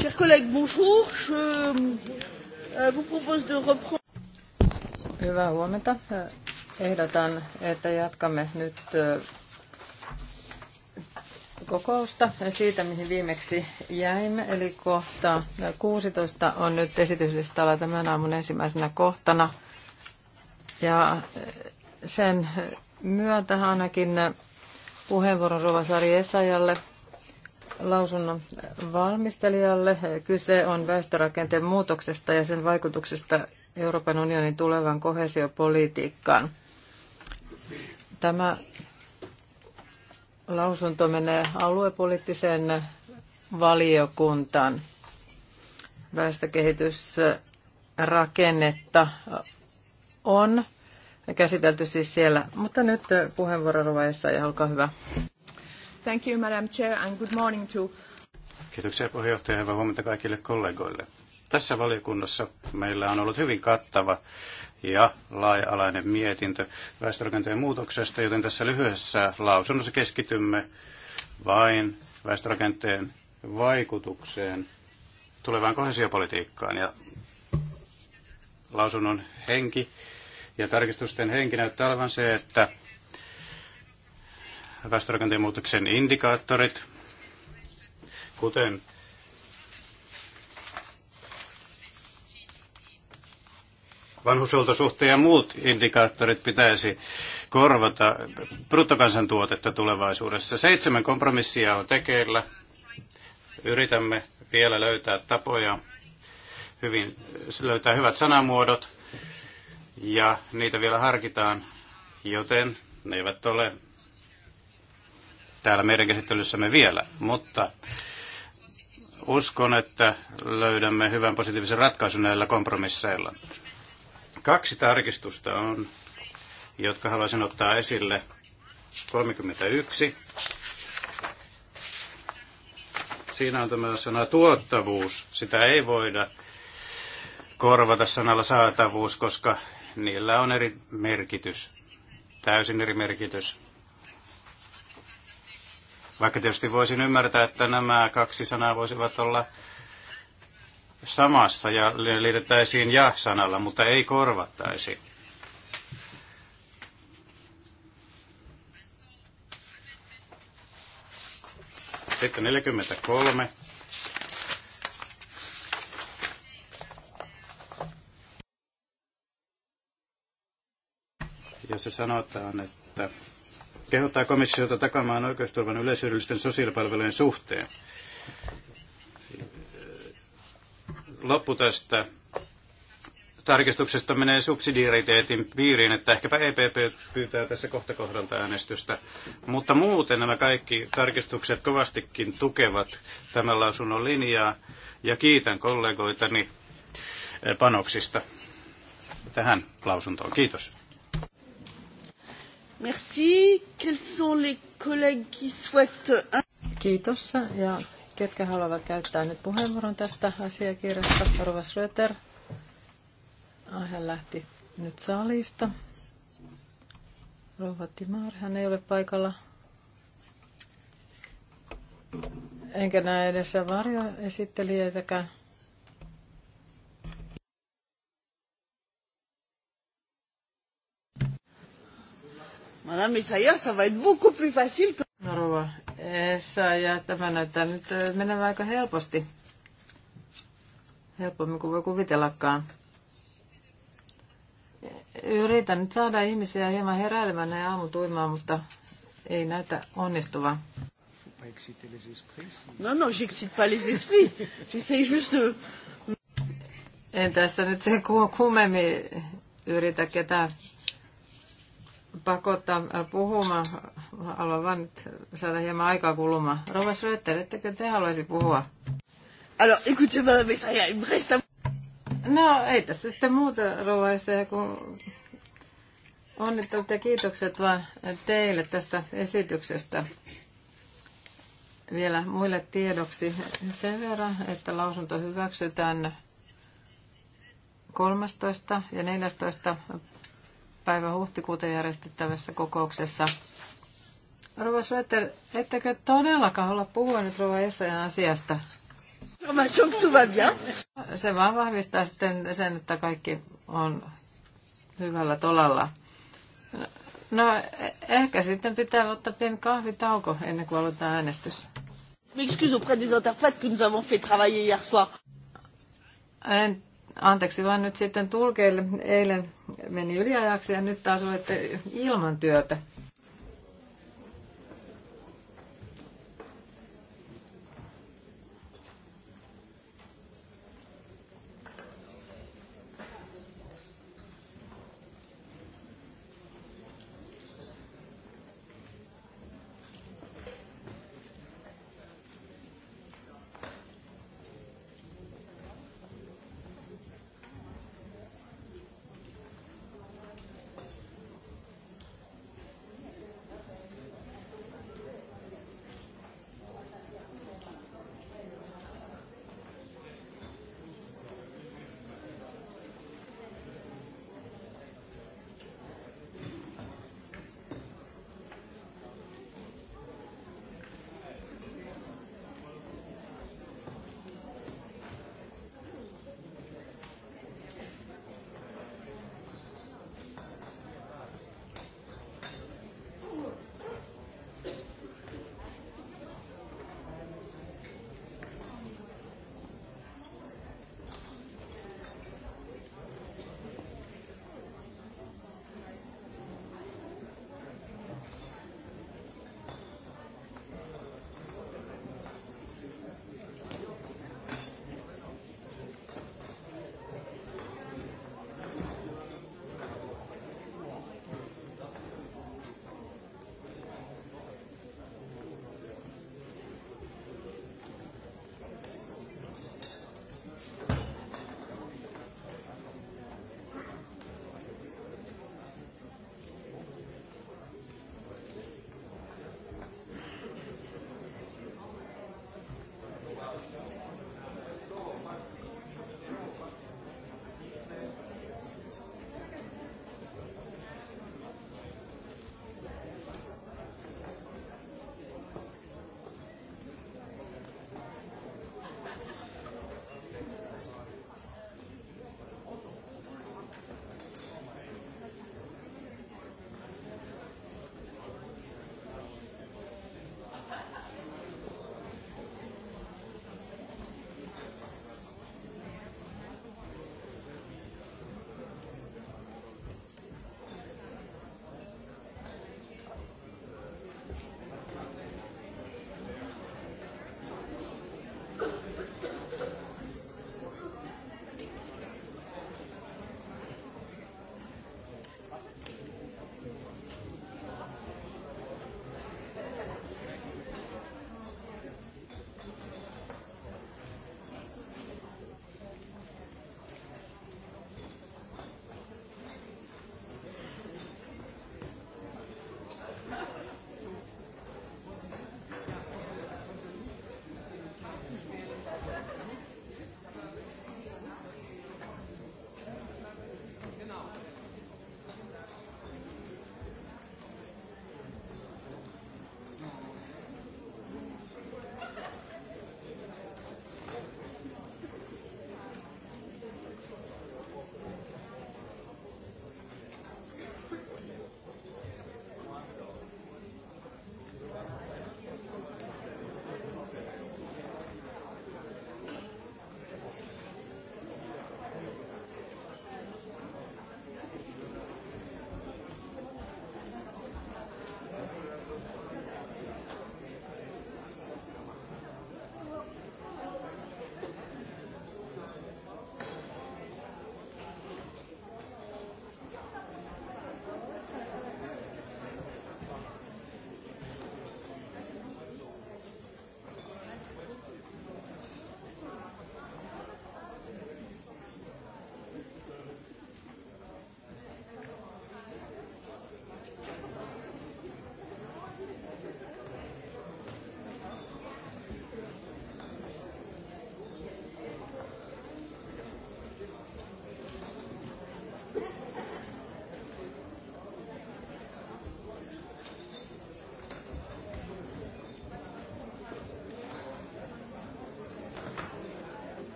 Chers collègues, bonjour. Je euh, vous propose de reprendre. Hyvää huomenta. Ehdotan, että jatkamme nyt äh, kokousta siitä, mihin viimeksi jäimme. Eli kohta 16 on nyt esityslistalla tämän aamun ensimmäisenä kohtana. Ja äh, sen myötä ainakin äh, puheenvuoron Rovasari Esajalle – lausunnon valmistelijalle. Kyse on väestörakenteen muutoksesta ja sen vaikutuksesta Euroopan unionin tulevan kohesiopolitiikkaan. Tämä lausunto menee aluepoliittiseen valiokuntaan. Väestökehitysrakennetta on käsitelty siis siellä. Mutta nyt puheenvuoro Rova ja olkaa hyvä. Thank you, Madam Chair, and good morning to... Kiitoksia puheenjohtaja ja huomenta kaikille kollegoille. Tässä valiokunnassa meillä on ollut hyvin kattava ja laaja-alainen mietintö väestörakenteen muutoksesta, joten tässä lyhyessä lausunnossa keskitymme vain väestörakenteen vaikutukseen tulevaan kohesiopolitiikkaan. Ja lausunnon henki ja tarkistusten henki näyttää olevan se, että väestörakenteen muutoksen indikaattorit, kuten vanhushuoltosuhteen ja muut indikaattorit pitäisi korvata bruttokansantuotetta tulevaisuudessa. Seitsemän kompromissia on tekeillä. Yritämme vielä löytää tapoja, hyvin, löytää hyvät sanamuodot ja niitä vielä harkitaan, joten ne eivät ole täällä meidän käsittelyssämme vielä, mutta uskon, että löydämme hyvän positiivisen ratkaisun näillä kompromisseilla. Kaksi tarkistusta on, jotka haluaisin ottaa esille. 31. Siinä on tämä sana tuottavuus. Sitä ei voida korvata sanalla saatavuus, koska niillä on eri merkitys, täysin eri merkitys. Vaikka tietysti voisin ymmärtää, että nämä kaksi sanaa voisivat olla samassa ja liitettäisiin ja-sanalla, mutta ei korvattaisi. Sitten 43. Jos se sanotaan, että kehottaa komissiota takamaan oikeusturvan yleisyydellisten sosiaalipalvelujen suhteen. Loppu tästä tarkistuksesta menee subsidiariteetin piiriin, että ehkäpä EPP pyytää tässä kohta kohdalta äänestystä. Mutta muuten nämä kaikki tarkistukset kovastikin tukevat tämän lausunnon linjaa ja kiitän kollegoitani panoksista tähän lausuntoon. Kiitos. Merci. Quels sont les collègues qui souhaitent... Kiitos. Ja ketkä haluavat käyttää nyt puheenvuoron tästä asiakirjasta? Rova Schröter. Hän lähti nyt salista. Rova Timar, hän ei ole paikalla. Enkä näe edessä varjoesittelijöitäkään. Madame Isaiah, ça va être beaucoup plus facile que... No rouva Essayah, tämä näyttää nyt äh, menevän aika helposti. Helpommin kuin voi kuvitellakaan. Yritän nyt saada ihmisiä hieman heräilemään näin aamutuimaan, mutta ei näytä onnistuvan. No, no, j'excite pas les esprits. J'essaie juste de... En tässä nyt se kummemmin yritä ketään pakottaa äh, puhumaan. Haluan vain nyt saada hieman aikaa kulumaan. Rova Schröter, ettekö te haluaisi puhua? Alors, écoutez, madame Essaya, il me reste No, ei tässä sitten muuta, Rova Essaya, kun onnittelut ja kiitokset vaan teille tästä esityksestä. Vielä muille tiedoksi sen verran, että lausunto hyväksytään 13. ja 14 päivä huhtikuuta järjestettävässä kokouksessa. Rova Schwetter, ettekö todellakaan olla puhua nyt Rova Essayan asiasta? No, Se vaan vahvistaa sitten sen, että kaikki on hyvällä tolalla. No, ehkä sitten pitää ottaa pieni kahvitauko ennen kuin aloitetaan äänestys. M'excuse auprès des interprètes que nous avons fait travailler hier soir. En Anteeksi vaan nyt sitten tulkeille. Eilen meni yliajaksi ja nyt taas olette ilman työtä.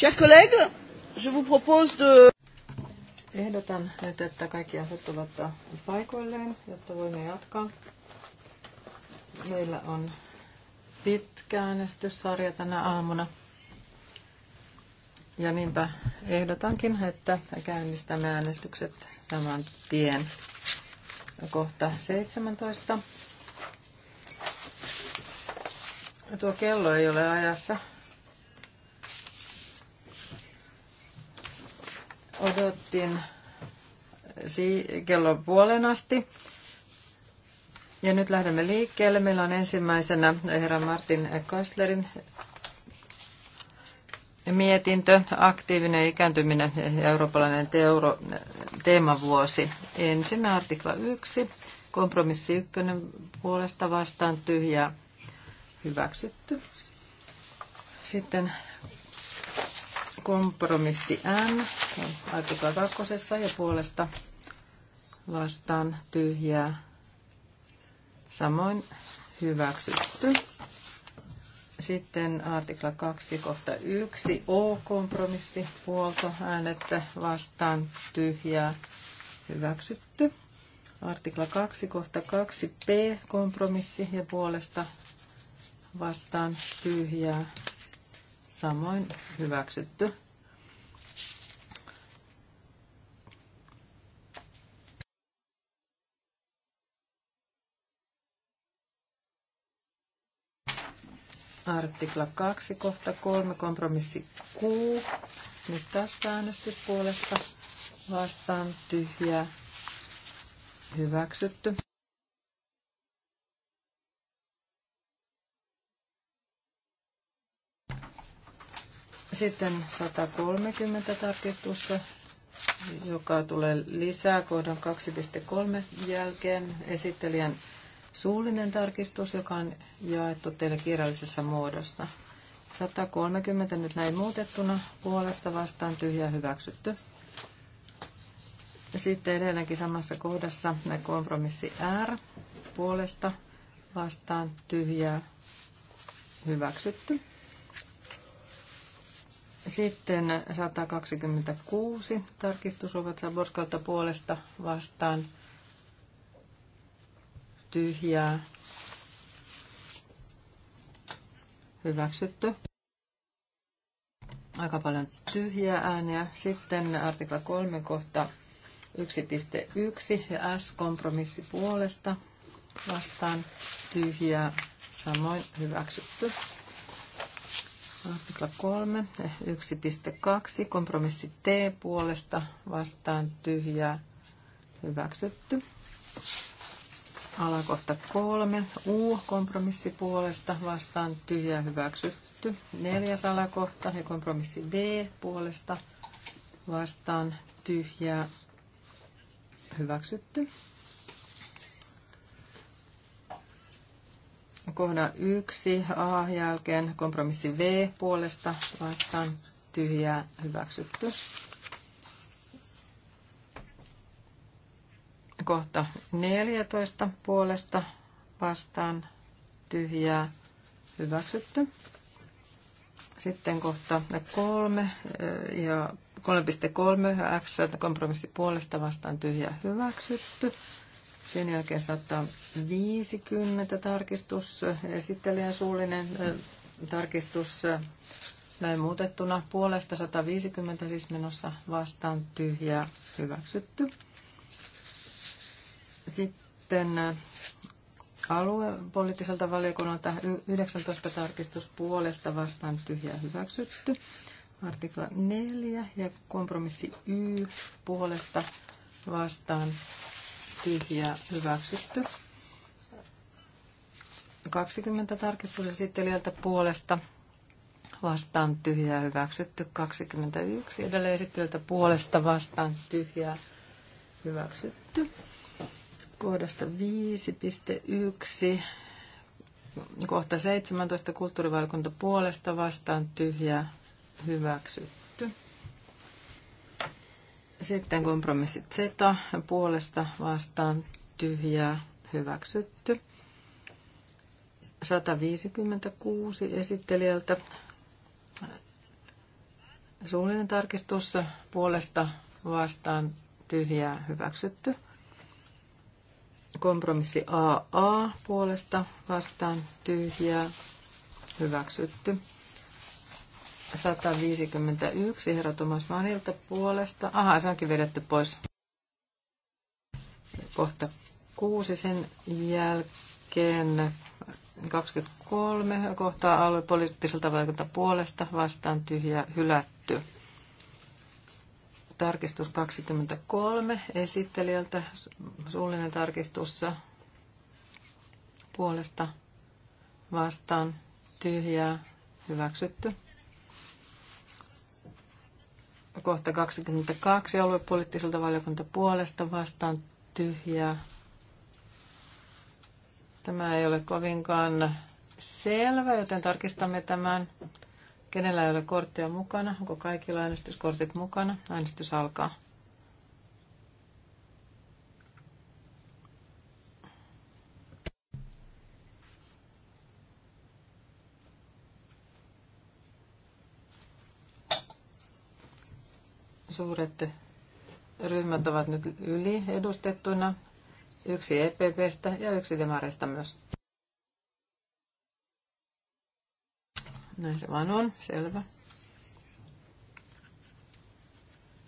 Chers collègues, je vous propose de... Ehdotan nyt, että kaikki asettuvat paikoilleen, jotta voimme jatkaa. Meillä on pitkä äänestyssarja tänä aamuna. Ja niinpä ehdotankin, että käynnistämme äänestykset saman tien kohta 17. Tuo kello ei ole ajassa kello puolen asti. Ja nyt lähdemme liikkeelle. Meillä on ensimmäisenä herra Martin Kostlerin mietintö, aktiivinen ikääntyminen ja eurooppalainen teuro, teemavuosi. Ensin artikla 1, kompromissi 1 puolesta vastaan tyhjä hyväksytty. Sitten kompromissi N, artikla 2 ja puolesta vastaan tyhjää. Samoin hyväksytty. Sitten artikla 2, kohta 1, O-kompromissi, puolto, äänettä, vastaan, tyhjää, hyväksytty. Artikla 2, kohta 2, P-kompromissi ja puolesta, vastaan, tyhjää, samoin hyväksytty. Artikla 2, kohta 3, kompromissi Q. Nyt tästä äänestyspuolesta vastaan tyhjää hyväksytty. Sitten 130 tarkistus, joka tulee lisää kohdan 2.3 jälkeen esittelijän suullinen tarkistus, joka on jaettu teille kirjallisessa muodossa. 130 nyt näin muutettuna puolesta vastaan tyhjä hyväksytty. Ja sitten edelleenkin samassa kohdassa kompromissi R puolesta vastaan tyhjää hyväksytty. Sitten 126 ovat Saborskalta puolesta vastaan tyhjää, hyväksytty. Aika paljon tyhjiä ääniä. Sitten artikla 3 kohta 1.1 ja S-kompromissi puolesta vastaan tyhjiä. samoin hyväksytty. Artikla 3, 1.2, kompromissi T puolesta vastaan tyhjää, hyväksytty. Alakohta kolme, U, kompromissi puolesta, vastaan tyhjä hyväksytty. Neljäs alakohta ja kompromissi d puolesta, vastaan tyhjä hyväksytty. Kohdan yksi A jälkeen kompromissi V puolesta vastaan tyhjä hyväksytty. Kohta 14 puolesta vastaan tyhjää hyväksytty. Sitten kohta 3 eh, ja 3.3 X, kompromissi puolesta vastaan tyhjä hyväksytty. Sen jälkeen 150 tarkistus, esittelijän suullinen eh, tarkistus eh, näin muutettuna puolesta 150 siis menossa vastaan tyhjää hyväksytty. Sitten äh, aluepoliittiselta valiokunnalta 19 tarkistus puolesta vastaan tyhjää hyväksytty. Artikla 4 ja kompromissi Y puolesta vastaan tyhjää hyväksytty. 20 tarkistusesittelijältä puolesta vastaan tyhjää hyväksytty. 21 edelleen esittelijältä puolesta vastaan tyhjää hyväksytty kohdasta 5.1 kohta 17 kulttuurivalkunta puolesta vastaan tyhjä hyväksytty. Sitten kompromissit Z puolesta vastaan tyhjä hyväksytty. 156 esittelijältä suullinen tarkistus puolesta vastaan tyhjää hyväksytty. Kompromissi AA puolesta vastaan tyhjää hyväksytty. 151 herra Tomas Manilta puolesta. Aha, se onkin vedetty pois. Kohta kuusi sen jälkeen 23 kohtaa aluepoliittiselta vaikuttaa puolesta vastaan tyhjä hylätty. Tarkistus 23 esittelijältä, suullinen tarkistussa puolesta vastaan tyhjää hyväksytty. Kohta 22 aluepoliittiselta valiokunta puolesta vastaan tyhjää. Tämä ei ole kovinkaan selvä, joten tarkistamme tämän. Kenellä ei ole korttia mukana? Onko kaikilla äänestyskortit mukana? Äänestys alkaa. Suuret ryhmät ovat nyt yliedustettuina. Yksi EPPstä ja yksi Demarista myös. Näin se vaan on, selvä.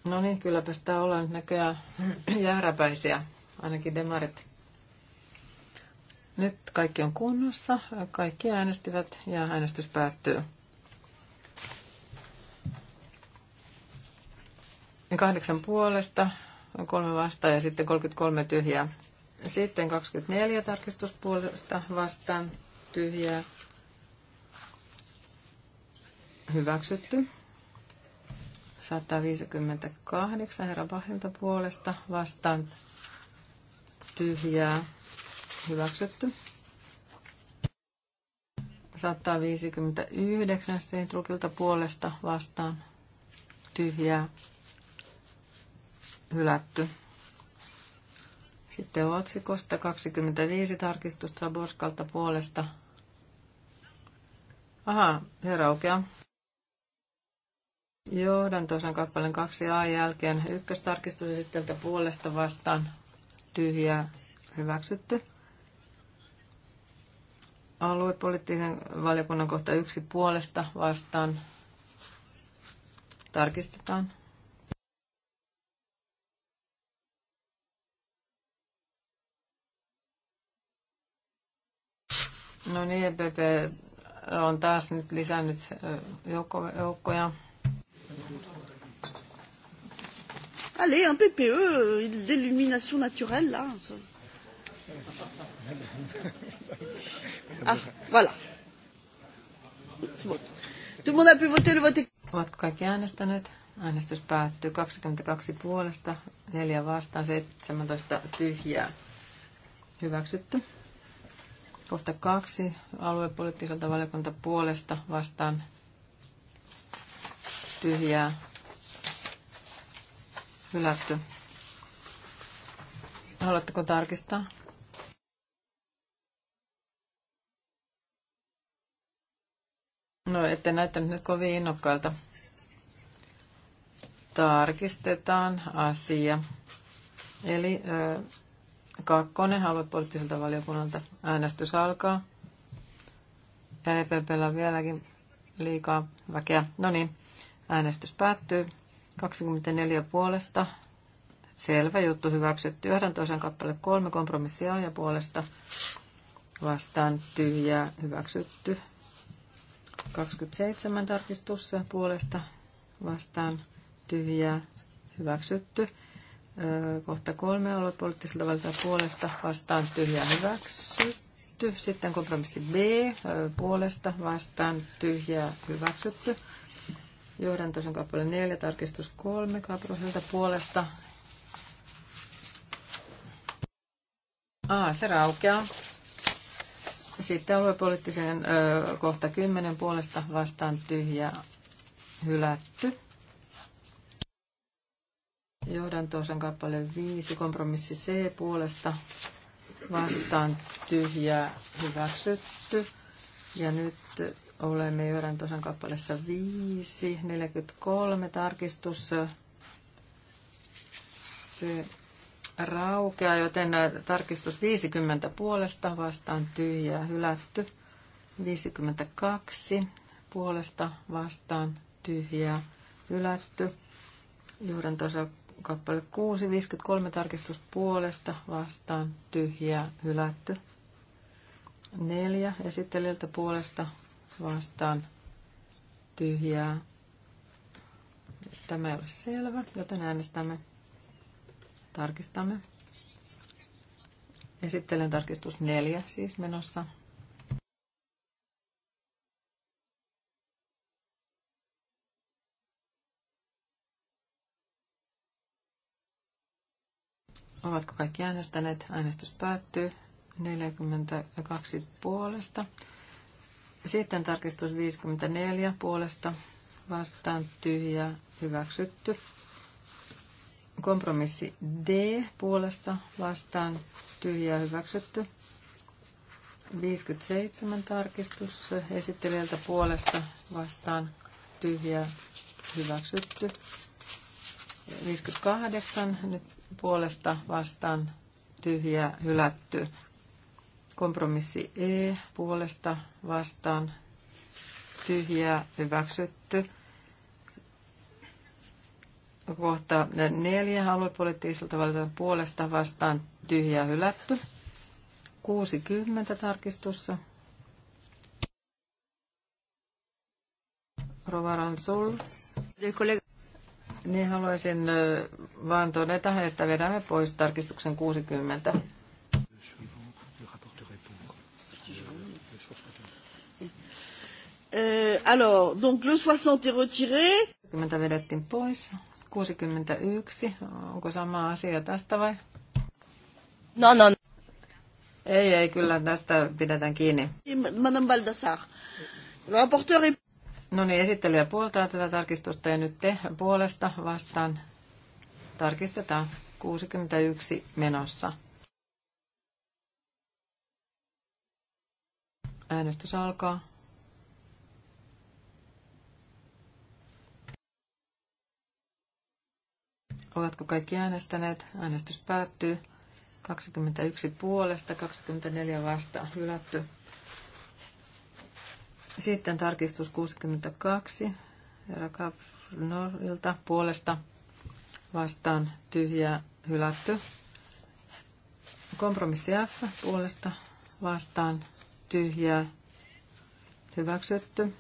No niin, kylläpä sitä ollaan näköjään jääräpäisiä, ainakin demarit. Nyt kaikki on kunnossa, kaikki äänestivät ja äänestys päättyy. 8 puolesta, kolme vastaan ja sitten 33 tyhjää. Sitten 24 tarkistuspuolesta vastaan tyhjää hyväksytty. 158 herra pahinta puolesta vastaan tyhjää hyväksytty. 159 Steintrukilta puolesta vastaan tyhjää hylätty. Sitten otsikosta 25 tarkistusta Borskalta puolesta. Aha, se raukeaa. Johdantosan kappaleen kaksi a jälkeen ykköstarkistus esittältä puolesta vastaan tyhjää hyväksytty. Aluepoliittisen valiokunnan kohta yksi puolesta vastaan tarkistetaan. No niin, EPP on taas nyt lisännyt joukkoja. Allez, un PPE, l'illumination euh, naturelle, là. Ah, voilà. C'est bon. Tout le monde a pu voter le vote. Ovatko kaikki äänestäneet? Äänestys päättyy 22 puolesta, 4 vastaan, 17 tyhjää. Hyväksytty. Kohta kaksi aluepoliittiselta valiokunta puolesta vastaan tyhjää hylätty. Haluatteko tarkistaa? No, ette näyttänyt nyt kovin innokkailta. Tarkistetaan asia. Eli ö, kakkonen poliittiselta valiokunnalta äänestys alkaa. Ja e EPPllä on vieläkin liikaa väkeä. No niin, Äänestys päättyy. 24 puolesta. Selvä juttu hyväksytty. toisen kappale kolme kompromissia ja puolesta vastaan tyhjää hyväksytty. 27 tarkistus puolesta vastaan tyhjää hyväksytty. Kohta kolme olot poliittisilta puolesta vastaan tyhjää hyväksytty. Sitten kompromissi B puolesta vastaan tyhjää hyväksytty. Johdantoson kappale 4, tarkistus 3, Kaprosilta puolesta. Aa, se raukeaa. Sitten aluepoliittiseen ö, kohta 10 puolesta vastaan tyhjä hylätty. Johdantoosan kappale 5, kompromissi C puolesta vastaan tyhjä hyväksytty. Ja nyt Olemme tosan kappaleessa 5, 43 tarkistus. Se raukeaa, joten tarkistus 50 puolesta vastaan tyhjää hylätty. 52 puolesta vastaan tyhjää hylätty. Johdantosa kappale 6, 53 tarkistus puolesta vastaan tyhjää hylätty. 4 esittelijältä puolesta vastaan tyhjää. Tämä ei ole selvä, joten äänestämme. Tarkistamme. Esittelen tarkistus neljä siis menossa. Ovatko kaikki äänestäneet? Äänestys päättyy. 42 puolesta, sitten tarkistus 54 puolesta vastaan tyhjä hyväksytty. Kompromissi D puolesta vastaan tyhjä hyväksytty. 57 tarkistus esittelijältä puolesta vastaan tyhjä hyväksytty. 58 nyt puolesta vastaan tyhjä hylätty. Kompromissi E puolesta vastaan tyhjää hyväksytty. Kohta neljä aluepoliittiselta valitaan puolesta vastaan tyhjää hylätty. 60 tarkistussa. Rovaran Sul. Niin haluaisin vaan todeta, että vedämme pois tarkistuksen 60. Euh, alors, donc le 60 est retiré. 60 vedettiin pois. 61. Onko sama asia tästä vai? No, no, no. Ei, ei, kyllä tästä pidetään kiinni. Madame Baldassar. Rapporteur est... No niin, esittelijä puoltaa tätä tarkistusta ja nyt te puolesta vastaan tarkistetaan 61 menossa. Äänestys alkaa. Ovatko kaikki äänestäneet? Äänestys päättyy. 21 puolesta, 24 vastaan hylätty. Sitten tarkistus 62. Herra Kapnorilta puolesta vastaan tyhjää hylätty. Kompromissi F puolesta vastaan tyhjää hyväksytty.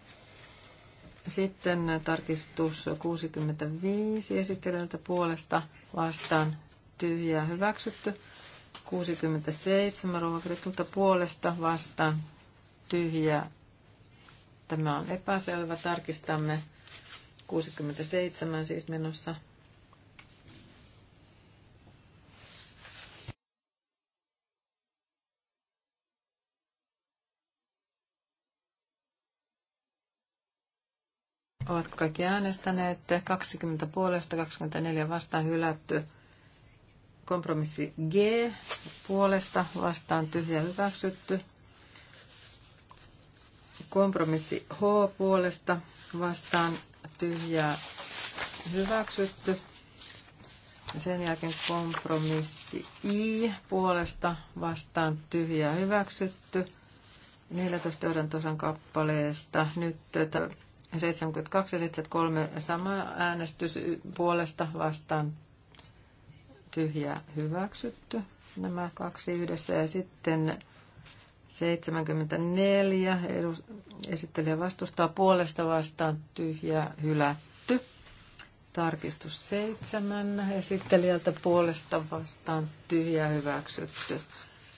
Sitten tarkistus 65 esittelijältä puolesta vastaan tyhjää hyväksytty. 67 ruokakrikulta puolesta vastaan tyhjää. Tämä on epäselvä. Tarkistamme 67 siis menossa Ovatko kaikki äänestäneet? 20 puolesta, 24 vastaan hylätty. Kompromissi G puolesta vastaan tyhjä hyväksytty. Kompromissi H puolesta vastaan tyhjää hyväksytty. Sen jälkeen kompromissi I puolesta vastaan tyhjää hyväksytty. 14 johdantosan kappaleesta nyt 72 ja 73 sama äänestys puolesta vastaan tyhjä hyväksytty. Nämä kaksi yhdessä ja sitten 74 esittelijä vastustaa puolesta vastaan tyhjä hylätty. Tarkistus 7 esittelijältä puolesta vastaan tyhjä hyväksytty.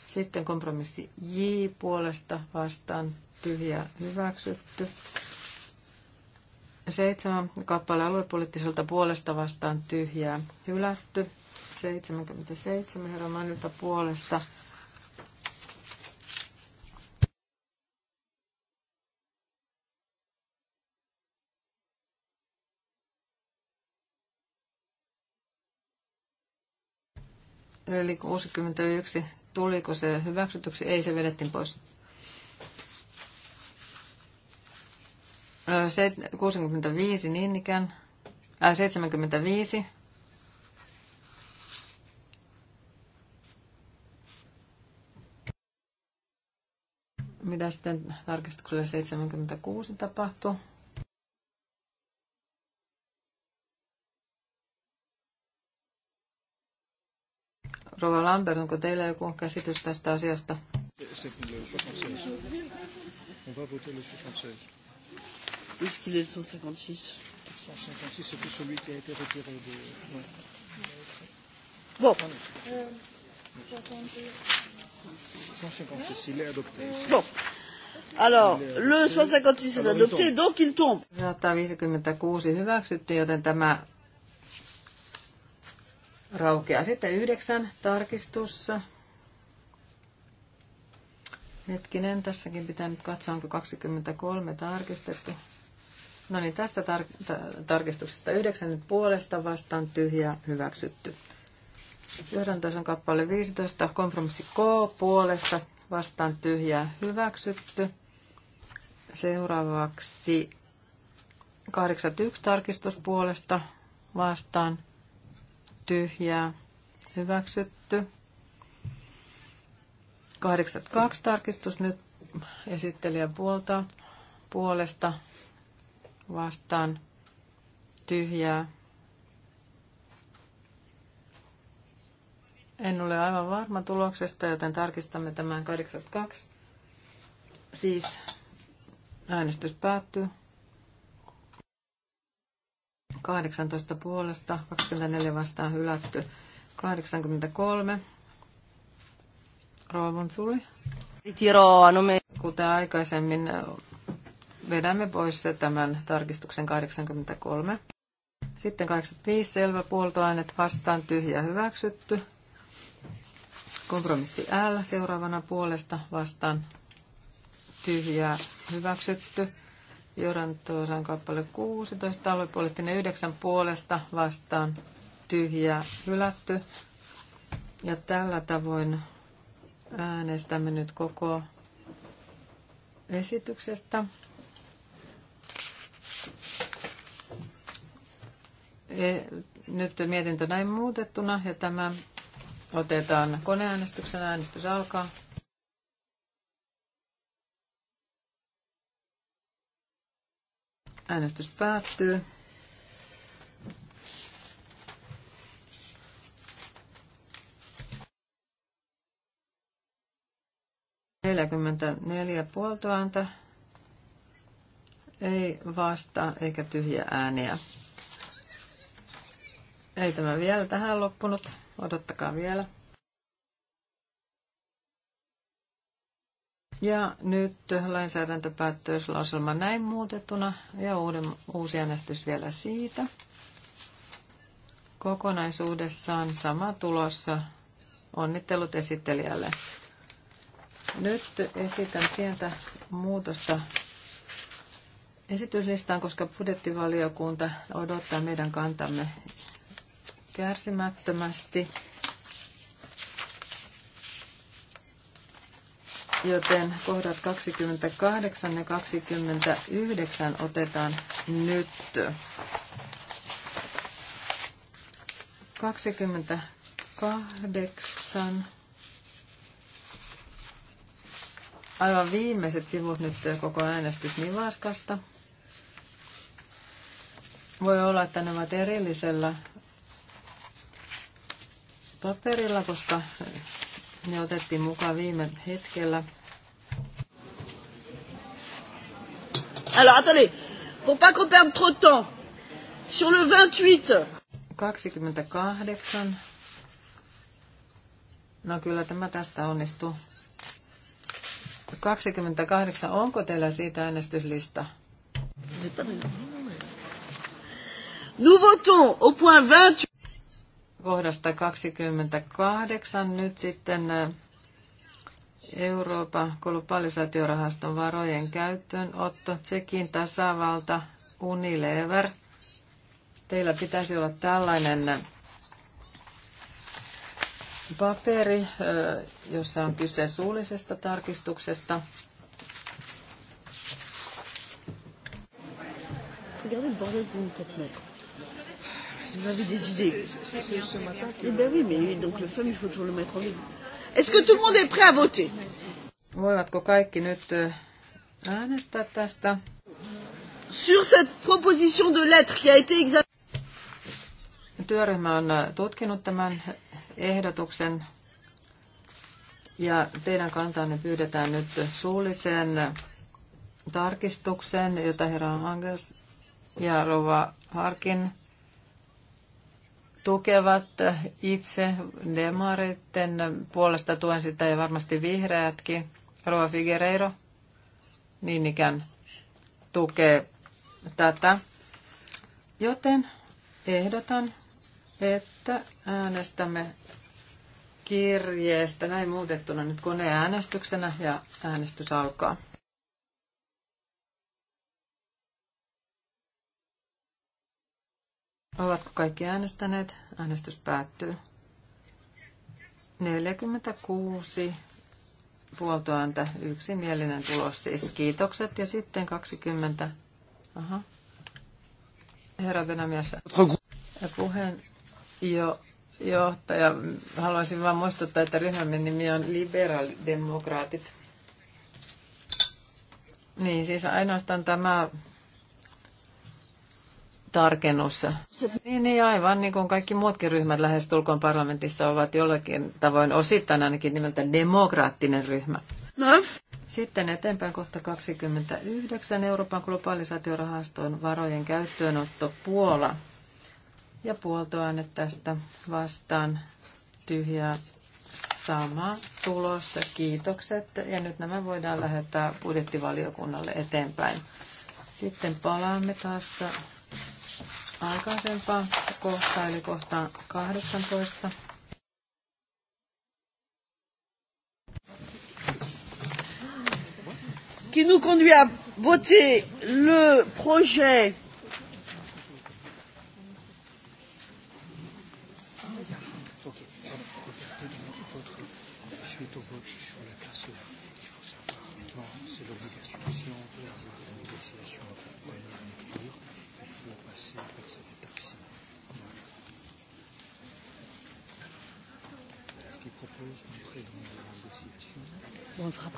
Sitten kompromissi J puolesta vastaan tyhjä hyväksytty. Seitsemän kappale aluepoliittiselta puolesta vastaan tyhjää hylätty. 77 herra Manilta puolesta eli 61, tuliko se hyväksytyksi, ei se vedettiin pois. 65 niin ikään. Äh, 75. Mitä sitten tarkistukselle 76 tapahtuu? Rova Lambert, onko teillä joku käsitys tästä asiasta? 76. Où est-ce qu'il est le 156 Le 156, c'est celui qui a été retiré de. Ouais. Bon. Euh, 156, il est adopté. Ici. Bon. Alors, le 156 on adopté, donc il tombe. 156 hyväksyttiin, joten tämä raukeaa sitten yhdeksän tarkistussa. Hetkinen, tässäkin pitää nyt katsoa, onko 23 tarkistettu. No niin, tästä tar- tarkistuksesta yhdeksän puolesta vastaan tyhjä hyväksytty. on kappale 15, kompromissi K puolesta vastaan tyhjä hyväksytty. Seuraavaksi 81 tarkistus puolesta vastaan tyhjä hyväksytty. 82 tarkistus nyt esittelijän puolta puolesta vastaan tyhjää. En ole aivan varma tuloksesta, joten tarkistamme tämän 82. Siis äänestys päättyy. 18 puolesta, 24 vastaan hylätty, 83. Roovon suli. Kuten aikaisemmin vedämme pois se tämän tarkistuksen 83. Sitten 85 selvä puoltoainet vastaan tyhjä hyväksytty. Kompromissi L seuraavana puolesta vastaan tyhjä hyväksytty. tuosan kappale 16, aluepoliittinen 9 puolesta vastaan tyhjää hylätty. Ja tällä tavoin äänestämme nyt koko esityksestä. E, nyt mietintö näin muutettuna ja tämä otetaan koneäänestyksen äänestys alkaa. Äänestys päättyy. Neljäkymmentäneljä ääntä. ei vasta eikä tyhjä ääniä. Ei tämä vielä tähän loppunut. Odottakaa vielä. Ja nyt lainsäädäntöpäätöslauselma näin muutettuna ja uuden, uusi äänestys vielä siitä. Kokonaisuudessaan sama tulossa. Onnittelut esittelijälle. Nyt esitän pientä muutosta esityslistaan, koska budjettivaliokunta odottaa meidän kantamme kärsimättömästi. Joten kohdat 28 ja 29 otetaan nyt. 28. Aivan viimeiset sivut nyt koko äänestys Nivaskasta. Voi olla, että ne ovat erillisellä paperilla, koska ne otettiin mukaan viime hetkellä. Alors attendez, pour pas qu'on perde trop de temps, sur le 28. 28. No kyllä tämä tästä onnistuu. 28. Onko teillä siitä äänestyslista? Nous votons au point 28 kohdasta 28 nyt sitten äh, Euroopan globalisaatiorahaston varojen käyttöönotto, Tsekin tasavalta, Unilever. Teillä pitäisi olla tällainen äh, paperi, äh, jossa on kyse suullisesta tarkistuksesta. Regardez le bordel Vous avez des idées ce matin Eh bien oui, mais donc le femme, il faut toujours le mettre en ligne. Est-ce que tout le monde est prêt à voter Voivatko kaikki nyt äh, äänestää tästä? Sur cette proposition de lettre qui a été examinée. Työryhmä on äh, tutkinut tämän ehdotuksen ja teidän kantanne pyydetään nyt suulliseen äh, tarkistukseen, jota herra Angels ja rouva Harkin tukevat itse demareiden puolesta tuen sitä ja varmasti vihreätkin. Rova Figueiredo niin ikään tukee tätä. Joten ehdotan, että äänestämme kirjeestä näin muutettuna nyt koneäänestyksenä ja äänestys alkaa. Ovatko kaikki äänestäneet? Äänestys päättyy. 46 puoltoääntä, yksimielinen tulos siis. Kiitokset. Ja sitten 20. Aha. Herra Venämiässä. Puheen jo, johtaja. Haluaisin vain muistuttaa, että ryhmämme nimi on liberaalidemokraatit. Niin, siis ainoastaan tämä tarkennus. Niin, niin aivan, niin kuin kaikki muutkin ryhmät lähestulkoon parlamentissa ovat jollakin tavoin osittain ainakin nimeltä demokraattinen ryhmä. No. Sitten eteenpäin kohta 29 Euroopan globalisaatiorahaston varojen käyttöönotto Puola. Ja puoltoaine tästä vastaan tyhjää sama tulossa. Kiitokset. Ja nyt nämä voidaan lähettää budjettivaliokunnalle eteenpäin. Sitten palaamme taas aikaisempaa kohtaa, eli kohtaa 18. qui nous conduit à voter le projet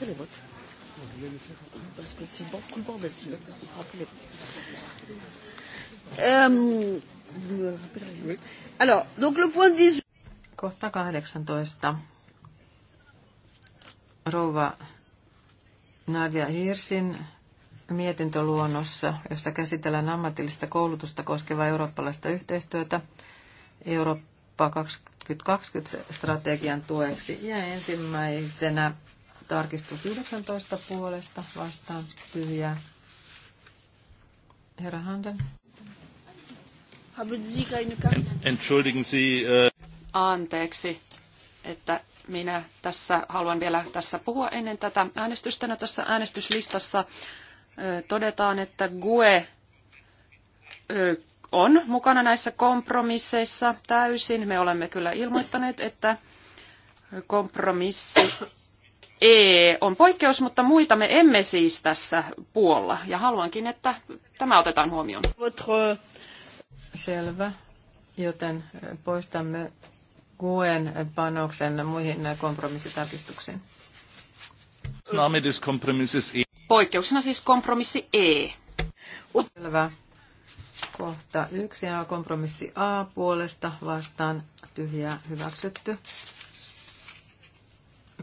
les votes. parce que c'est bon, tout le bordel sinon. Rappelez. Euh, Alors, donc le point 18. Kohta 18. Rouva Nadia Hirsin mietintöluonnossa, jossa käsitellään ammatillista koulutusta koskevaa eurooppalaista yhteistyötä Eurooppa 2020-strategian tueksi. Ja ensimmäisenä Tarkistus 19 puolesta vastaan tyhjää. Herra Handen. Entschuldigen Sie. Äh- Anteeksi, että minä tässä haluan vielä tässä puhua ennen tätä äänestystä. No, tässä äänestyslistassa äh, todetaan, että GUE äh, on mukana näissä kompromisseissa täysin. Me olemme kyllä ilmoittaneet, että kompromissi E on poikkeus, mutta muita me emme siis tässä puolla. Ja haluankin, että tämä otetaan huomioon. Selvä. Joten poistamme Guen panoksen muihin kompromissitarkistuksiin. E. Poikkeuksena siis kompromissi E. Selvä. Kohta yksi ja kompromissi A puolesta vastaan tyhjää hyväksytty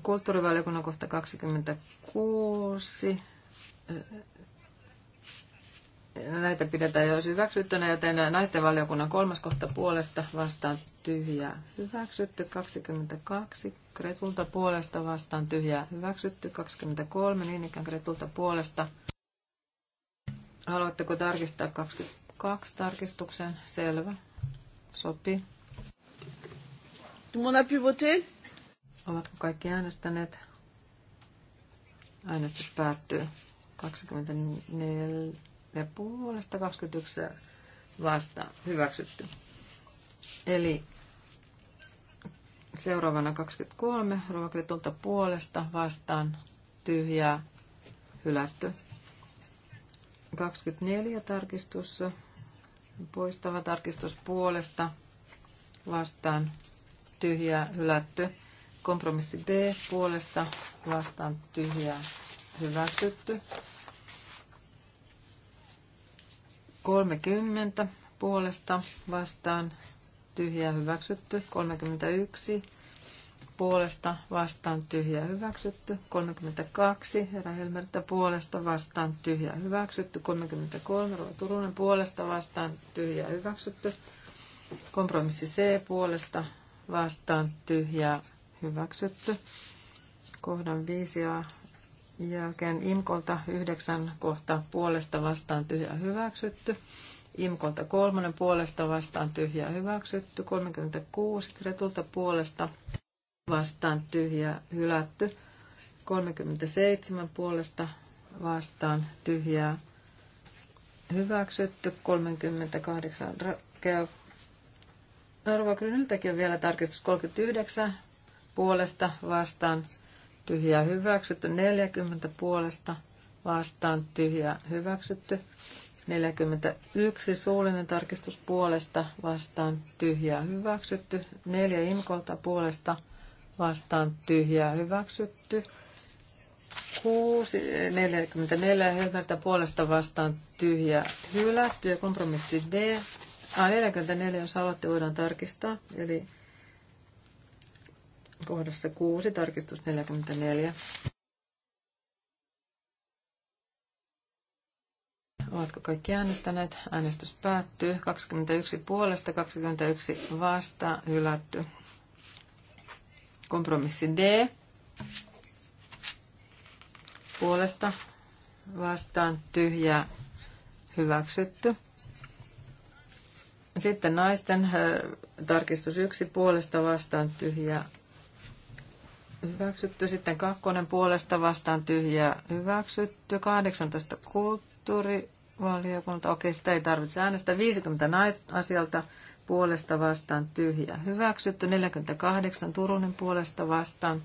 kulttuurivaliokunnan kohta 26. Näitä pidetään jo hyväksyttynä, joten naisten valiokunnan kolmas kohta puolesta vastaan tyhjää hyväksytty. 22 Kretulta puolesta vastaan tyhjää hyväksytty. 23 niin ikään Kretulta puolesta. Haluatteko tarkistaa 22 tarkistuksen? Selvä. Sopii. Tout le monde a pu voter? Ovatko kaikki äänestäneet? Äänestys päättyy 24 puolesta 21 vastaan hyväksytty. Eli seuraavana 23 ruokritulta puolesta vastaan tyhjää hylätty. 24 tarkistus, poistava tarkistus puolesta vastaan tyhjää hylätty. Kompromissi B puolesta vastaan tyhjää hyväksytty. 30 puolesta vastaan tyhjää hyväksytty. 31 puolesta vastaan tyhjä hyväksytty. 32, herra Helmertä puolesta vastaan tyhjä hyväksytty. 33, Rova Turunen puolesta vastaan tyhjä hyväksytty. Kompromissi C puolesta vastaan tyhjä hyväksytty. Kohdan 5 ja jälkeen IMKolta 9 kohta puolesta vastaan tyhjä hyväksytty. IMKolta 3 puolesta vastaan tyhjä hyväksytty. 36 Kretulta puolesta vastaan tyhjä hylätty. 37 puolesta vastaan tyhjää hyväksytty. 38 Arvokrynyltäkin on vielä tarkistus 39 puolesta vastaan tyhjää hyväksytty, 40 puolesta vastaan tyhjää hyväksytty, 41 suullinen tarkistus puolesta vastaan tyhjää hyväksytty, 4 inkolta puolesta vastaan tyhjää hyväksytty, 6, 44 Helmertä puolesta vastaan tyhjä hylätty ja kompromissi D. A44, jos haluatte, voidaan tarkistaa. Eli Kohdassa 6, tarkistus 44. Ovatko kaikki äänestäneet? Äänestys päättyy. 21 puolesta, 21 vasta, hylätty. Kompromissi D. Puolesta, vastaan, tyhjää, hyväksytty. Sitten naisten tarkistus yksi puolesta vastaan tyhjä hyväksytty. Sitten kakkonen puolesta vastaan tyhjää hyväksytty. 18 kulttuurivaliokunta. Okei, sitä ei tarvitse äänestää. 50 naisasialta puolesta vastaan tyhjää hyväksytty. 48 Turunen puolesta vastaan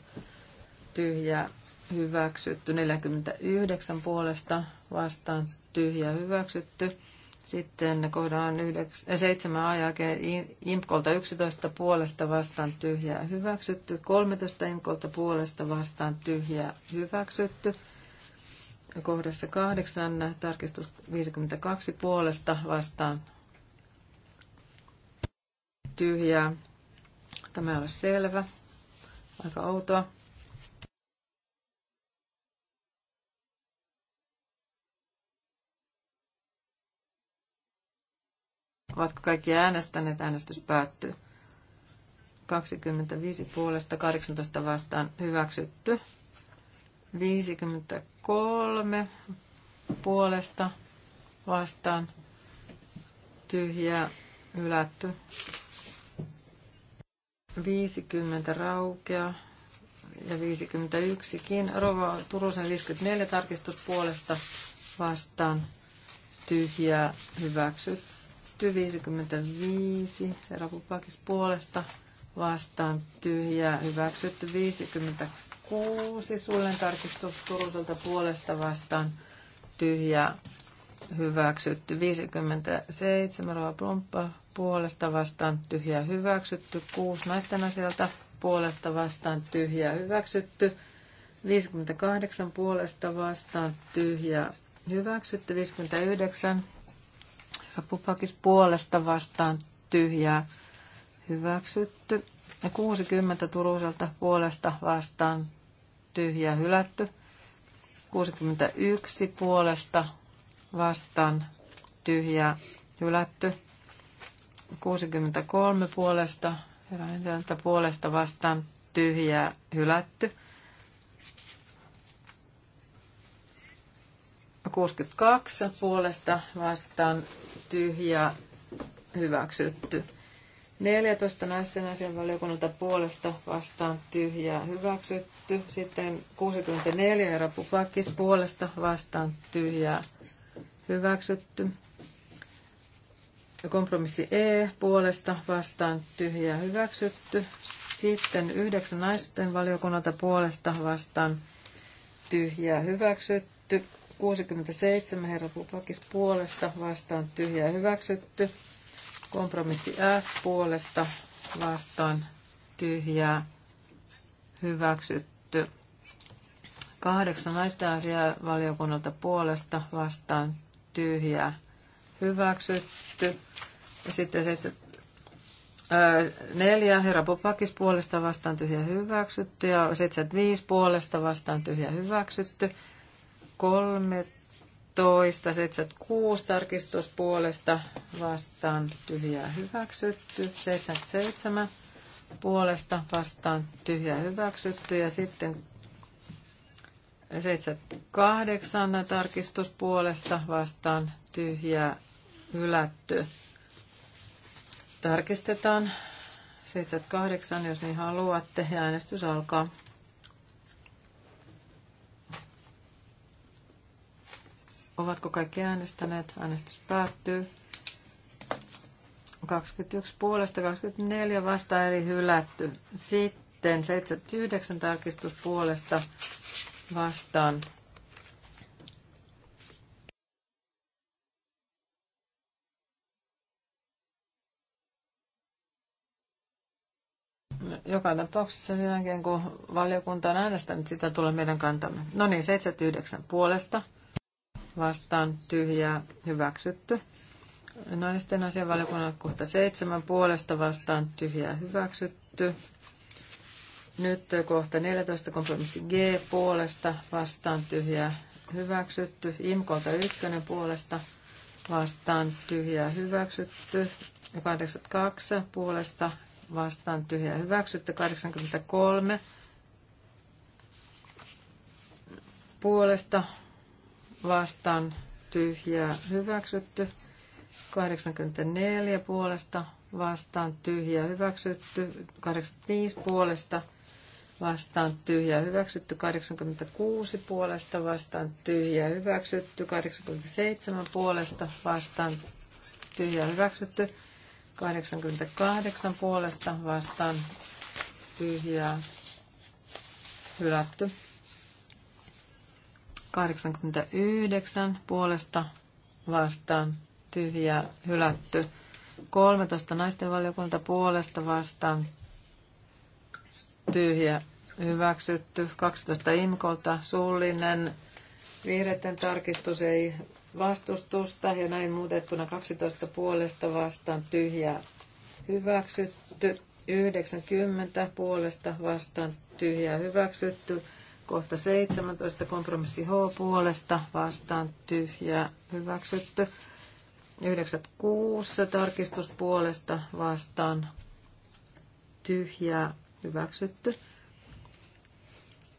tyhjää hyväksytty. 49 puolesta vastaan tyhjää hyväksytty. Sitten kohdan 7 äh, a jälkeen Imkolta 11 puolesta vastaan tyhjää hyväksytty. 13 Imkolta puolesta vastaan tyhjää hyväksytty. Kohdassa 8 tarkistus 52 puolesta vastaan tyhjää. Tämä ei ole selvä. Aika outoa. Ovatko kaikki äänestäneet? Äänestys päättyy. 25 puolesta 18 vastaan hyväksytty. 53 puolesta vastaan tyhjää hylätty. 50 raukea ja 51kin. Rova Turusen 54 tarkistuspuolesta vastaan tyhjää hyväksytty hyväksytty 55, Rapupakis puolesta vastaan tyhjää, hyväksytty 56, Sullen tarkistus Turuselta puolesta vastaan tyhjää, hyväksytty 57, Rova Plumppa puolesta vastaan tyhjää, hyväksytty 6, naisten asialta puolesta vastaan tyhjää, hyväksytty 58 puolesta vastaan tyhjää, hyväksytty 59 Pupakis puolesta vastaan tyhjää hyväksytty. 60 Turuselta puolesta vastaan tyhjää hylätty. 61 puolesta vastaan tyhjää hylätty. 63 puolesta, puolesta vastaan tyhjää hylätty. 62 puolesta vastaan tyhjä hyväksytty. 14 naisten asianvaliokunnalta puolesta vastaan tyhjä hyväksytty. Sitten 64 Eera Pupakis puolesta vastaan tyhjä hyväksytty. Kompromissi E puolesta vastaan tyhjä hyväksytty. Sitten yhdeksän naisten valiokunnalta puolesta vastaan tyhjä hyväksytty. 67 herra Pupakis puolesta vastaan tyhjä hyväksytty. Kompromissi F puolesta vastaan tyhjää hyväksytty. Kahdeksan naista asiaa valiokunnalta puolesta vastaan tyhjää hyväksytty. Ja sitten se, että, ää, neljä herra Popakis puolesta vastaan tyhjä hyväksytty ja 75 puolesta vastaan tyhjä hyväksytty. 13, 76 tarkistuspuolesta vastaan tyhjää hyväksytty. 77 puolesta vastaan tyhjää hyväksytty. Ja sitten 78 tarkistuspuolesta vastaan tyhjää hylätty. Tarkistetaan 78, jos niin haluatte, ja äänestys alkaa. Ovatko kaikki äänestäneet? Äänestys päättyy. 21 puolesta, 24 vasta eli hylätty. Sitten 79 tarkistus puolesta vastaan. Joka tapauksessa sen jälkeen, kun valiokunta on äänestänyt, sitä tulee meidän kantamme. No niin, 79 puolesta vastaan tyhjää hyväksytty. Naisten asianvaliokunnan kohta seitsemän puolesta vastaan tyhjää hyväksytty. Nyt kohta 14 kompromissi G puolesta vastaan tyhjää hyväksytty. Imkolta ykkönen puolesta vastaan tyhjää hyväksytty. 82 puolesta vastaan tyhjää hyväksytty. 83 puolesta vastaan tyhjää hyväksytty. 84 puolesta vastaan tyhjää hyväksytty. 85 puolesta vastaan tyhjää hyväksytty. 86 puolesta vastaan tyhjää hyväksytty. 87 puolesta vastaan tyhjää hyväksytty. 88 puolesta vastaan tyhjää hylätty. 89 puolesta vastaan tyhjä hylätty. 13 naisten valiokunta puolesta vastaan tyhjä hyväksytty. 12 imkolta suullinen vihreiden tarkistus ei vastustusta ja näin muutettuna 12 puolesta vastaan tyhjä hyväksytty. 90 puolesta vastaan tyhjä hyväksytty. Kohta 17. Kompromissi H puolesta vastaan tyhjä hyväksytty. 96. Tarkistus puolesta vastaan tyhjä hyväksytty.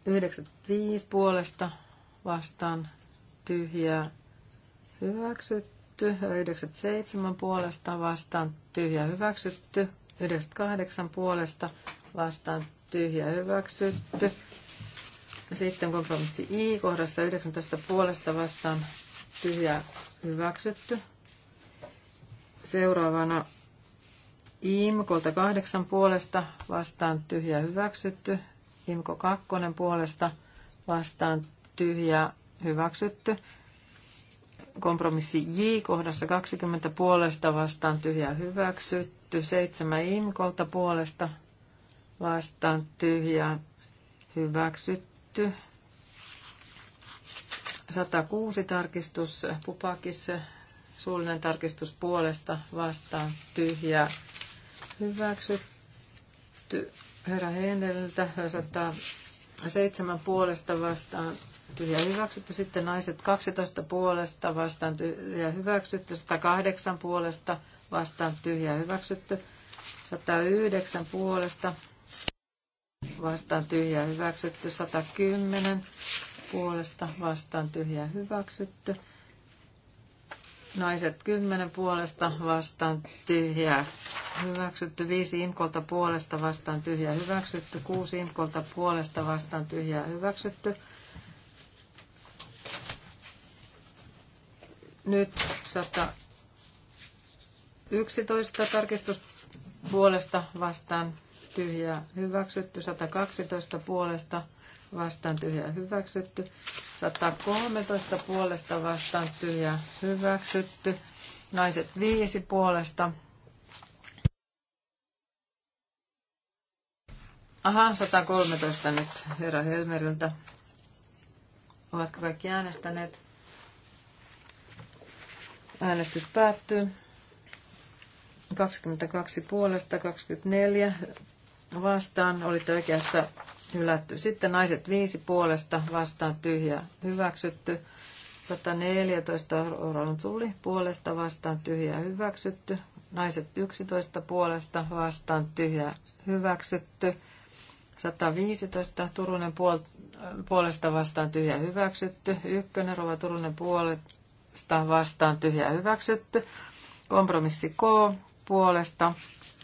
95 puolesta vastaan tyhjä hyväksytty. 97 puolesta vastaan tyhjä hyväksytty. 98 puolesta vastaan tyhjä hyväksytty. Sitten kompromissi I kohdassa 19 puolesta vastaan tyhjä hyväksytty. Seuraavana IMKolta 8 puolesta vastaan tyhjä hyväksytty. IMKO 2 puolesta vastaan tyhjä hyväksytty. Kompromissi J kohdassa 20 puolesta vastaan tyhjä hyväksytty. 7 IMKolta puolesta vastaan tyhjä hyväksytty tehty. 106 tarkistus Pupakissa. Suullinen tarkistus puolesta vastaan tyhjä Hyväksytty. Herra Heeneliltä 107 puolesta vastaan tyhjä hyväksytty. Sitten naiset 12 puolesta vastaan tyhjä hyväksytty. 108 puolesta vastaan tyhjä hyväksytty. 109 puolesta vastaan tyhjää hyväksytty. 110 puolesta vastaan tyhjää hyväksytty. Naiset 10 puolesta vastaan tyhjää hyväksytty. 5 imkolta puolesta vastaan tyhjää hyväksytty. 6 imkolta puolesta vastaan tyhjää hyväksytty. Nyt 111 tarkistus puolesta vastaan tyhjää hyväksytty, 112 puolesta vastaan tyhjää hyväksytty, 113 puolesta vastaan tyhjää hyväksytty, naiset 5 puolesta. Aha, 113 nyt herra Helmeriltä. Ovatko kaikki äänestäneet? Äänestys päättyy. 22 puolesta, 24 vastaan, olit oikeassa hylätty. Sitten naiset viisi puolesta vastaan tyhjä hyväksytty. 114 Roland Sulli puolesta vastaan tyhjä hyväksytty. Naiset 11 puolesta vastaan tyhjä hyväksytty. 115 Turunen puolesta vastaan tyhjä hyväksytty. Ykkönen Rova Turunen puolesta vastaan tyhjä hyväksytty. Kompromissi K puolesta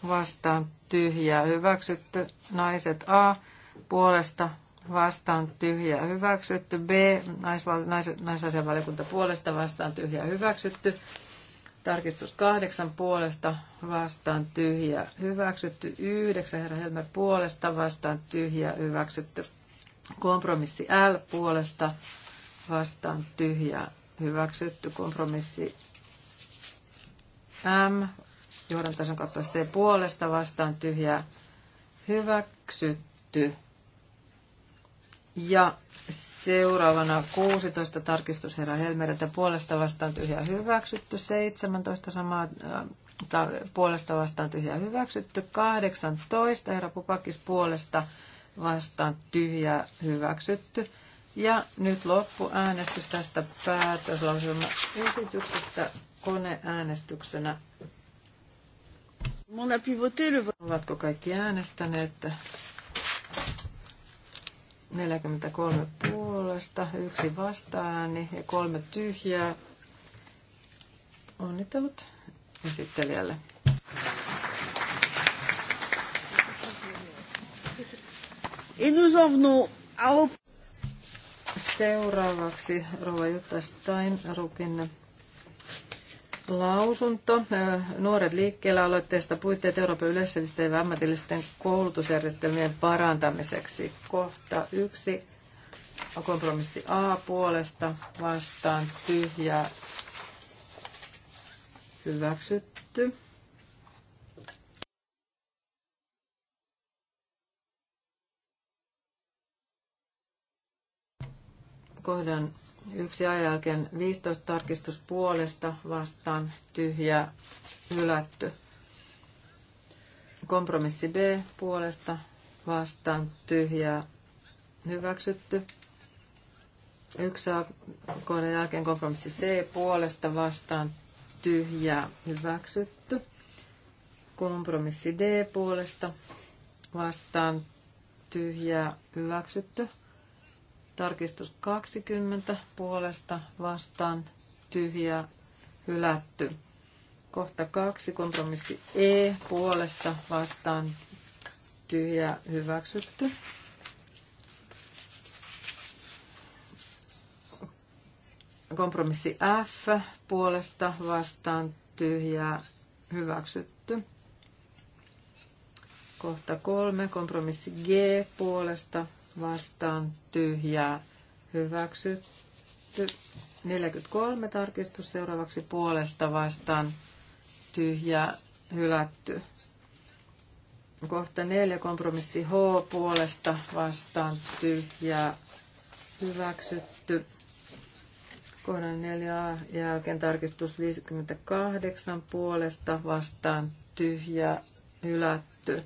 vastaan tyhjää hyväksytty. Naiset A puolesta vastaan tyhjää hyväksytty. B naisval- nais- naisasianvaliokunta puolesta vastaan tyhjää hyväksytty. Tarkistus kahdeksan puolesta vastaan tyhjä hyväksytty. Yhdeksän herra Helmer puolesta vastaan tyhjä hyväksytty. Kompromissi L puolesta vastaan tyhjä hyväksytty. Kompromissi M johdantason kappale C puolesta vastaan tyhjää hyväksytty. Ja seuraavana 16 tarkistus herra Helmeriltä puolesta vastaan tyhjää hyväksytty. 17 samaa äh, ta, puolesta vastaan tyhjää hyväksytty. 18 herra Pupakis puolesta vastaan tyhjää hyväksytty. Ja nyt loppuäänestys tästä päätöslauselman esityksestä koneäänestyksenä Ovatko kaikki äänestäneet? 43 puolesta, yksi vastaääni ja kolme tyhjää. Onnittelut esittelijälle. Seuraavaksi Rova Jutta Rukinne lausunto Nuoret liikkeellä aloitteesta puitteet Euroopan yleissivistäjien ja ammatillisten koulutusjärjestelmien parantamiseksi. Kohta yksi kompromissi A puolesta vastaan tyhjä hyväksytty. Kohdan Yksi ajan jälkeen 15 tarkistus puolesta vastaan tyhjä hylätty. Kompromissi B puolesta vastaan tyhjä hyväksytty. Yksi kohdan jälkeen kompromissi C puolesta vastaan tyhjä hyväksytty. Kompromissi D puolesta vastaan tyhjä hyväksytty. Tarkistus 20 puolesta vastaan tyhjä hylätty. Kohta 2 kompromissi E puolesta vastaan tyhjä hyväksytty. Kompromissi F puolesta vastaan tyhjä hyväksytty. Kohta 3 kompromissi G puolesta vastaan tyhjää hyväksytty. 43 tarkistus seuraavaksi puolesta vastaan tyhjää hylätty. Kohta 4 kompromissi H puolesta vastaan tyhjää hyväksytty. Kohdan 4 jälkeen tarkistus 58 puolesta vastaan tyhjää hylätty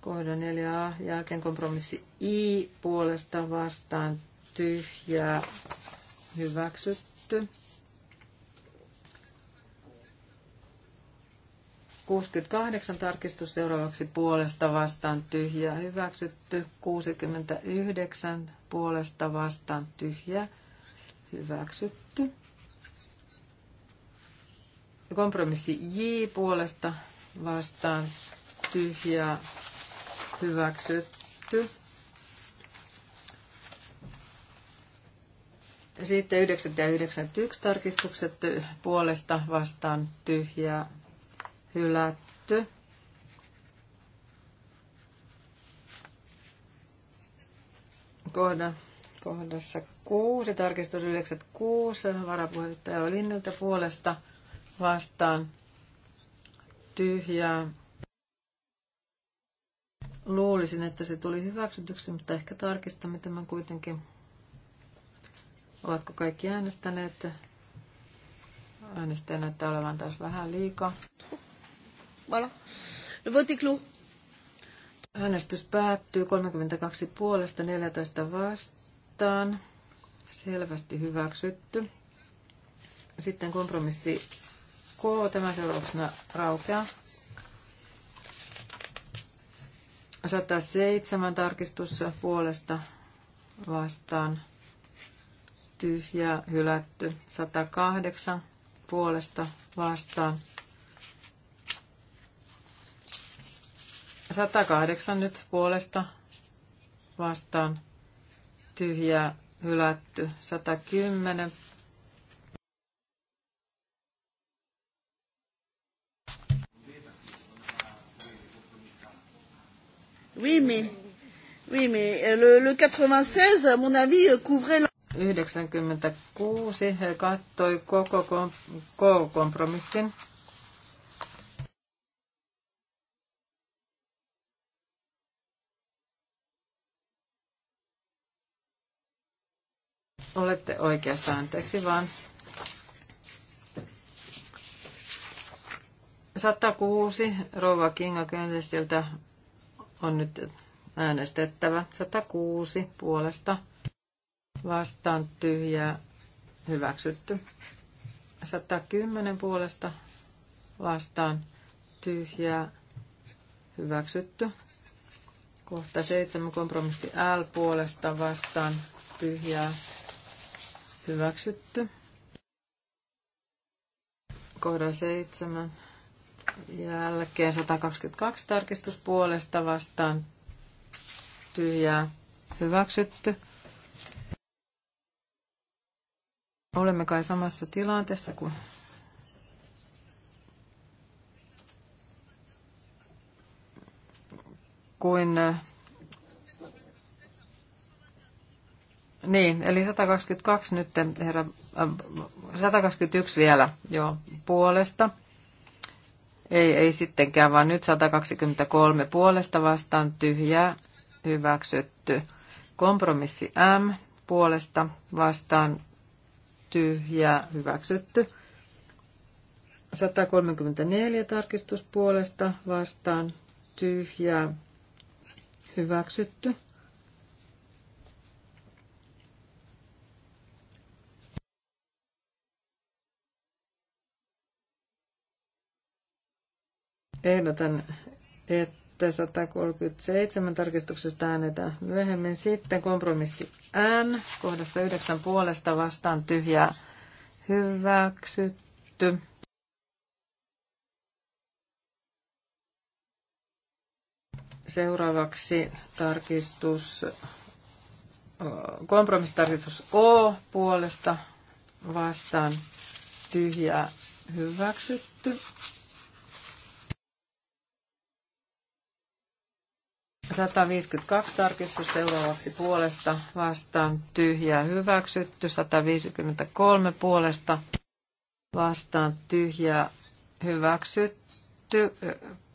kohdan 4a jälkeen kompromissi I puolesta vastaan tyhjää hyväksytty. 68 tarkistus seuraavaksi puolesta vastaan tyhjää hyväksytty. 69 puolesta vastaan tyhjä hyväksytty. Kompromissi J puolesta vastaan tyhjää hyväksytty. Sitten 9 ja tarkistukset puolesta vastaan tyhjää hylätty. Kohda, kohdassa 6, tarkistus 96, varapuheenjohtaja Olinnilta puolesta vastaan tyhjää. Luulisin, että se tuli hyväksytyksi, mutta ehkä tarkistamme tämän kuitenkin. Ovatko kaikki äänestäneet? Äänestäjä näyttää olevan taas vähän liikaa. Voilà. Le vote Äänestys päättyy 32 puolesta 14 vastaan. Selvästi hyväksytty. Sitten kompromissi K. Tämän seurauksena raukeaa. 107 tarkistus puolesta vastaan tyhjä, hylätty. 108 puolesta vastaan. 108 nyt puolesta vastaan tyhjä, hylätty. 110 Oui, mais, oui, mais le, le 96, à mon avis, couvrait... 96 kattoi koko K-kompromissin. Olette oikeassa, anteeksi vaan. 106 Rova Kinga Könsistiltä on nyt äänestettävä. 106 puolesta vastaan tyhjää hyväksytty. 110 puolesta vastaan tyhjää hyväksytty. Kohta 7 kompromissi L puolesta vastaan tyhjää hyväksytty. Kohdan 7 jälkeen 122 tarkistuspuolesta vastaan tyhjää hyväksytty. Olemme kai samassa tilanteessa kuin kuin Niin, eli 122 nyt, herra, 121 äh, vielä jo puolesta. Ei, ei sittenkään, vaan nyt 123 puolesta vastaan tyhjä hyväksytty. Kompromissi M puolesta vastaan ja hyväksytty. 134 tarkistuspuolesta vastaan tyhjä hyväksytty. Ehdotan, että 137 tarkistuksesta äänetään myöhemmin. Sitten kompromissi N kohdasta 9 puolesta vastaan tyhjää hyväksytty. Seuraavaksi tarkistus, kompromissitarkistus O puolesta vastaan tyhjää hyväksytty. 152 tarkistus seuraavaksi puolesta vastaan tyhjää hyväksytty. 153 puolesta vastaan tyhjää hyväksytty.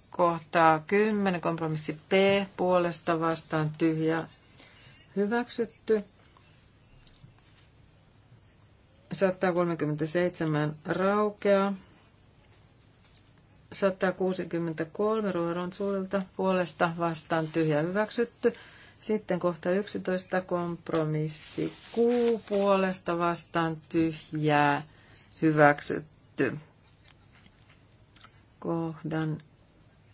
Kohtaa 10 kompromissi P puolesta vastaan tyhjää hyväksytty. 137 raukeaa. 163 Ruoron suulilta puolesta vastaan tyhjä hyväksytty. Sitten kohta 11 kompromissi Q puolesta vastaan tyhjää hyväksytty. Kohdan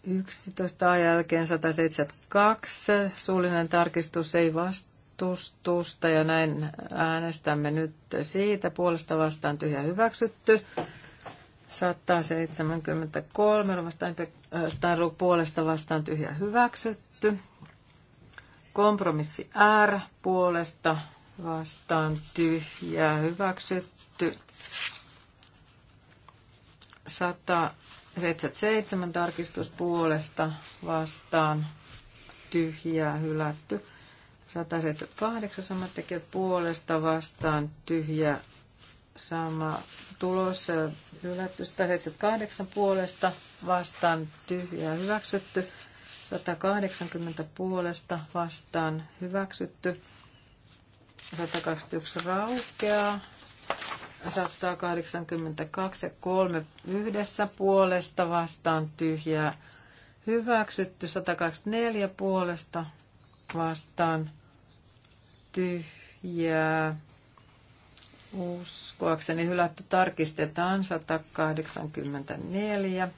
11 A jälkeen 172 suullinen tarkistus ei vastustusta ja näin äänestämme nyt siitä puolesta vastaan tyhjä hyväksytty. 173 vastaan äh, Steinruck puolesta vastaan tyhjä hyväksytty. Kompromissi R puolesta vastaan tyhjä hyväksytty. 177 tarkistus puolesta vastaan tyhjää hylätty. 178 samat tekijät puolesta vastaan tyhjä sama tulos hylätty 78 puolesta vastaan tyhjä hyväksytty. 180 puolesta vastaan hyväksytty. 121 raukeaa. 182 ja 3 yhdessä puolesta vastaan tyhjää hyväksytty. 124 puolesta vastaan tyhjää uskoakseni hylätty tarkistetaan 184.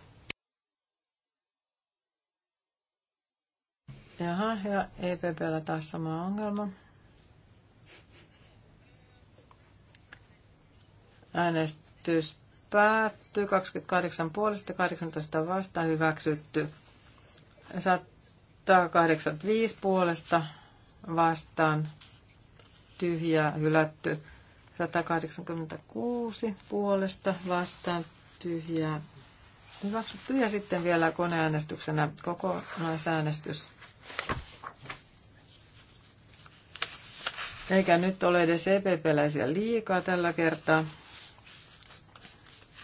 Jaha, ja EPPllä taas sama ongelma. Äänestys päättyy 28 puolesta 18 vasta hyväksytty. 185 puolesta vastaan tyhjä, hylätty. 186 puolesta vastaan tyhjää hyväksytty. Ja sitten vielä koneäänestyksenä kokonaisäänestys. Eikä nyt ole edes EPP-läisiä liikaa tällä kertaa.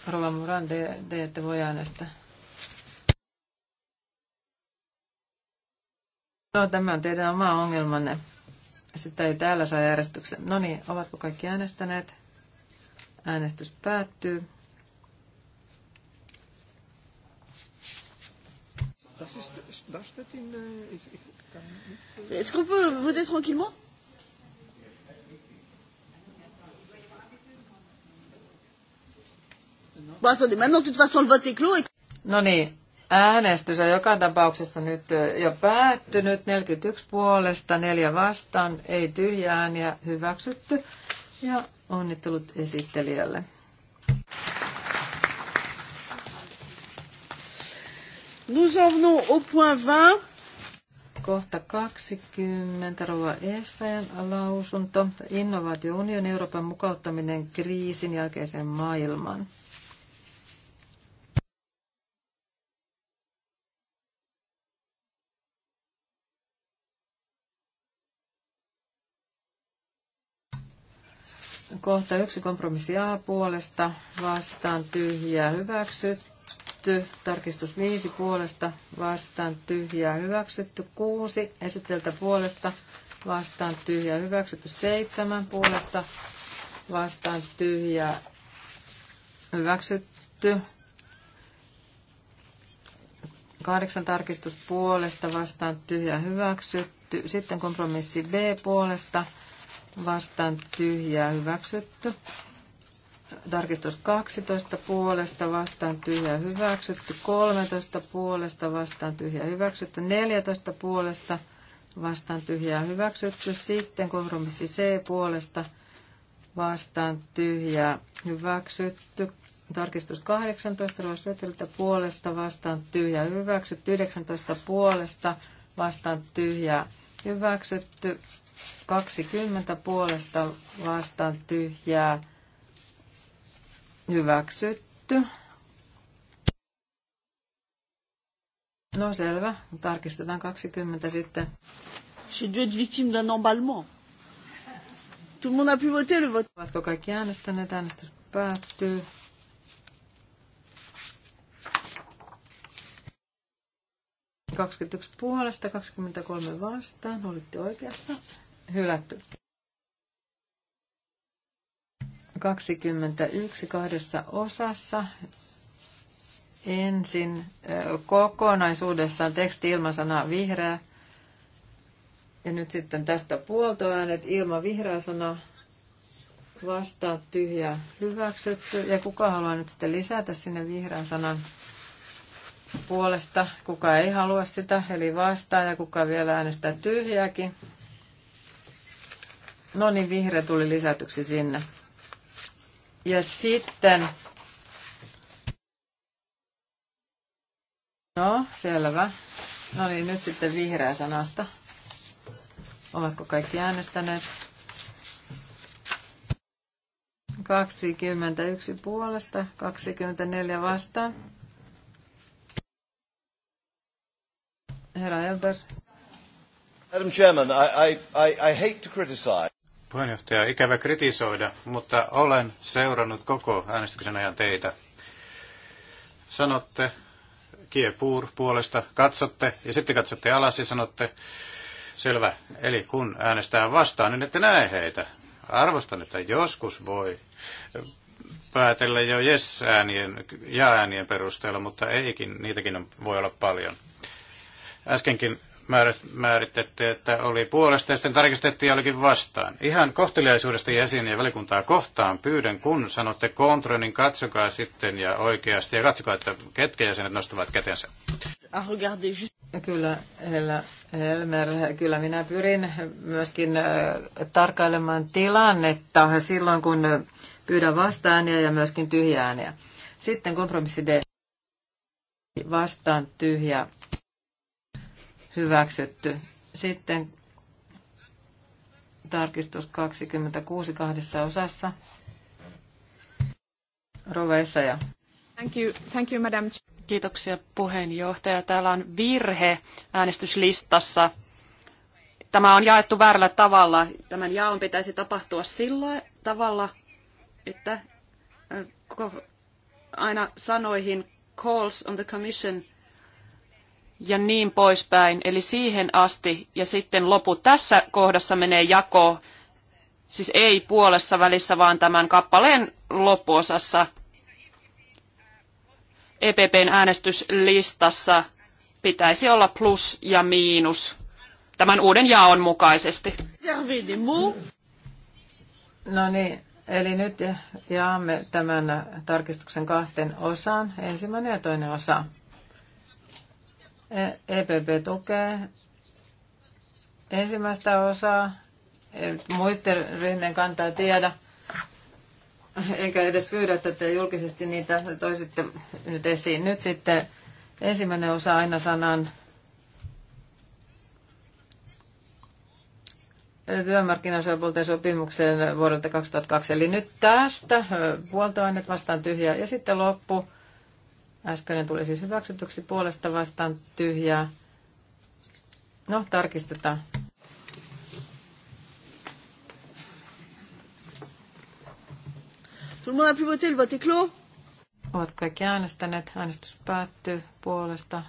Rova Muran, te, te ette voi äänestää. No, tämä on teidän oma ongelmanne. Sitten ei täällä saa järjestyksen. No niin, ovatko kaikki äänestäneet? Äänestys päättyy. Est-ce qu'on peut voter tranquillement Bon, attendez, maintenant, de toute façon, le vote est clos. Et... non niin, Äänestys on joka tapauksessa nyt jo päättynyt. 41 puolesta, neljä vastaan, ei tyhjää ääniä hyväksytty. Ja onnittelut esittelijälle. Nous avons au point 20 kohta 20, Rova Essayän lausunto, innovaatiounion Euroopan mukauttaminen kriisin jälkeiseen maailmaan. Kohta yksi kompromissi A puolesta vastaan tyhjää hyväksytty. Tarkistus 5 puolesta vastaan tyhjää hyväksytty. 6 esiteltä puolesta vastaan tyhjää hyväksytty. 7 puolesta vastaan tyhjää hyväksytty. Kahdeksan tarkistus puolesta vastaan tyhjää hyväksytty. Sitten kompromissi B puolesta vastaan tyhjää hyväksytty. Tarkistus 12 puolesta vastaan tyhjää hyväksytty. 13 puolesta vastaan tyhjää hyväksytty. 14 puolesta vastaan tyhjää hyväksytty. Sitten kompromissi C puolesta vastaan tyhjää hyväksytty. Tarkistus 18 ruosveteltä puolesta vastaan tyhjää hyväksytty. 19 puolesta vastaan tyhjää hyväksytty. 20 puolesta vastaan tyhjää hyväksytty. No selvä, tarkistetaan 20 sitten. J'ai dû être victime d'un emballement. Tout le monde a pu voter le vote. Ovatko kaikki äänestäneet? Äänestys päättyy. Kaksikymmentäyksi puolesta, 23 vastaan. Olitte oikeassa hylätty. 21 kahdessa osassa. Ensin kokonaisuudessaan teksti ilman sanaa vihreä. Ja nyt sitten tästä puoltoäänet ilman vihreä sana vastaa tyhjä hyväksytty. Ja kuka haluaa nyt sitten lisätä sinne vihreän sanan puolesta, kuka ei halua sitä, eli vastaa ja kuka vielä äänestää tyhjääkin, No niin, vihreä tuli lisätyksi sinne. Ja sitten... No, selvä. No niin, nyt sitten vihreä sanasta. Ovatko kaikki äänestäneet? 21 puolesta, 24 vastaan. Herra Elber. Madam Chairman, I, I, I, I hate to criticize. Puheenjohtaja, ikävä kritisoida, mutta olen seurannut koko äänestyksen ajan teitä. Sanotte kiepuur puolesta, katsotte ja sitten katsotte alas ja sanotte, selvä, eli kun äänestää vastaan, niin ette näe heitä. Arvostan, että joskus voi päätellä jo yes-äänien, ja-äänien perusteella, mutta eikin, niitäkin voi olla paljon. Äskenkin määritettiin, että oli puolesta ja sitten tarkistettiin jollekin vastaan. Ihan kohteliaisuudesta jäseniä ja välikuntaa kohtaan pyydän, kun sanotte kontra, niin katsokaa sitten ja oikeasti ja katsokaa, että ketkä jäsenet nostavat kätensä. Kyllä, Hella Helmer, kyllä minä pyrin myöskin tarkailemaan tilannetta silloin, kun pyydän vastaan ja myöskin ääniä. Sitten kompromissi D. Vastaan tyhjä hyväksytty. Sitten tarkistus 26 kahdessa osassa. Roveissa ja. Thank you, thank you, madam. Kiitoksia puheenjohtaja. Täällä on virhe äänestyslistassa. Tämä on jaettu väärällä tavalla. Tämän jaon pitäisi tapahtua sillä tavalla, että äh, aina sanoihin calls on the commission ja niin poispäin, eli siihen asti ja sitten lopu tässä kohdassa menee jako, siis ei puolessa välissä, vaan tämän kappaleen loppuosassa EPPn äänestyslistassa pitäisi olla plus ja miinus tämän uuden jaon mukaisesti. No niin, eli nyt jaamme tämän tarkistuksen kahteen osaan, ensimmäinen ja toinen osa. EPP tukee ensimmäistä osaa. Muiden ryhmien kantaa tiedä. Enkä edes pyydä, että te julkisesti niitä toisitte nyt esiin. Nyt sitten ensimmäinen osa aina sanan työmarkkinaosapuolten sopimuksen vuodelta 2002. Eli nyt tästä puoltoaineet vastaan tyhjää ja sitten loppu Äskeinen tuli siis hyväksytyksi puolesta vastaan tyhjää. No, tarkistetaan. Tout le monde a pu voter, le vote est clos. Ovat kaikki äänestäneet. Äänestys päättyy puolesta.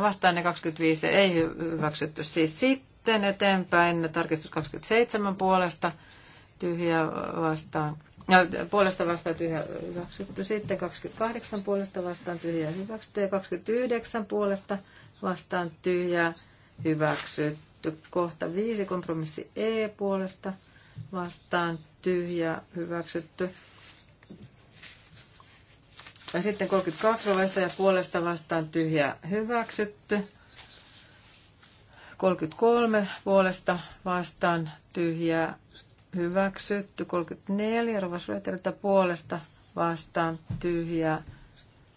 Vastaan ne 25 ei hyväksytty. Siis sitten eteenpäin tarkistus 27 puolesta. Tyhjä vastaan No, puolesta vastaan tyhjä hyväksytty. Sitten 28 puolesta vastaan tyhjä hyväksytty. Ja 29 puolesta vastaan tyhjä hyväksytty. Kohta 5 kompromissi E puolesta vastaan tyhjä hyväksytty. Ja sitten 32 rovessa ja puolesta vastaan tyhjä hyväksytty. 33 puolesta vastaan tyhjä hyväksytty. 34 Rovasryöteriltä puolesta vastaan tyhjää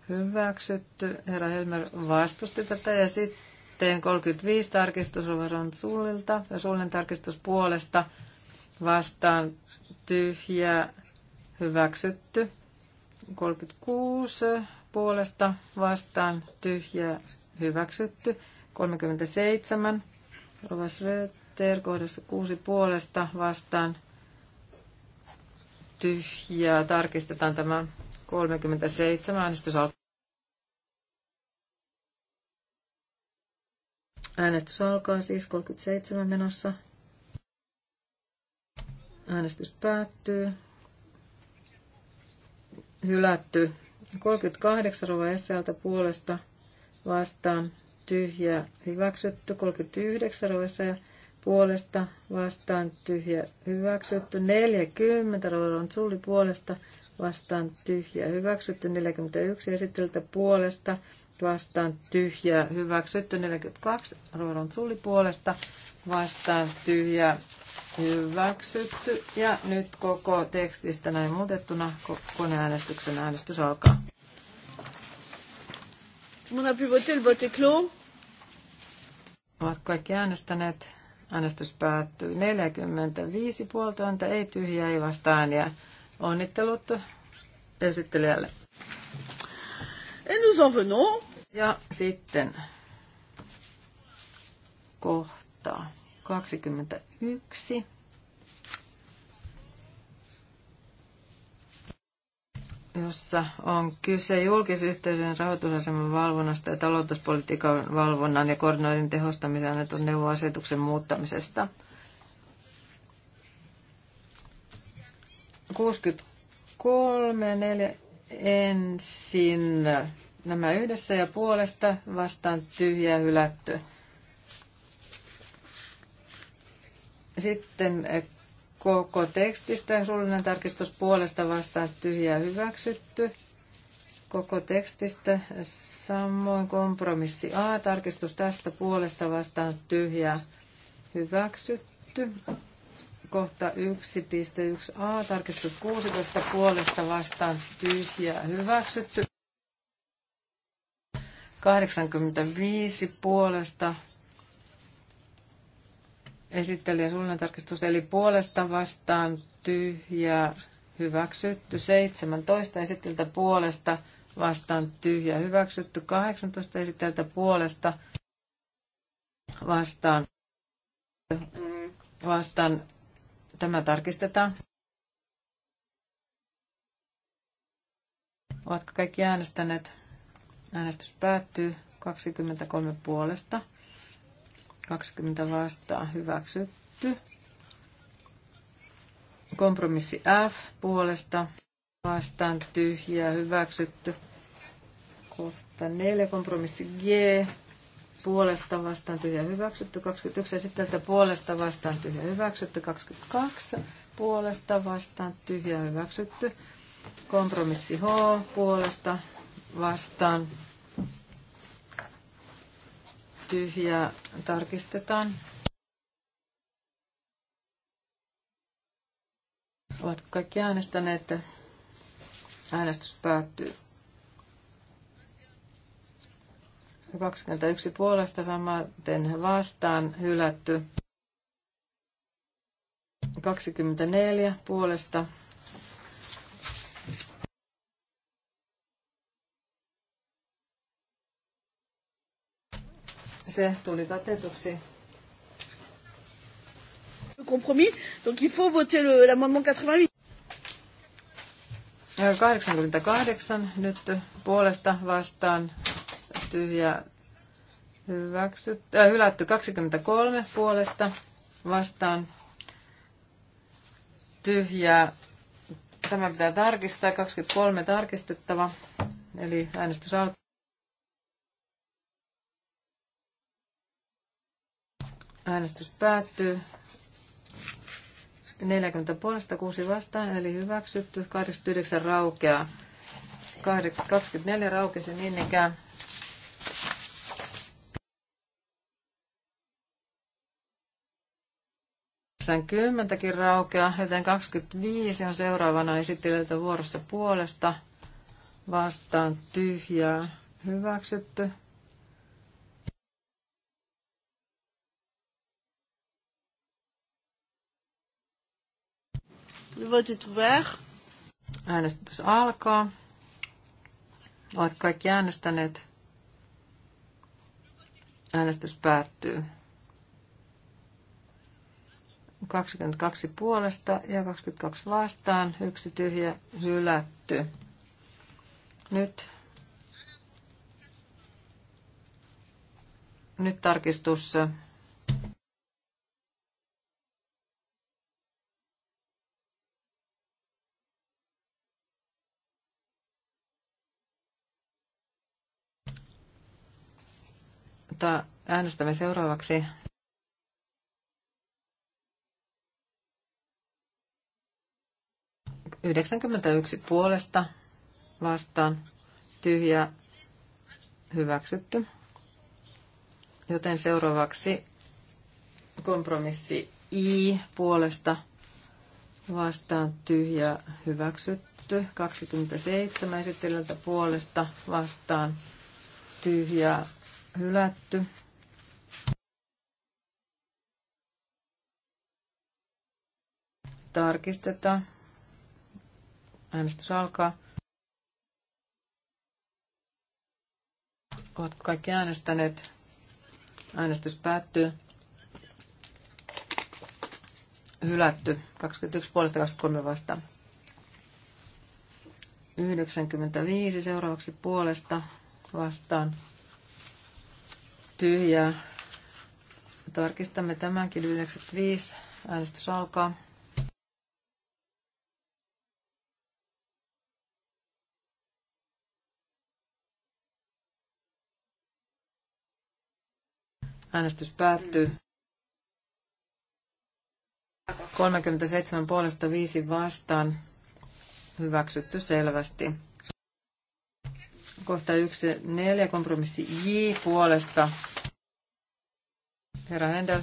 hyväksytty. Herra Helmer vastusti tätä ja sitten 35 tarkistus on suullilta ja suullinen tarkistus puolesta vastaan tyhjää hyväksytty. 36 puolesta vastaan tyhjää hyväksytty. 37 Rovas Röter kohdassa 6 puolesta vastaan tyhjää. Tarkistetaan tämä 37. Äänestys Äänestys alkaa siis 37 menossa. Äänestys päättyy. Hylätty. 38 rova sieltä puolesta vastaan tyhjä hyväksytty. 39 rova puolesta vastaan tyhjä hyväksytty. 40 Roland Sulli puolesta vastaan tyhjä hyväksytty. 41 esittelytä puolesta vastaan tyhjä hyväksytty. 42 Roland Sulli puolesta vastaan tyhjä hyväksytty. Ja nyt koko tekstistä näin muutettuna koneäänestyksen äänestys alkaa. Mun a pu le vote est clos. Ovat kaikki äänestäneet. Äänestys päättyy 45 puolta ei tyhjä, ei vastaan ja onnittelut esittelijälle. Et nous en venons. Ja sitten kohta 21. jossa on kyse julkisyhteisön rahoitusaseman valvonnasta ja talouspolitiikan valvonnan ja koordinoinnin tehostamisen annetun neuvoasetuksen muuttamisesta. 63 4, ensin nämä yhdessä ja puolesta vastaan tyhjä hylätty. Sitten koko tekstistä. Suullinen tarkistus puolesta vastaan tyhjää hyväksytty. Koko tekstistä samoin kompromissi A. Tarkistus tästä puolesta vastaan tyhjää hyväksytty. Kohta 1.1a. Tarkistus 16 puolesta vastaan tyhjää hyväksytty. 85 puolesta ja suullinen tarkistus, eli puolesta vastaan tyhjä hyväksytty. 17 esittelijältä puolesta vastaan tyhjä hyväksytty. 18 esittelijältä puolesta vastaan, vastaan tämä tarkistetaan. Ovatko kaikki äänestäneet? Äänestys päättyy 23 puolesta. 20 vastaan hyväksytty. Kompromissi F puolesta vastaan tyhjää hyväksytty. Kohta 4 kompromissi G puolesta vastaan tyhjä hyväksytty 21 ja sitten että puolesta vastaan tyhjä hyväksytty 22 puolesta vastaan tyhjä hyväksytty kompromissi H puolesta vastaan tyhjää tarkistetaan. Ovatko kaikki äänestäneet? Äänestys päättyy. 21 puolesta samaten vastaan hylätty. 24 puolesta se tuli katetuksi. Kompromis, donc il faut voter l'amendement 88. 88 äh, nyt puolesta vastaan tyhjä hyväksytty, äh, hylätty 23 puolesta vastaan tyhjää. Tämä pitää tarkistaa, 23 tarkistettava, eli äänestys alkaa. Äänestys päättyy. 40 puolesta, 6 vastaan, eli hyväksytty. 89 raukeaa. 24 raukesi niin ikään. kymmentäkin raukea. joten 25 on seuraavana esittelijältä vuorossa puolesta vastaan tyhjää hyväksytty. Le vote est ouvert. Äänestys alkaa. Ovat kaikki äänestäneet. Äänestys päättyy. 22 puolesta ja 22 vastaan, yksi tyhjä hylätty. Nyt, nyt tarkistus mutta äänestämme seuraavaksi Yhdeksänkymmentäyksi puolesta vastaan tyhjä hyväksytty. Joten seuraavaksi kompromissi I puolesta vastaan tyhjä hyväksytty. 27 esittelijältä puolesta vastaan tyhjä hylätty. Tarkistetaan. Äänestys alkaa. Ovatko kaikki äänestäneet? Äänestys päättyy. Hylätty. 21 puolesta 23 vastaan. 95 seuraavaksi puolesta vastaan tyhjää. Tarkistamme tämänkin 95. Äänestys alkaa. Äänestys päättyy. 37 puolesta 5 vastaan. Hyväksytty selvästi kohta 1, 4, kompromissi J puolesta. Herra Händel.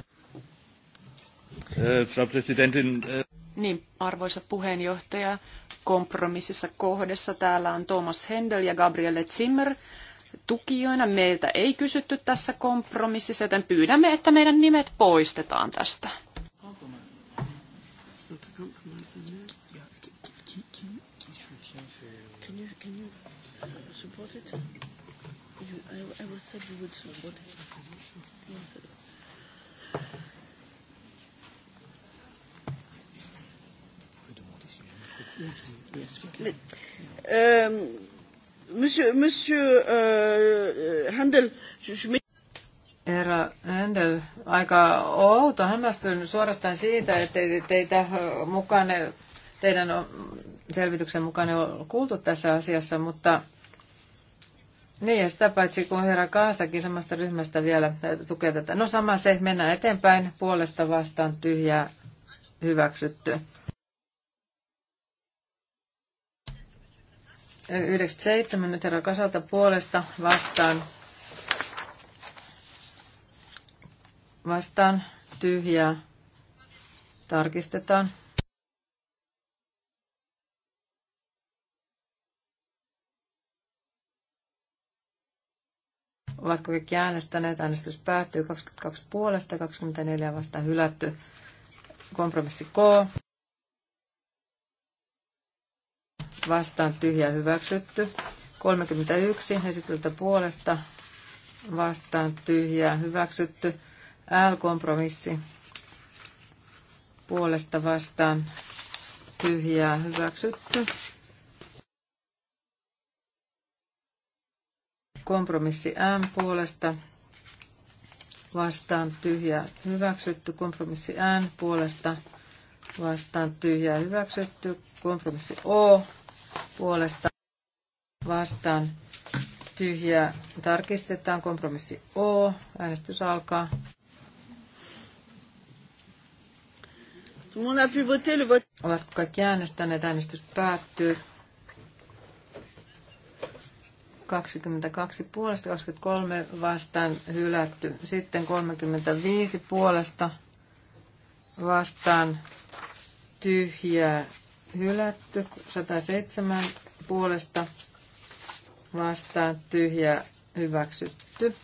Äh, Frau Präsidentin. Äh, niin, arvoisa puheenjohtaja, kompromississa kohdessa täällä on Thomas Händel ja Gabriele Zimmer tukijoina. Meiltä ei kysytty tässä kompromississa, joten pyydämme, että meidän nimet poistetaan tästä. it? You, I, I was said you would support it. Herra Händel, aika outo. Hämmästyn suorastaan siitä, että teitä mukana, teidän selvityksen mukana on kuultu tässä asiassa, mutta niin, ja sitä paitsi kun herra Kaasakin samasta ryhmästä vielä tukee tätä. No sama se, mennään eteenpäin, puolesta vastaan tyhjää hyväksytty. 97 nyt herra Kasalta puolesta vastaan. Vastaan tyhjää. Tarkistetaan. Ovatko kaikki äänestäneet? Äänestys päättyy 22 puolesta, 24 vasta hylätty. Kompromissi K. Vastaan tyhjä hyväksytty. 31 esityltä puolesta. Vastaan tyhjä hyväksytty. L-kompromissi puolesta vastaan tyhjää hyväksytty. Kompromissi M puolesta vastaan tyhjä hyväksytty. Kompromissi N puolesta vastaan tyhjä hyväksytty. Kompromissi O puolesta vastaan tyhjä tarkistetaan. Kompromissi O. Äänestys alkaa. Ovatko kaikki äänestäneet? Äänestys päättyy. 22 puolesta, 23 vastaan hylätty. Sitten 35 puolesta vastaan tyhjää hylätty. 107 puolesta vastaan tyhjää hyväksytty.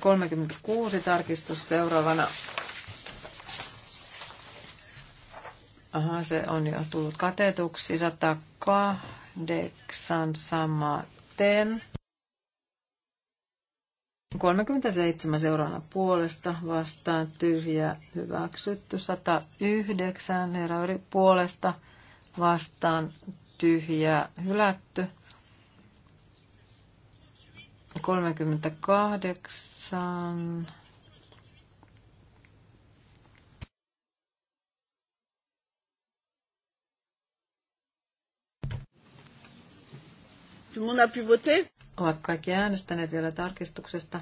36 tarkistus seuraavana. Aha, se on jo tullut katetuksi. 102 kahdeksan samaten. 37 seuraavana puolesta vastaan tyhjä hyväksytty. 109 herrauri puolesta vastaan tyhjä hylätty. 38 Tout le monde a pu voter? Ovat kaikki äänestäneet vielä tarkistuksesta.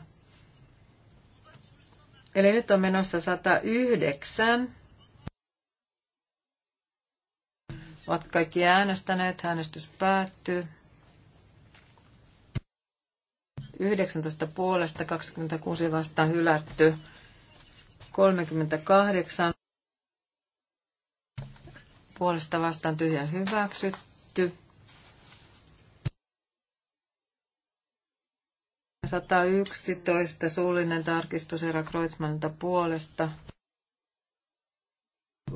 Eli nyt on menossa 109. Ovat kaikki äänestäneet. Äänestys päättyy. 19 puolesta, 26 vasta hylätty, 38 puolesta vastaan tyhjä hyväksytty, 111 suullinen tarkistus Era Kreutzmannilta puolesta.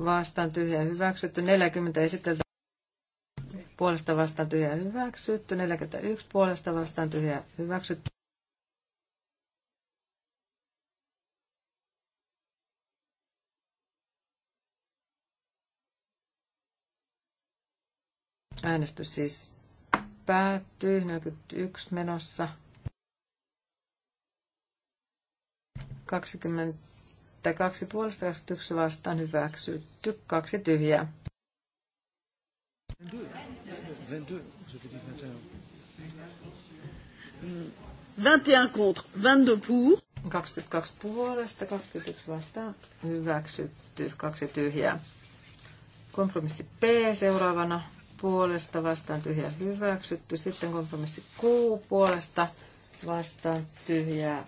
Vastaan tyhjä hyväksytty. 40 esiteltä puolesta vastaan tyhjä hyväksytty. 41 puolesta vastaan tyhjä hyväksytty. Äänestys siis päättyy. 41 menossa. 22 puolesta 21 vastaan hyväksytty. Kaksi tyhjää. 21 22 22 puolesta, 21 vastaan hyväksytty, kaksi tyhjää. Kompromissi P seuraavana puolesta vastaan tyhjää hyväksytty. Sitten kompromissi Q puolesta vastaan tyhjää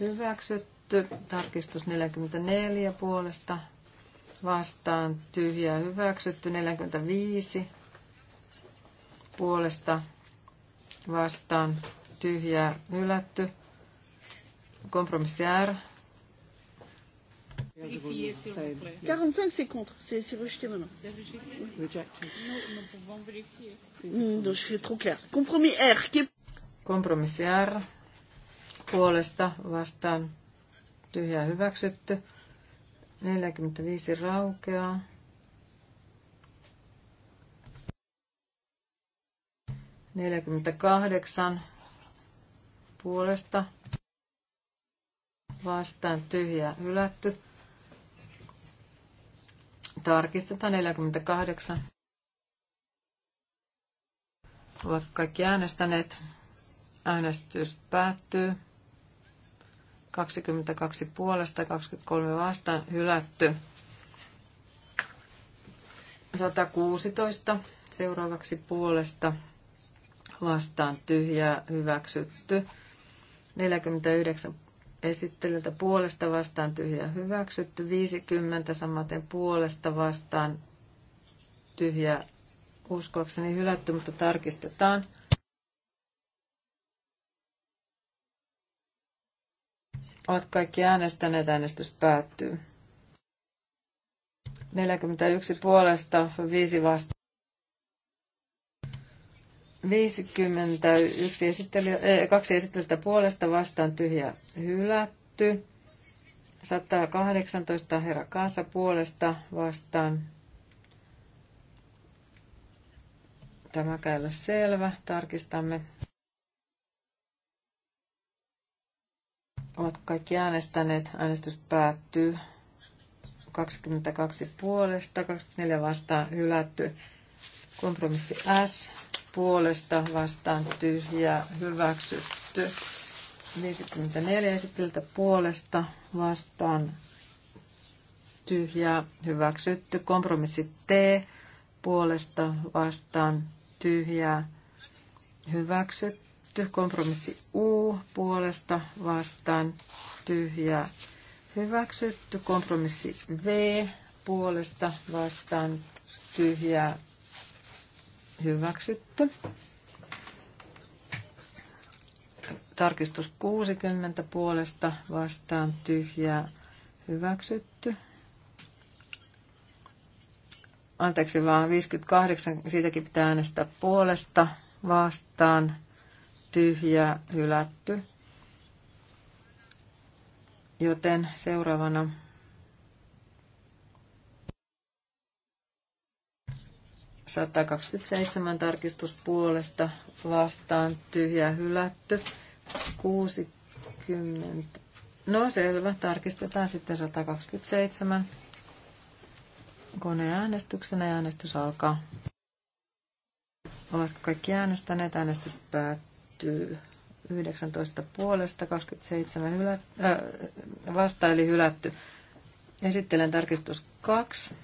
hyväksytty hyväksytty. Tarkistus 44 puolesta vastaan tyhjää hyväksytty. 45 puolesta vastaan tyhjää hylätty. Kompromissi R. 45 contre, c'est rejeté maintenant. Hmm, Compromis R. Kompromissi R puolesta vastaan tyhjää hyväksytty. 45 raukeaa. Neljäkymmentäkahdeksan puolesta vastaan tyhjä hylätty. Tarkistetaan 48. Ovat kaikki äänestäneet. Äänestys päättyy. 22 puolesta, 23 vastaan, hylätty. 116 seuraavaksi puolesta vastaan tyhjää hyväksytty. 49 esittelyltä puolesta vastaan tyhjää hyväksytty. 50 samaten puolesta vastaan tyhjää uskoakseni hylätty, mutta tarkistetaan. Ovat kaikki äänestäneet. Äänestys päättyy. 41 puolesta, 5 vastaan. 51 esittely, eh, kaksi esittelyä puolesta vastaan tyhjä hylätty. 118 herra kanssa puolesta vastaan. Tämä käy selvä. Tarkistamme. Ovat kaikki äänestäneet. Äänestys päättyy. 22 puolesta, 24 vastaan hylätty. Kompromissi S puolesta vastaan tyhjä hyväksytty. 54 esitiltä puolesta vastaan tyhjä hyväksytty. Kompromissi T puolesta vastaan tyhjä hyväksytty hylätty. Kompromissi U puolesta vastaan tyhjää hyväksytty. Kompromissi V puolesta vastaan tyhjää hyväksytty. Tarkistus 60 puolesta vastaan tyhjää hyväksytty. Anteeksi vaan 58, siitäkin pitää äänestää puolesta vastaan tyhjä hylätty. Joten seuraavana Satakaksikymmentäseitsemän tarkistus puolesta vastaan tyhjä hylätty. 60. No selvä, tarkistetaan sitten 127. Koneäänestyksenä äänestys alkaa. Ovatko kaikki äänestäneet? Äänestys päättyy hylätty 19 puolesta, 27 hylä, äh, vasta eli hylätty. Esittelen tarkistus 2.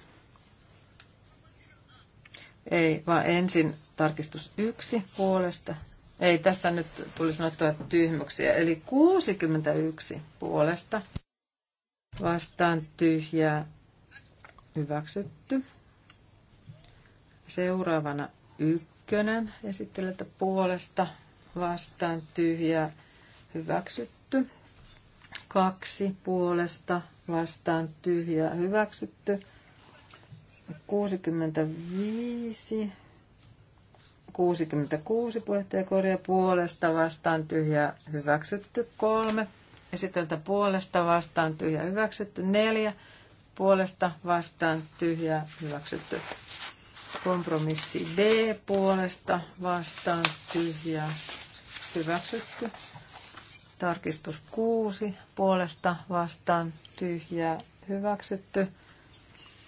Ei, vaan ensin tarkistus 1 puolesta. Ei, tässä nyt tuli sanottua tyhmyksiä. Eli 61 puolesta vastaan tyhjää hyväksytty. Seuraavana ykkönen esittelijältä puolesta vastaan tyhjää hyväksytty. Kaksi puolesta vastaan tyhjää hyväksytty. 65 66 korja puolesta vastaan tyhjä hyväksytty kolme. Esiteltä puolesta vastaan tyhjä hyväksytty neljä. Puolesta vastaan tyhjä hyväksytty. Kompromissi B puolesta vastaan tyhjä hyväksytty. Tarkistus 6 puolesta vastaan tyhjää hyväksytty.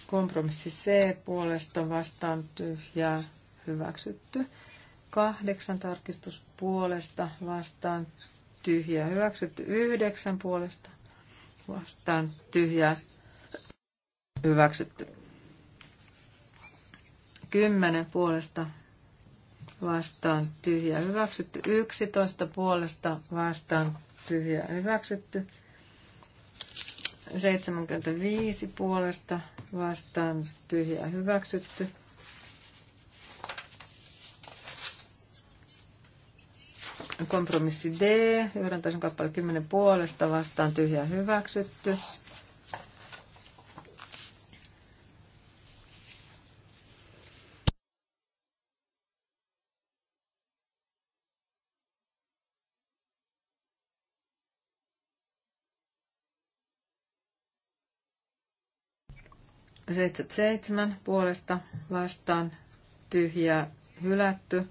Kompromissi C puolesta vastaan tyhjää hyväksytty. Kahdeksan tarkistus puolesta vastaan tyhjää hyväksytty. Yhdeksän puolesta vastaan tyhjää hyväksytty. Kymmenen puolesta vastaan tyhjä hyväksytty. 11 puolesta vastaan tyhjä hyväksytty. 75 puolesta vastaan tyhjä hyväksytty. Kompromissi D, yhden tason kappale 10 puolesta vastaan tyhjä hyväksytty. 77 puolesta vastaan tyhjää hylätty.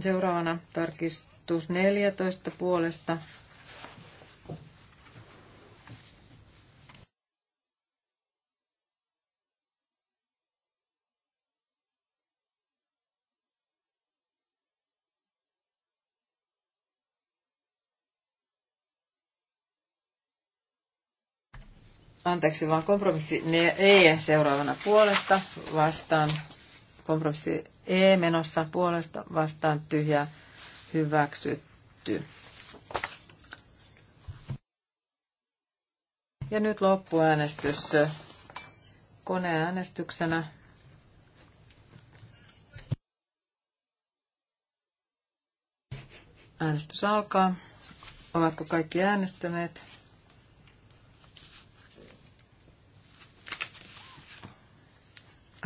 Seuraavana tarkistus 14 puolesta anteeksi vaan kompromissi ne, E seuraavana puolesta vastaan, kompromissi E menossa puolesta vastaan tyhjä hyväksytty. Ja nyt loppuäänestys koneäänestyksenä. Äänestys alkaa. Ovatko kaikki äänestyneet?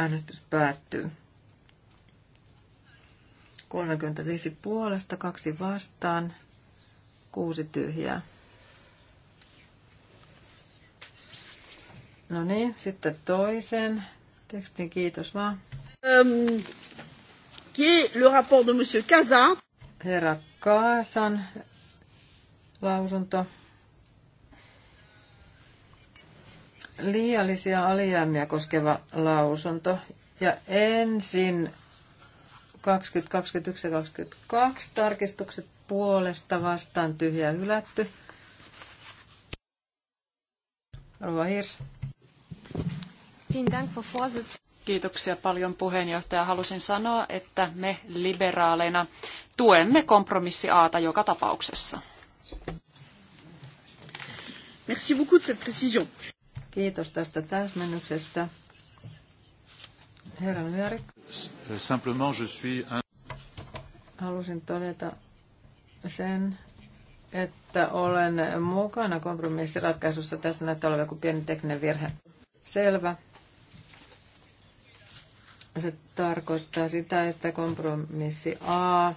Äänestys päättyy. 35 puolesta, kaksi vastaan, kuusi tyhjää. No niin, sitten toisen tekstin, kiitos vaan. Um, qui le rapport de Monsieur Kaza? Herra Kaasan lausunto. liiallisia alijäämiä koskeva lausunto. Ja ensin 2021 ja 2022 tarkistukset puolesta vastaan tyhjä hylätty. Rova Hirs. Kiitoksia paljon puheenjohtaja. Halusin sanoa, että me liberaaleina tuemme kompromissi Aata joka tapauksessa. Merci beaucoup de cette précision. Kiitos tästä täsmennyksestä. Herra Myörik. Simplement je suis un... Halusin todeta sen, että olen mukana kompromissiratkaisussa. Tässä näyttää olevan joku pieni tekninen virhe. Selvä. Se tarkoittaa sitä, että kompromissi A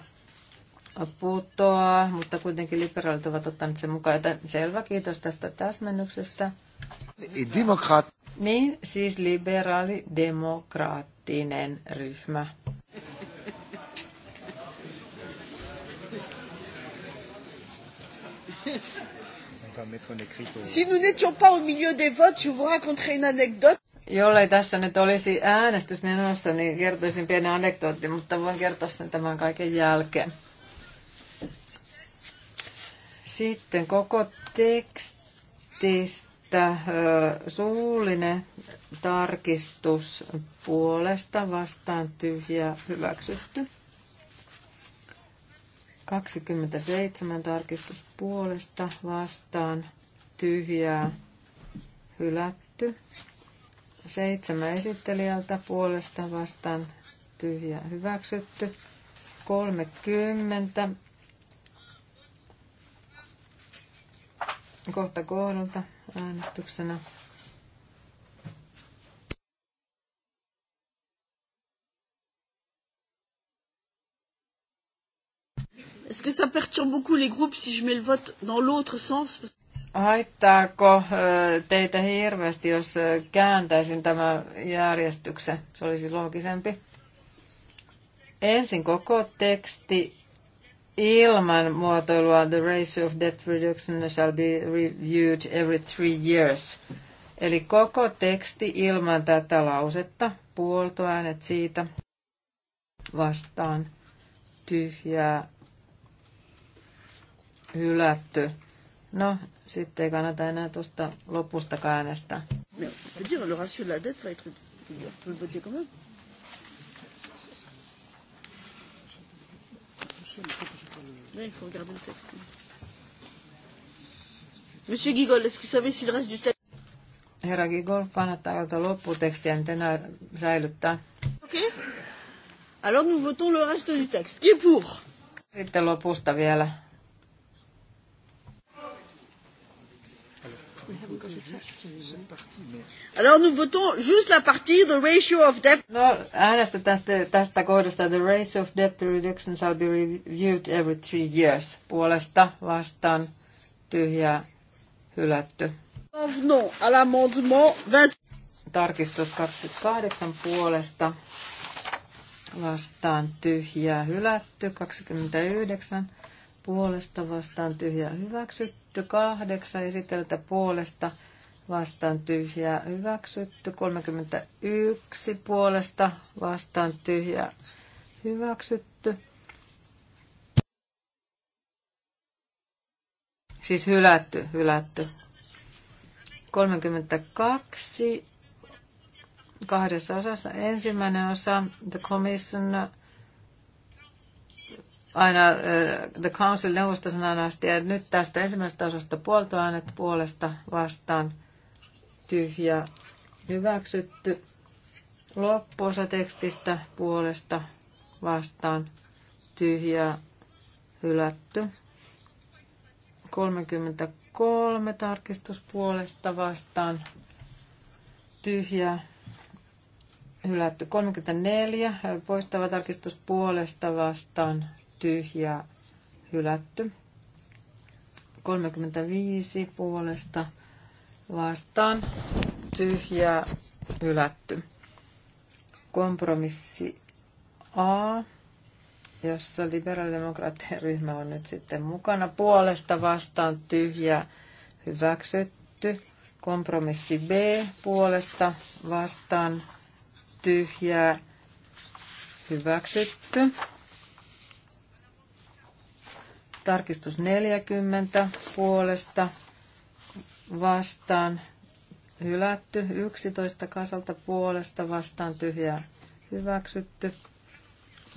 putoaa, mutta kuitenkin liberaalit ovat ottaneet sen mukaan. selvä, kiitos tästä täsmennyksestä. Demokraat. Niin, siis liberaali demokraattinen ryhmä. Si nous n'étions pas au milieu des votes, je vous raconterai une anecdote. Jollei tässä nyt olisi äänestys menossa, niin kertoisin pienen anekdootin, mutta voin kertoa sen tämän kaiken jälkeen. Sitten koko tekstistä että suullinen tarkistus puolesta vastaan tyhjä hyväksytty. 27 tarkistus puolesta vastaan tyhjää hylätty. Seitsemän esittelijältä puolesta vastaan tyhjä hyväksytty. 30 kohta kohdalta äänestyksenä. Est-ce que ça perturbe beaucoup les groupes si je mets le vote dans l'autre sens Haittaako teitä hirveästi, jos kääntäisin tämän järjestyksen? Se olisi loogisempi. Ensin koko teksti ilman muotoilua the ratio of debt reduction shall be reviewed every three years. Eli koko teksti ilman tätä lausetta, puoltoäänet siitä, vastaan, tyhjää, hylätty. No, sitten ei kannata enää tuosta lopusta äänestää. Là, il faut regarder le texte. Monsieur Gigol, est-ce que vous savez s'il reste du texte Herra Gigol, kannattaa katsoa lopputekstiä, nyt niin enää säilyttää. Okei. Okay. Alors nous votons le reste du texte. Qui est pour Sitten lopusta vielä. Alors nous votons juste la partie the ratio of debt. No, äänestetään sitten tästä kohdasta the ratio of debt reduction shall be reviewed every three years. Puolesta vastaan tyhjä hylätty. No, à l'amendement 20. Tarkistus 28 puolesta vastaan tyhjä hylätty 29 puolesta vastaan tyhjää hyväksytty. Kahdeksan esiteltä puolesta vastaan tyhjää hyväksytty. 31 puolesta vastaan tyhjää hyväksytty. Siis hylätty, hylätty. 32 kahdessa osassa. Ensimmäinen osa, the commissioner, aina uh, the council neuvostosanan asti. että nyt tästä ensimmäisestä osasta puolta äänet puolesta vastaan tyhjä hyväksytty. Loppuosa tekstistä puolesta vastaan tyhjä hylätty. 33 tarkistuspuolesta vastaan tyhjä hylätty. 34 äh, poistava tarkistus puolesta vastaan tyhjä, hylätty. 35 puolesta vastaan tyhjä, hylätty. Kompromissi A, jossa liberaalidemokraattien ryhmä on nyt sitten mukana. Puolesta vastaan tyhjä hyväksytty. Kompromissi B puolesta vastaan tyhjää hyväksytty. Tarkistus 40 puolesta vastaan hylätty. 11 kasalta puolesta vastaan tyhjää hyväksytty.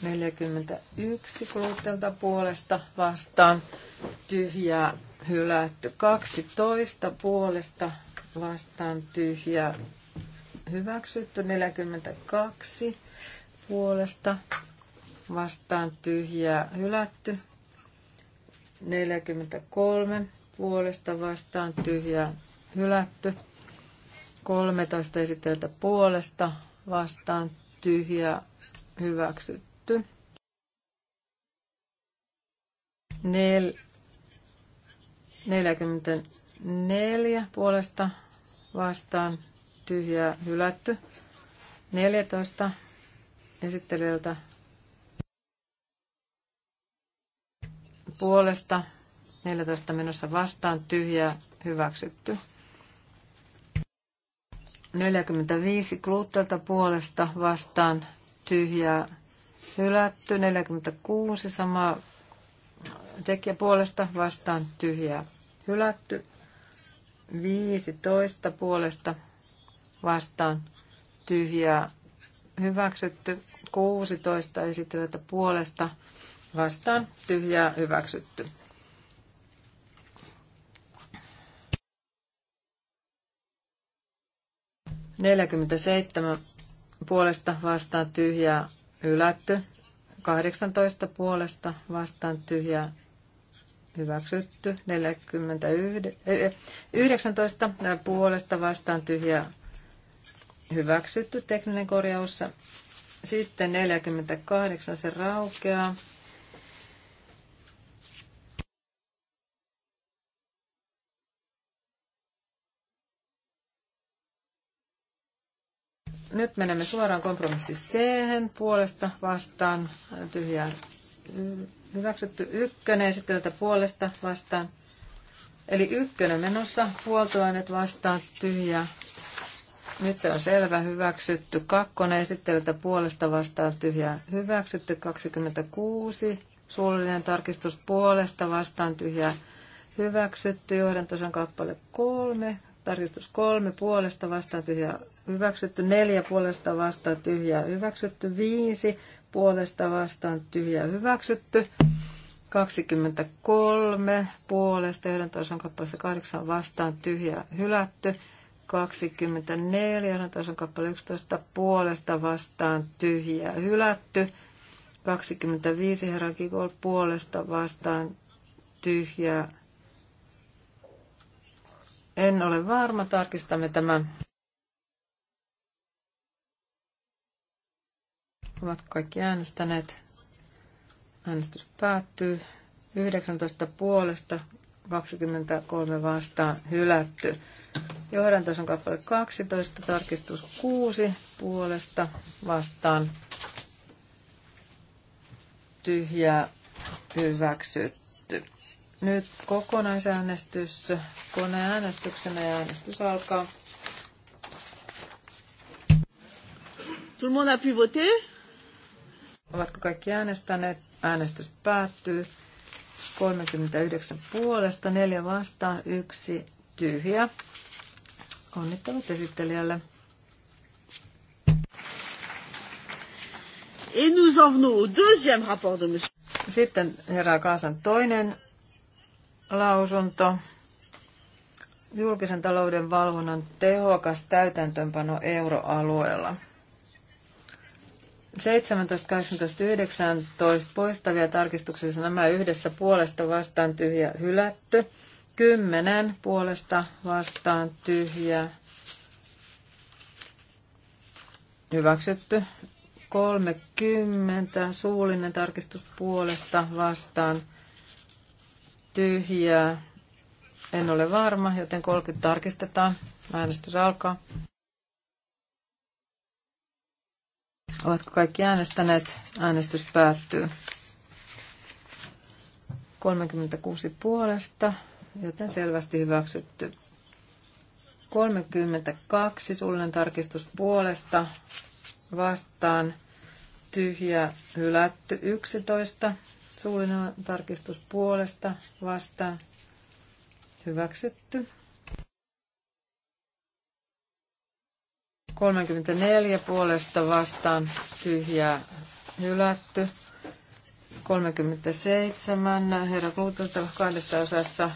41 kuluttajalta puolesta vastaan tyhjää hylätty. 12 puolesta vastaan tyhjää hyväksytty. 42 puolesta vastaan tyhjää hylätty. 43 puolesta vastaan tyhjä hylätty. 13 esittäjältä puolesta vastaan tyhjä hyväksytty. 44 puolesta vastaan tyhjä hylätty. 14 esittelijältä puolesta, 14 menossa vastaan, tyhjää, hyväksytty. 45 kluuttelta puolesta vastaan, tyhjää, hylätty. 46 sama tekijä puolesta vastaan, tyhjää, hylätty. 15 puolesta vastaan, tyhjää, hyväksytty. 16 esitettä puolesta vastaan tyhjää hyväksytty. Neljäkymmentäseitsemän puolesta vastaan tyhjää hylätty. 18 puolesta vastaan tyhjää hyväksytty. 49, 19 eh, eh, puolesta vastaan tyhjää hyväksytty tekninen korjaus. Sitten 48 se raukeaa. Nyt menemme suoraan kompromissi C puolesta vastaan tyhjää hyväksytty ykkönen ja sitten tätä puolesta vastaan. Eli ykkönen menossa, puoltoaineet vastaan tyhjää. Nyt se on selvä, hyväksytty. Kakkonen esittelytä puolesta vastaan tyhjää. Hyväksytty 26. Suullinen tarkistus puolesta vastaan tyhjää. Hyväksytty johdantosan kappale 3. Tarkistus 3 puolesta vastaan tyhjää hyväksytty, neljä puolesta vastaan tyhjää hyväksytty, viisi puolesta vastaan tyhjää hyväksytty, 23 puolesta, yhden tason kappaleessa 8 vastaan tyhjää hylätty, 24, yhden tason kappale 11 puolesta vastaan tyhjää hylätty, 25 herran Kikol puolesta vastaan tyhjää. En ole varma, tarkistamme tämän. Ovat kaikki äänestäneet. Äänestys päättyy. 19 puolesta, 23 vastaan hylätty. Johdantos on kappale 12, tarkistus 6 puolesta vastaan tyhjä hyväksytty. Nyt kokonaisäänestys koneäänestyksenä ja äänestys alkaa. Tout le monde a pu voter? Ovatko kaikki äänestäneet? Äänestys päättyy. 39 puolesta, 4 vastaan, 1 tyhjä. Onnittelut esittelijälle. Et nous deuxième rapport de monsieur. Sitten herää Kaasan toinen lausunto. Julkisen talouden valvonnan tehokas täytäntöönpano euroalueella. 17, 18, 19 poistavia tarkistuksessa nämä yhdessä puolesta vastaan tyhjä hylätty. 10 puolesta vastaan tyhjä hyväksytty. 30 suullinen tarkistus puolesta vastaan tyhjä. En ole varma, joten 30 tarkistetaan. Äänestys alkaa. Ovatko kaikki äänestäneet? Äänestys päättyy. 36 puolesta, joten selvästi hyväksytty. 32 suullinen tarkistus puolesta vastaan tyhjä hylätty 11 suullinen tarkistus puolesta vastaan hyväksytty 34 puolesta vastaan tyhjää hylätty. 37 herra Kluutilta kahdessa osassa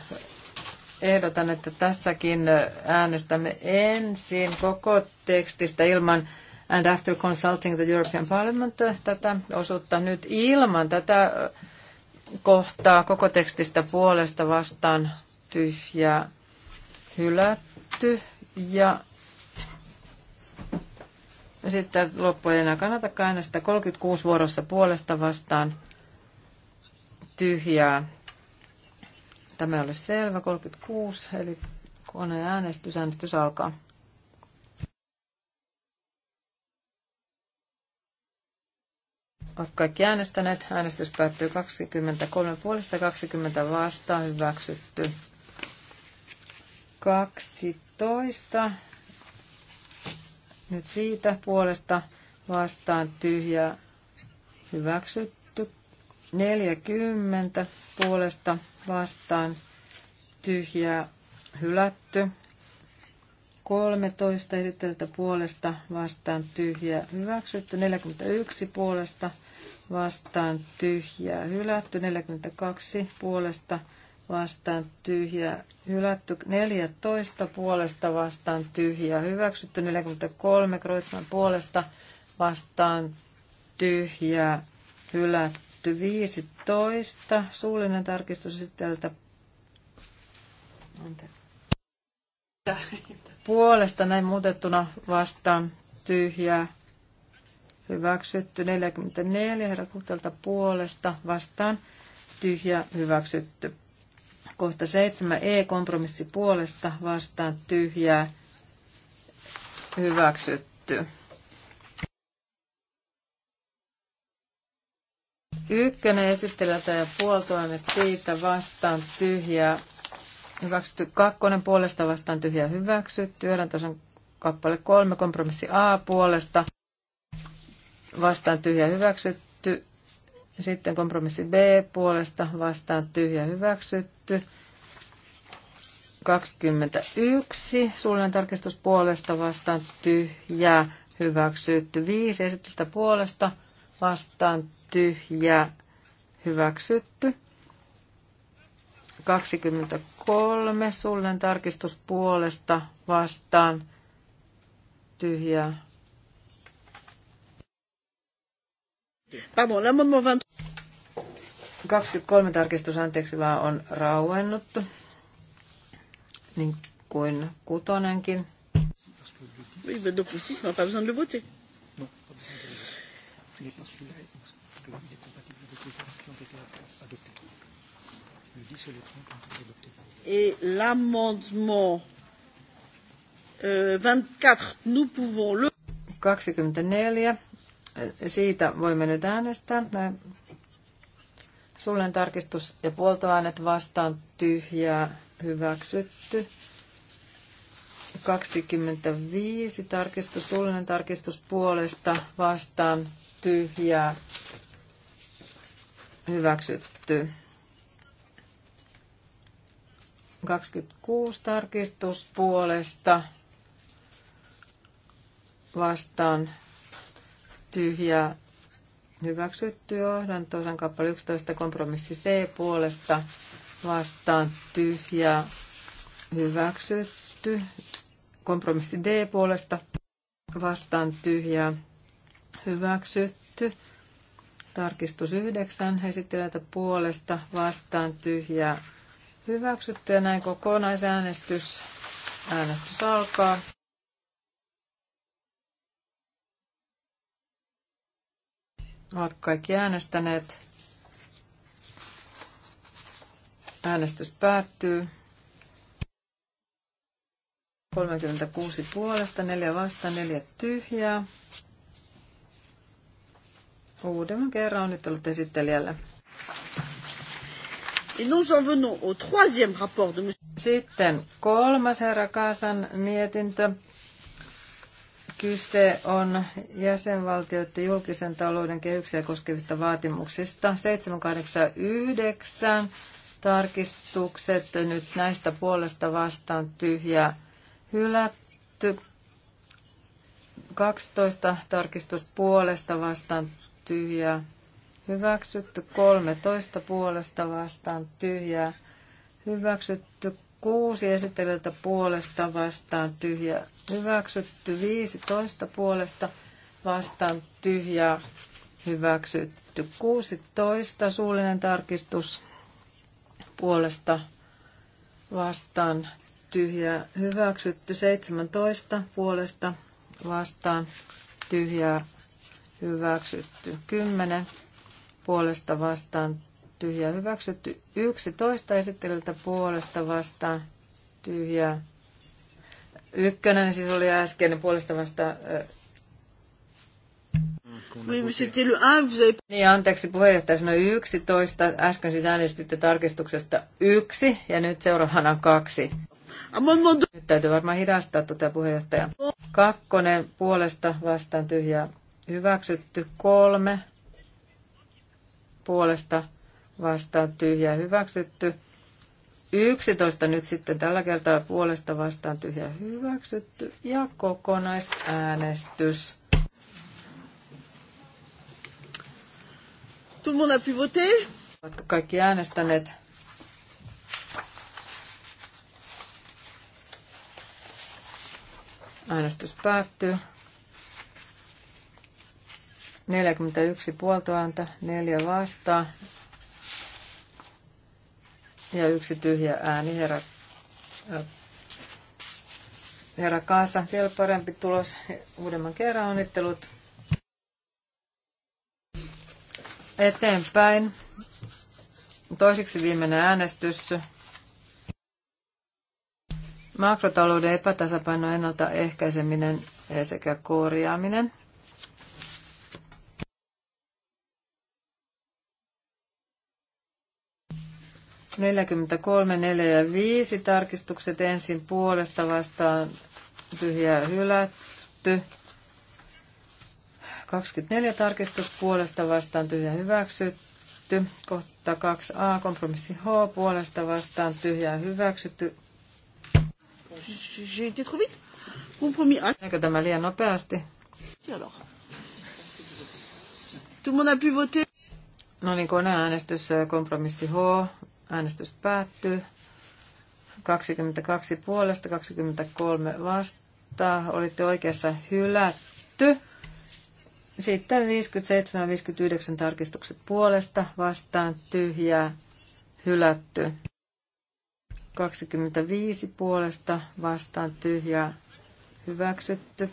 ehdotan, että tässäkin äänestämme ensin koko tekstistä ilman and after consulting the European Parliament tätä osuutta nyt ilman tätä kohtaa koko tekstistä puolesta vastaan tyhjää hylätty ja sitten loppujen enää kannatakaan sitä 36 vuorossa puolesta vastaan tyhjää. Tämä ei ole selvä, 36, eli äänestys, äänestys alkaa. Olet kaikki äänestäneet. Äänestys päättyy 23 puolesta 20 vastaan. Hyväksytty. 12 nyt siitä puolesta vastaan tyhjää hyväksytty. 40 puolesta vastaan tyhjää hylätty. 13 esittelijältä puolesta vastaan tyhjää hyväksytty. 41 puolesta vastaan tyhjää hylätty. 42 puolesta vastaan vastaan tyhjä, hylätty. 14 puolesta vastaan tyhjä, hyväksytty. 43 Kreutzmann puolesta vastaan tyhjä, hylätty. 15 suullinen tarkistus sitten puolesta näin muutettuna vastaan tyhjä, Hyväksytty 44 herra puolesta vastaan tyhjä hyväksytty. Kohta 7 E-kompromissi puolesta vastaan tyhjää hyväksytty. Ykkönen esittelijältä ja puoltoimet siitä vastaan tyhjää hyväksytty. Kakkonen puolesta vastaan tyhjää hyväksytty. Johdantosan kappale kolme kompromissi A puolesta vastaan tyhjää hyväksytty. Sitten kompromissi B puolesta vastaan tyhjä hyväksytty. 21 suullinen tarkistus puolesta vastaan tyhjä hyväksytty. 5 esitystä puolesta vastaan tyhjä hyväksytty. 23 suullinen tarkistus puolesta vastaan tyhjä Pardon, l'amendement 23 tarkistus, anteeksi vaan, on rauennuttu, niin kuin kutonenkin. Oui, mais donc aussi, ça n'a pas besoin de le voter. Non, pas besoin de le voter. Il n'est pas celui-là, parce qu'il est compatible avec les qui ont été adoptés. Le 10 et le 30 ont été adoptés. Et l'amendement euh, 24, nous pouvons le... 24 siitä voimme nyt äänestää. Sullen tarkistus ja puoltoäänet vastaan tyhjää hyväksytty. 25 tarkistus, suullinen tarkistus puolesta vastaan tyhjää hyväksytty. 26 tarkistus puolesta vastaan tyhjä hyväksytty johdantosan kappale 11 kompromissi C puolesta vastaan tyhjä hyväksytty kompromissi D puolesta vastaan tyhjä hyväksytty tarkistus 9 esittelijältä puolesta vastaan tyhjä hyväksytty ja näin kokonaisäänestys äänestys alkaa Ovat kaikki äänestäneet. Äänestys päättyy. 36 puolesta, 4 vasta, 4 tyhjää. Uudemman kerran on nyt ollut esittelijällä. Sitten kolmas herra Kaasan mietintö. Kyse on jäsenvaltioiden julkisen talouden kehyksiä koskevista vaatimuksista. 789 tarkistukset nyt näistä puolesta vastaan tyhjä hylätty. 12 tarkistus puolesta vastaan tyhjä hyväksytty. 13 puolesta vastaan tyhjä hyväksytty. 6 esittelijältä puolesta vastaan tyhjä hyväksytty, 15 puolesta vastaan tyhjä hyväksytty, 16 suullinen tarkistus puolesta vastaan tyhjä hyväksytty, 17 puolesta vastaan tyhjä hyväksytty, 10 puolesta vastaan tyhjää hyväksytty. yksi toista esittelyltä puolesta vastaan tyhjää. Ykkönen siis oli äsken puolesta vasta ah, Niin, anteeksi puheenjohtaja sanoi 11. Äsken siis äänestitte tarkistuksesta yksi ja nyt seuraavana kaksi Nyt täytyy varmaan hidastaa tuota puheenjohtaja. Kakkonen puolesta vastaan tyhjää hyväksytty. Kolme puolesta vastaan tyhjää hyväksytty. 11 nyt sitten tällä kertaa puolesta vastaan tyhjä hyväksytty ja kokonaisäänestys. Tout le monde a pu voter? Ovatko kaikki äänestäneet? Äänestys päättyy. 41 puoltoääntä, 4 vastaan, ja yksi tyhjä ääni herra, äh, herra Kaasa. Vielä parempi tulos uudemman kerran. Onnittelut. Eteenpäin. Toiseksi viimeinen äänestys. Makrotalouden epätasapaino ennaltaehkäiseminen sekä korjaaminen. 43, 4 ja 5 tarkistukset ensin puolesta vastaan tyhjää hylätty. 24 tarkistus puolesta vastaan tyhjä hyväksytty. Kohta 2a kompromissi H puolesta vastaan tyhjää hyväksytty. Eikö tämä liian nopeasti? No niin, koneäänestys, kompromissi H. Äänestys päättyy. 22 puolesta, 23 vastaa Olitte oikeassa hylätty. Sitten 57 59 tarkistukset puolesta vastaan tyhjää hylätty. 25 puolesta vastaan tyhjää hyväksytty.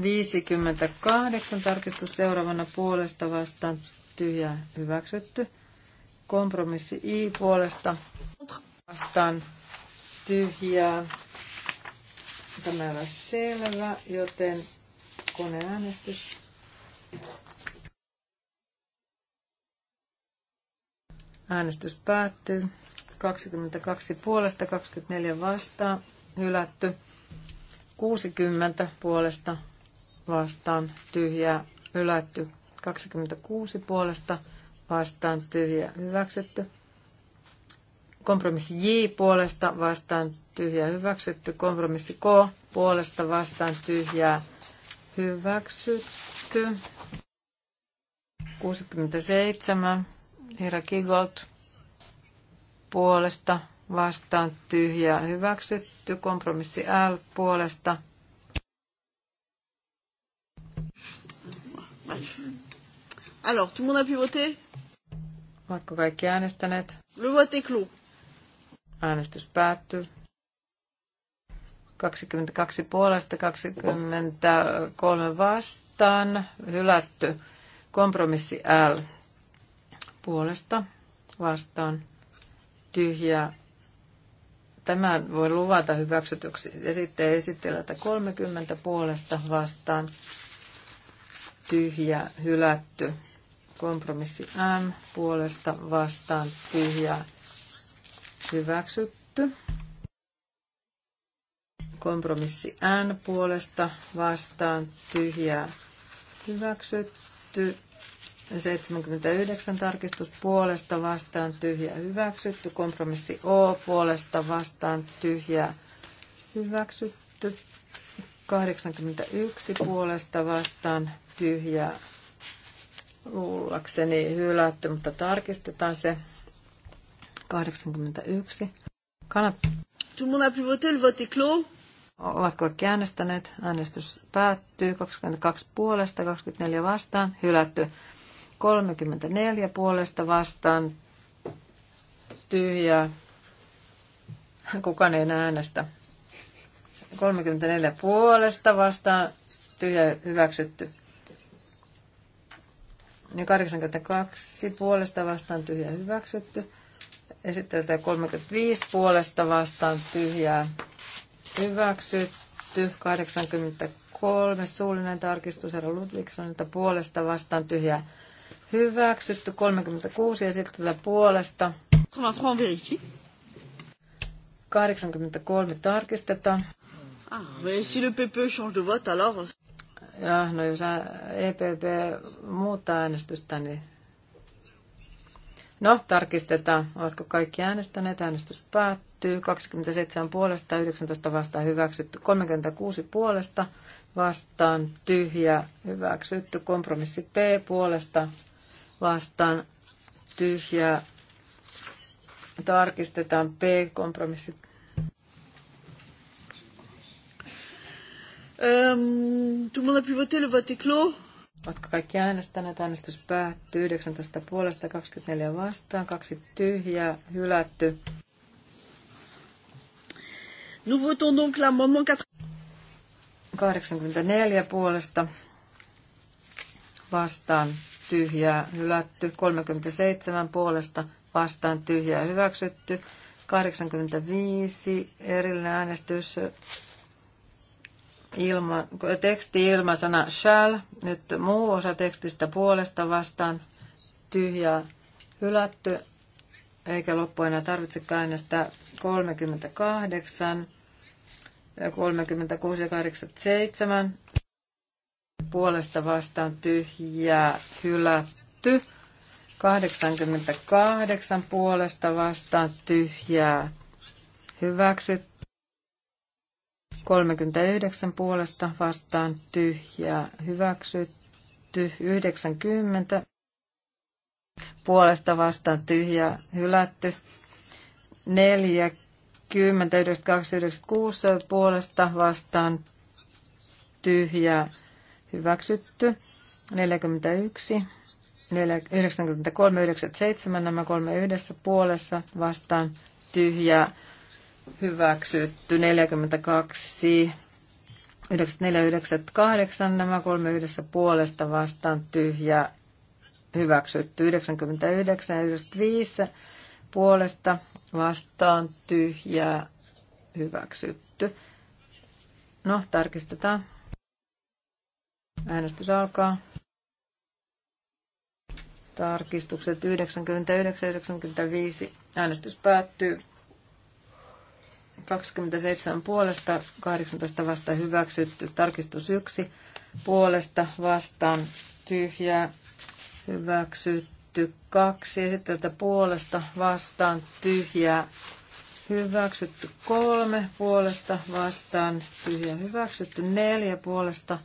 58 tarkistus seuraavana puolesta vastaan tyhjä hyväksytty. Kompromissi I puolesta vastaan tyhjää. Tämä on selvä, joten koneäänestys. Äänestys päättyy. 22 puolesta, 24 vastaan, hylätty. 60 puolesta vastaan tyhjää hylätty. 26 puolesta vastaan tyhjä hyväksytty. Kompromissi J puolesta vastaan tyhjä hyväksytty. Kompromissi K puolesta vastaan tyhjää hyväksytty. 67. Herra Kigold puolesta vastaan tyhjää hyväksytty. Kompromissi L puolesta Alors, tout le monde a pu voter? Ovatko kaikki äänestäneet? Le vote est clos. Äänestys päättyy. 22 puolesta, 23 vastaan, hylätty. Kompromissi L. Puolesta, vastaan, tyhjä. Tämä voi luvata hyväksytyksi. Ja sitten esitellä 30 puolesta vastaan, tyhjä, hylätty. Kompromissi M puolesta vastaan tyhjä, hyväksytty. Kompromissi N puolesta vastaan tyhjä, hyväksytty. 79 tarkistus puolesta vastaan tyhjä hyväksytty. Kompromissi O puolesta vastaan tyhjä hyväksytty. 81 puolesta vastaan tyhjä, luullakseni hylätty, mutta tarkistetaan se. 81. Kanat. Ovatko kaikki äänestäneet? Äänestys päättyy. 22 puolesta, 24 vastaan. Hylätty. 34 puolesta vastaan. tyhjä, Kukaan ei enää äänestä. 34 puolesta vastaan. Tyhjä hyväksytty. 82 niin puolesta vastaan tyhjää hyväksytty. Esittelijältä 35 puolesta vastaan tyhjää hyväksytty. 83 suullinen tarkistus herra Ludvigsonilta puolesta vastaan tyhjää hyväksytty. 36 esittelijältä puolesta. 83 tarkistetaan. Ah, mais si le PPE change de vote, alors... Ja, no jos EPP muuttaa äänestystä, niin... No, tarkistetaan. Ovatko kaikki äänestäneet? Äänestys päättyy. 27 puolesta, 19 vastaan hyväksytty. 36 puolesta vastaan tyhjä hyväksytty. Kompromissi P puolesta vastaan tyhjä. Tarkistetaan P-kompromissi Um, ähm, tout le monde a pu voter, le vote est clos. Oletko kaikki äänestäneet? Äänestys päättyy 19 puolesta 24 vastaan, kaksi tyhjää, hylätty. Nous votons donc l'amendement 84 puolesta vastaan tyhjää hylätty, 37 puolesta vastaan tyhjää hyväksytty, 85 erillinen äänestys ilma, teksti ilmasana sana shall, nyt muu osa tekstistä puolesta vastaan, tyhjää hylätty, eikä loppu enää tarvitsekaan äänestää 38, 36 ja 87, puolesta vastaan tyhjää hylätty, 88 puolesta vastaan tyhjää hyväksytty, 39 puolesta vastaan tyhjää hyväksytty. 90 puolesta vastaan tyhjää hylätty. 40, 96 puolesta vastaan tyhjää hyväksytty. 41, 93, 97 nämä kolme yhdessä puolessa vastaan tyhjää hyväksytty 42, 94, 98, nämä kolme yhdessä puolesta vastaan tyhjä hyväksytty 99 ja 95 puolesta vastaan tyhjä hyväksytty. No, tarkistetaan. Äänestys alkaa. Tarkistukset 99-95. Äänestys päättyy. 27 puolesta, 18 vasta hyväksytty, tarkistus 1 puolesta vastaan tyhjää hyväksytty, 2 esiteltä puolesta vastaan tyhjää hyväksytty, 3 puolesta vastaan tyhjää hyväksytty, 4 puolesta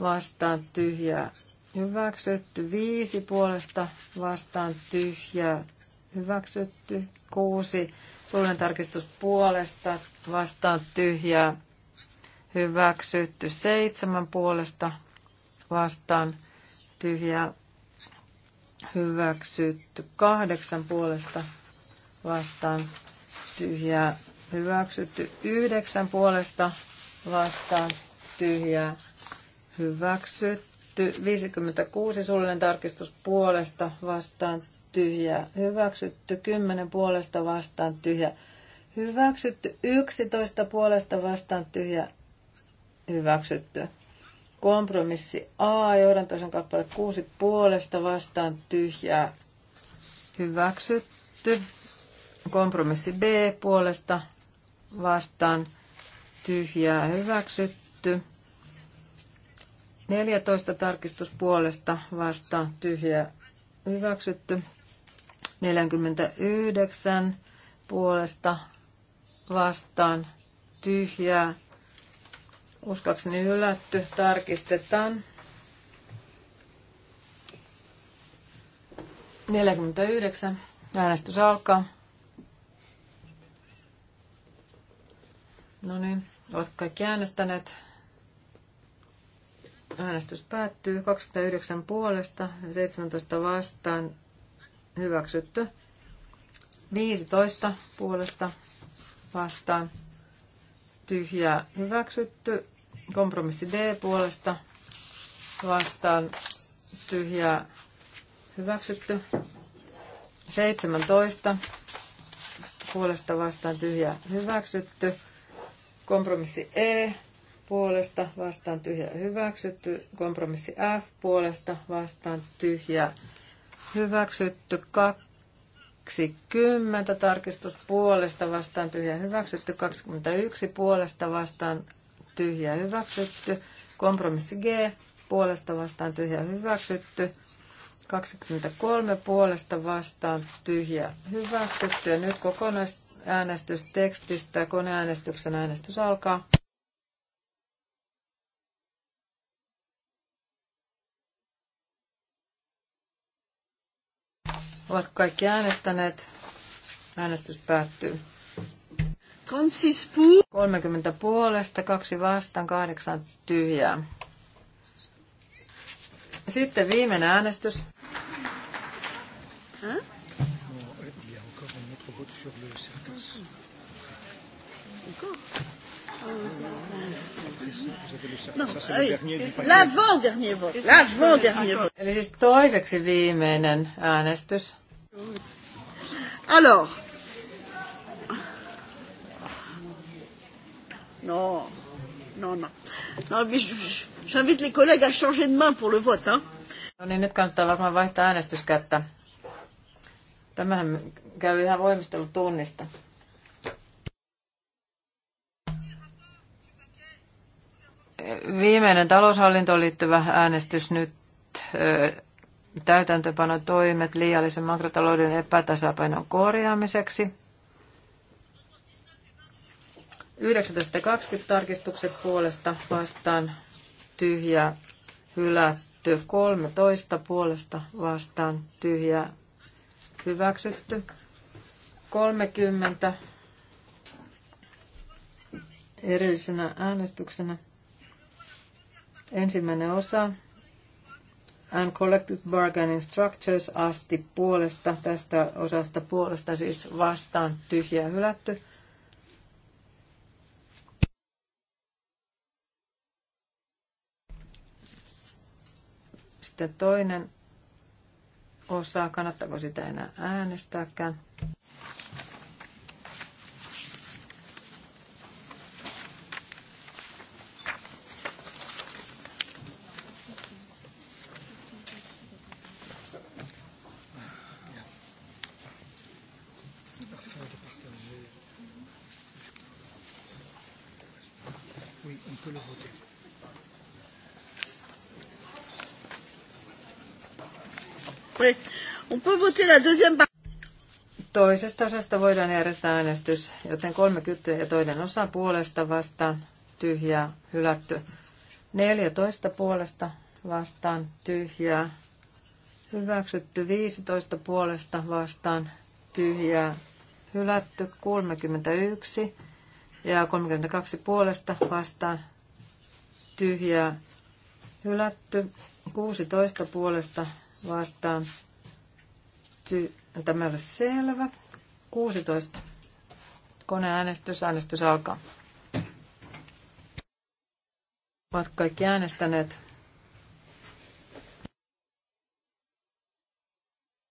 vastaan tyhjää hyväksytty, 5 puolesta vastaan tyhjää hyväksytty. Kuusi suuren tarkistus puolesta vastaan tyhjää hyväksytty. Seitsemän puolesta vastaan tyhjää hyväksytty. Kahdeksan puolesta vastaan tyhjää hyväksytty. Yhdeksän puolesta vastaan tyhjää hyväksytty. 56 suullinen tarkistus puolesta vastaan tyhjää hyväksytty, kymmenen puolesta vastaan tyhjä hyväksytty, yksitoista puolesta vastaan tyhjä hyväksytty. Kompromissi A, johdantoisen kappale 6 puolesta vastaan tyhjää hyväksytty. Kompromissi B puolesta vastaan tyhjää hyväksytty. 14 puolesta vastaan tyhjää hyväksytty. 49 puolesta vastaan tyhjää. Uskakseni hylätty. Tarkistetaan. 49. Äänestys alkaa. No niin, olet kaikki äänestäneet. Äänestys päättyy 29 puolesta ja 17 vastaan hyväksytty. 15 puolesta vastaan tyhjää hyväksytty. Kompromissi D puolesta vastaan tyhjää hyväksytty. 17 puolesta vastaan tyhjää hyväksytty. Kompromissi E puolesta vastaan tyhjää hyväksytty. Kompromissi F puolesta vastaan tyhjää hyväksytty hyväksytty 20 tarkistus puolesta vastaan tyhjä hyväksytty, 21 puolesta vastaan tyhjä hyväksytty, kompromissi G puolesta vastaan tyhjä hyväksytty, 23 puolesta vastaan tyhjä hyväksytty ja nyt kokonaisäänestys tekstistä koneäänestyksen äänestys alkaa. Ovat kaikki äänestäneet. Äänestys päättyy. 30 puolesta, kaksi vastaan, kahdeksan tyhjää. Sitten viimeinen äänestys. Hein? No, Encore No, L'avant-dernier vote. L'avant-dernier vote. Eli siis toiseksi viimeinen äänestys. Alors. No. No, no. No, mais j'invite les collègues à changer de main pour le vote, hein. No niin, nyt kannattaa varmaan vaihtaa äänestyskättä. Tämähän käy ihan voimistelutunnista. tunnista. viimeinen taloushallintoon liittyvä äänestys nyt täytäntöpanotoimet liiallisen makrotalouden epätasapainon korjaamiseksi. 19.20 tarkistukset puolesta vastaan tyhjä hylätty. 13 puolesta vastaan tyhjä hyväksytty. 30 erillisenä äänestyksenä Ensimmäinen osa and collective bargaining structures asti puolesta, tästä osasta puolesta siis vastaan tyhjä hylätty. Sitten toinen osa, kannattaako sitä enää äänestääkään? Toisesta osasta voidaan järjestää äänestys, joten kolme kyttyä ja toinen osa puolesta vastaan tyhjää hylätty. 14 puolesta vastaan tyhjää hyväksytty. 15 puolesta vastaan tyhjää hylätty. 31 ja 32 puolesta vastaan tyhjää hylätty. 16 puolesta vastaan Hyväksytty. Tämä on selvä. 16. Koneäänestys. Äänestys alkaa. Ovat kaikki äänestäneet.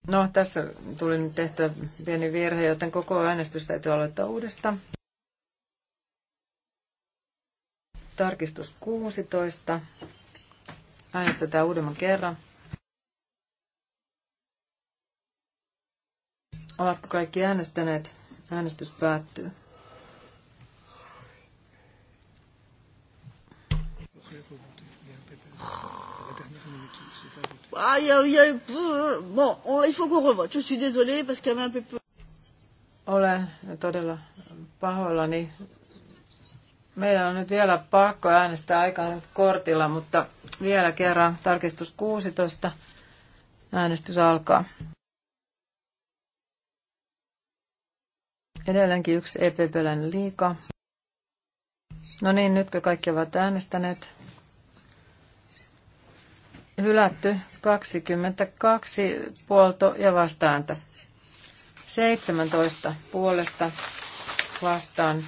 No, tässä tuli nyt tehtyä pieni virhe, joten koko äänestys täytyy aloittaa uudestaan. Tarkistus 16. Äänestetään uudemman kerran. Ovatko kaikki äänestäneet? Äänestys päättyy. Bon, Olen todella pahoillani. Meillä on nyt vielä pakko äänestää aika kortilla, mutta vielä kerran tarkistus 16. Äänestys alkaa. Edelleenkin yksi epp liika. No niin, nytkö kaikki ovat äänestäneet? Hylätty 22 puolto ja vastaanta. 17 puolesta vastaan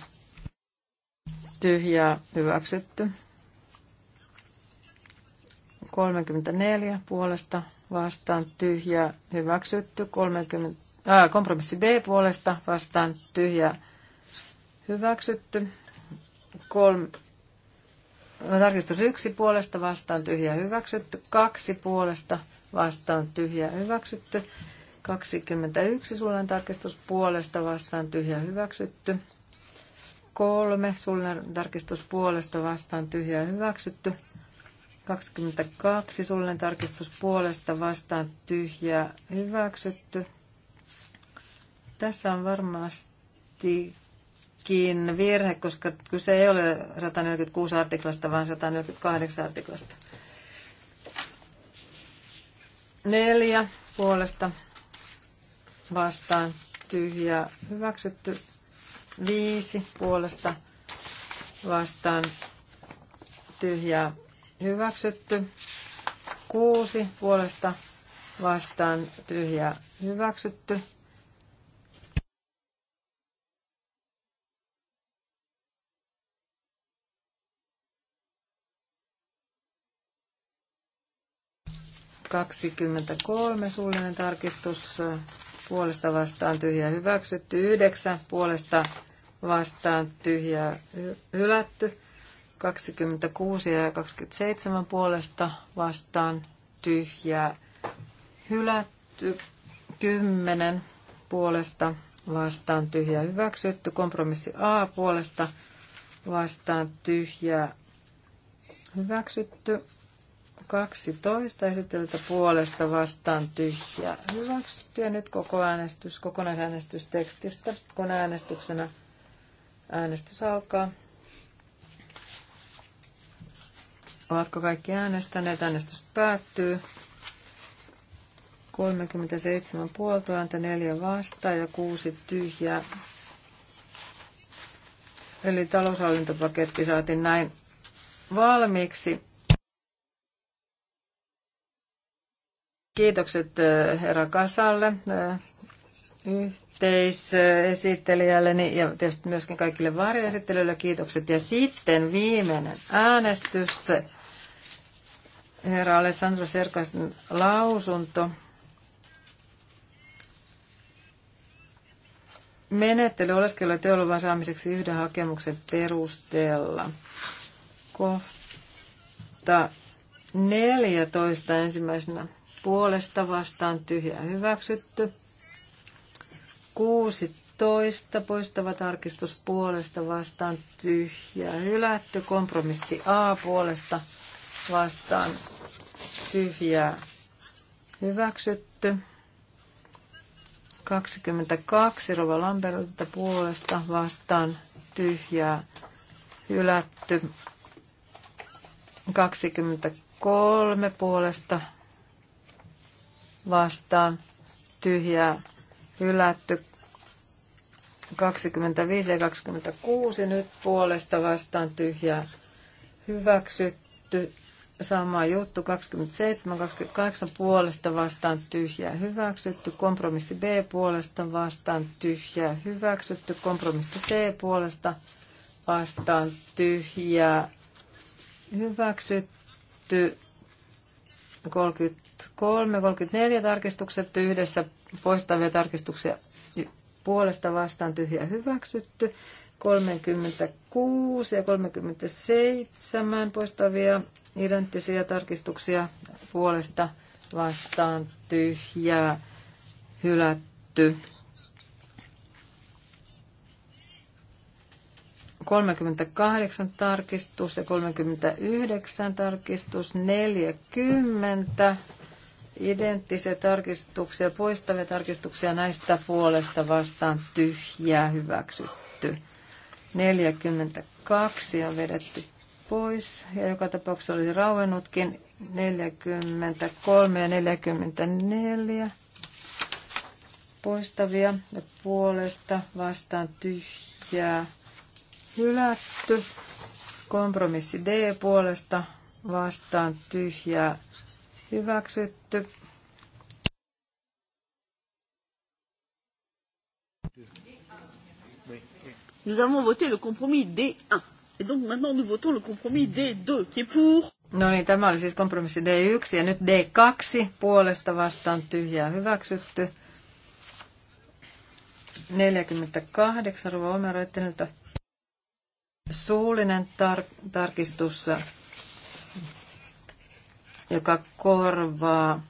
tyhjää hyväksytty. 34 puolesta vastaan tyhjää hyväksytty. 30 Ää, kompromissi B puolesta vastaan tyhjä hyväksytty. kolm no, tarkistus yksi puolesta vastaan tyhjä hyväksytty. Kaksi puolesta vastaan tyhjä hyväksytty. 21 suullinen tarkistus puolesta vastaan tyhjä hyväksytty. Kolme suullinen tarkistus puolesta vastaan tyhjä hyväksytty. 22 suullinen tarkistus puolesta vastaan tyhjä hyväksytty. Tässä on varmastikin virhe, koska kyse ei ole 146 artiklasta, vaan 148 artiklasta. Neljä puolesta vastaan tyhjä hyväksytty. Viisi puolesta vastaan tyhjä hyväksytty. Kuusi puolesta vastaan tyhjä hyväksytty. 23 suullinen tarkistus puolesta vastaan tyhjä hyväksytty. 9 puolesta vastaan tyhjä hylätty. 26 ja 27 puolesta vastaan tyhjä hylätty. 10 puolesta vastaan tyhjä hyväksytty. Kompromissi A puolesta vastaan tyhjä hyväksytty. 12 esiteltä puolesta vastaan tyhjä. Hyväksytty ja nyt koko äänestys, kokonaisäänestystekstistä, tekstistä koneäänestyksenä. Äänestys alkaa. Ovatko kaikki äänestäneet? Äänestys päättyy. 37 puolta ääntä, 4 vastaan ja 6 tyhjää. Eli taloushallintopaketti saatiin näin valmiiksi. Kiitokset äh, herra Kasalle, äh, yhteisesittelijälleni ja tietysti myöskin kaikille varjoesittelijöille kiitokset. Ja sitten viimeinen äänestys. Herra Alessandro Serkasin lausunto. Menettely oleskelu- ja työluvan saamiseksi yhden hakemuksen perusteella. Kohta 14 ensimmäisenä puolesta vastaan tyhjää hyväksytty. 16 poistava tarkistus puolesta vastaan tyhjää hylätty. Kompromissi A puolesta vastaan tyhjää hyväksytty. 22 Rova Lambertilta puolesta vastaan tyhjää hylätty. 23 puolesta vastaan tyhjää hylätty. 25 ja 26 nyt puolesta vastaan tyhjää hyväksytty. Sama juttu 27, 28 puolesta vastaan tyhjää hyväksytty. Kompromissi B puolesta vastaan tyhjää hyväksytty. Kompromissi C puolesta vastaan tyhjää hyväksytty. 30 33 34 tarkistukset yhdessä poistavia tarkistuksia puolesta vastaan tyhjä hyväksytty. 36 ja 37 poistavia identtisiä tarkistuksia puolesta vastaan tyhjää hylätty. 38 tarkistus ja 39 tarkistus, 40 Identtisiä tarkistuksia, poistavia tarkistuksia näistä puolesta vastaan tyhjää hyväksytty. 42 on vedetty pois ja joka tapauksessa olisi rauennutkin 43 ja 44 poistavia ja puolesta vastaan tyhjää hylätty. Kompromissi D puolesta vastaan tyhjää Hyväksytty. Nous avons voté le compromis D1. Et donc maintenant nous votons le compromis D2 qui est pour. No niin, tämä oli siis kompromissi D1 ja nyt D2 puolesta vastaan tyhjää hyväksytty. 48 ruvo omeroittinelta suullinen tar- tarkistus joka korvaa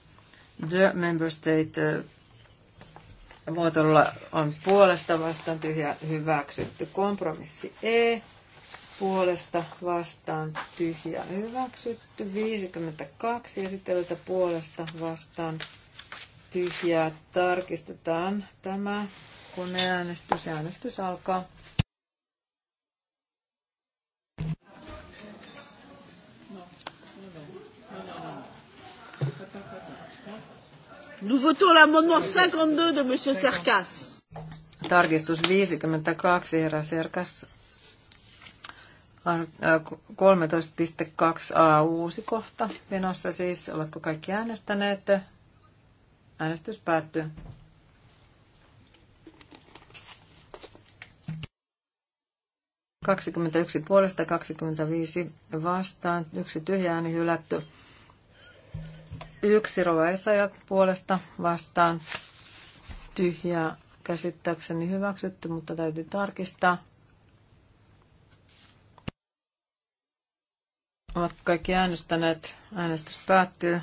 the member state äh, muotolla on puolesta vastaan tyhjä hyväksytty. Kompromissi E puolesta vastaan tyhjä hyväksytty. 52 esiteltä puolesta vastaan tyhjää. Tarkistetaan tämä, kun äänestys, äänestys alkaa. Nous votons l'amendement 52 de Monsieur Serkas. Tarkistus 52, herra Serkas. 13.2a äh, uusi kohta menossa siis. Ovatko kaikki äänestäneet? Äänestys päättyy. Kaksikymmentä yksi puolesta, kaksikymmentä viisi vastaan, yksi tyhjä ääni hylätty. Yksi rovaisaja puolesta vastaan tyhjää käsittääkseni hyväksytty, mutta täytyy tarkistaa. Ovat kaikki äänestäneet. Äänestys päättyy.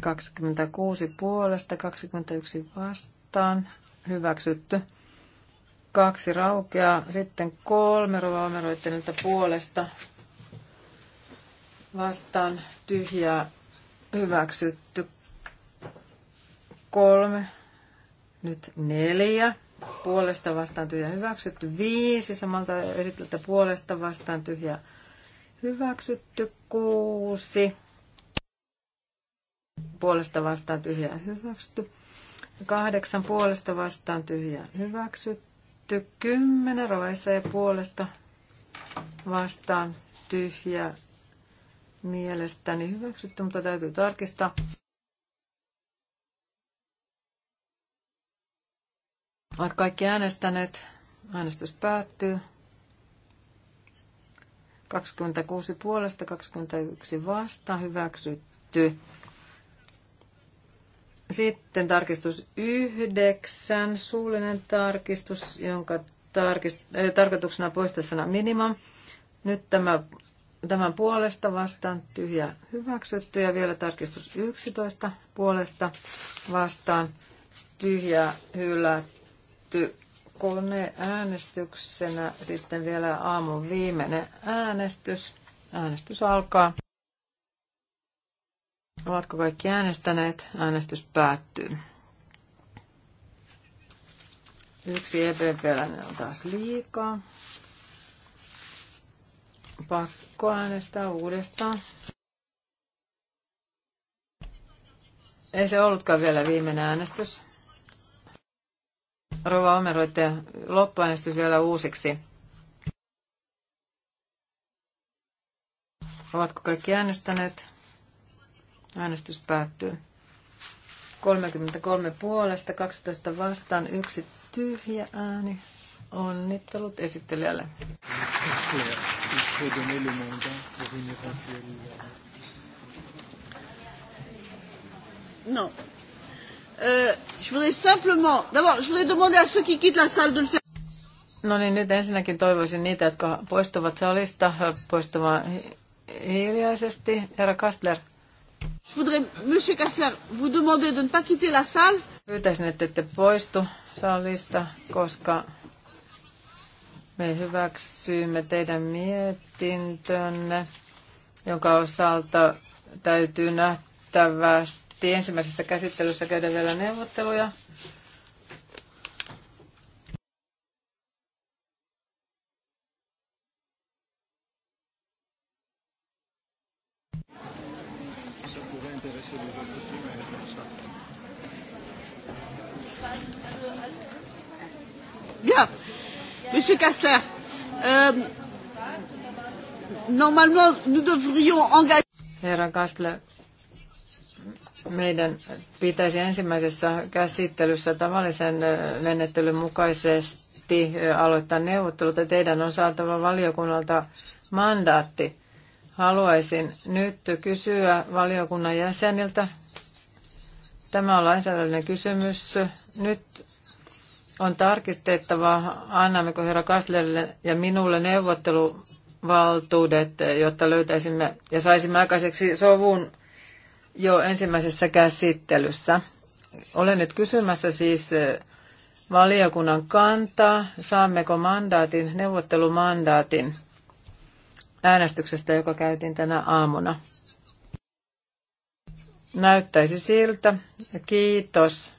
Kaksikymmentäkuusi puolesta, kaksikymmentäyksi vastaan. Hyväksytty kaksi raukeaa, sitten kolme rovaomeroittenilta puolesta vastaan tyhjää hyväksytty kolme, nyt neljä, puolesta vastaan tyhjä hyväksytty viisi, samalta esittelyltä puolesta vastaan tyhjä hyväksytty kuusi, puolesta vastaan tyhjä hyväksytty kahdeksan, puolesta vastaan tyhjä hyväksytty Hyväksytty kymmenen rovaisee puolesta vastaan tyhjä mielestäni hyväksytty, mutta täytyy tarkistaa. Olet kaikki äänestäneet. Äänestys päättyy. 26 puolesta, 21 vastaan hyväksytty. Sitten tarkistus yhdeksän, suullinen tarkistus, jonka tarkist, äh, tarkoituksena poistaa sana minimum. Nyt tämä, tämän puolesta vastaan tyhjä hyväksytty ja vielä tarkistus 11 puolesta vastaan tyhjä hylätty kone äänestyksenä. Sitten vielä aamun viimeinen äänestys. Äänestys alkaa. Ovatko kaikki äänestäneet? Äänestys päättyy. Yksi epp on taas liikaa. Pakko äänestää uudestaan. Ei se ollutkaan vielä viimeinen äänestys. Rova Omeroitte loppuäänestys vielä uusiksi. Ovatko kaikki äänestäneet? Äänestys päättyy. 33 puolesta, 12 vastaan, yksi tyhjä ääni. Onnittelut esittelijälle. No. je voudrais simplement, d'abord, je voudrais demander à ceux qui quittent la salle de le faire. No niin, nyt ensinnäkin toivoisin niitä, jotka poistuvat salista, poistumaan hiljaisesti. Herra Kastler. Monsieur Kessler, vous demandez de ne pas quitter la salle. Pyytäisin, että ette poistu salista, koska me hyväksyimme teidän mietintönne, jonka osalta täytyy nähtävästi ensimmäisessä käsittelyssä käydä vielä neuvotteluja Monsieur Kastler, euh, normalement, nous devrions engager... Herra Kastler, meidän pitäisi ensimmäisessä käsittelyssä tavallisen menettelyn mukaisesti aloittaa neuvottelut ja teidän on saatava valiokunnalta mandaatti. Haluaisin nyt kysyä valiokunnan jäseniltä. Tämä on lainsäädännön kysymys. Nyt on tarkistettava, annammeko herra Kastlerille ja minulle neuvotteluvaltuudet, jotta löytäisimme ja saisimme aikaiseksi sovun jo ensimmäisessä käsittelyssä. Olen nyt kysymässä siis eh, valiokunnan kantaa, saammeko mandaatin, neuvottelumandaatin äänestyksestä, joka käytiin tänä aamuna. Näyttäisi siltä. Kiitos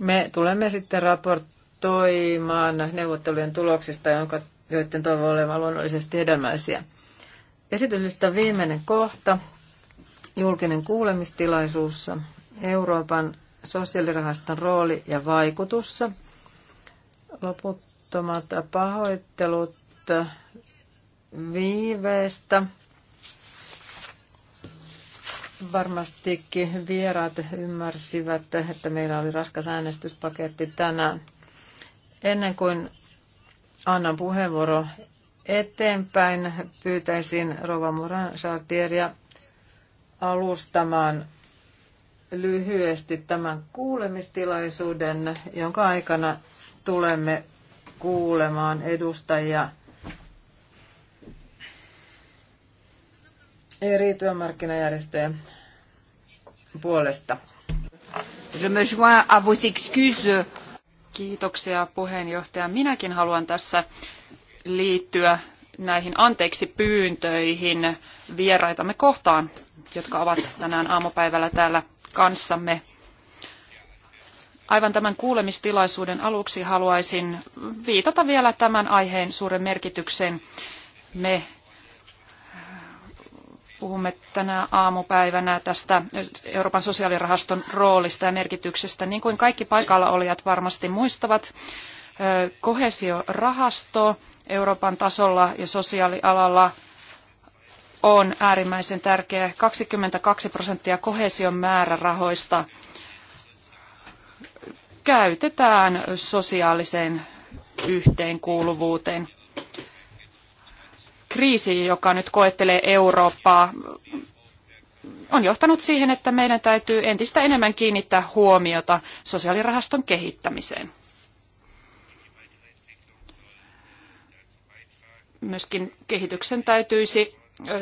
me tulemme sitten raportoimaan neuvottelujen tuloksista, jonka, joiden toivon olevan luonnollisesti hedelmällisiä. Esityslista viimeinen kohta, julkinen kuulemistilaisuus Euroopan sosiaalirahaston rooli ja vaikutussa. Loputtomat pahoittelut viiveestä. Varmastikin vieraat ymmärsivät, että meillä oli raskas äänestyspaketti tänään. Ennen kuin annan puheenvuoro eteenpäin, pyytäisin Rova Moran Chartieria alustamaan lyhyesti tämän kuulemistilaisuuden, jonka aikana tulemme kuulemaan edustajia eri työmarkkinajärjestöjen puolesta. Je me joins à vos excuses. Kiitoksia puheenjohtaja. Minäkin haluan tässä liittyä näihin anteeksi pyyntöihin vieraitamme kohtaan, jotka ovat tänään aamupäivällä täällä kanssamme. Aivan tämän kuulemistilaisuuden aluksi haluaisin viitata vielä tämän aiheen suuren merkityksen. Me puhumme tänä aamupäivänä tästä Euroopan sosiaalirahaston roolista ja merkityksestä. Niin kuin kaikki paikalla olijat varmasti muistavat, kohesiorahasto Euroopan tasolla ja sosiaalialalla on äärimmäisen tärkeä. 22 prosenttia kohesion määrärahoista käytetään sosiaaliseen yhteenkuuluvuuteen kriisi, joka nyt koettelee Eurooppaa, on johtanut siihen, että meidän täytyy entistä enemmän kiinnittää huomiota sosiaalirahaston kehittämiseen. Myöskin kehityksen täytyisi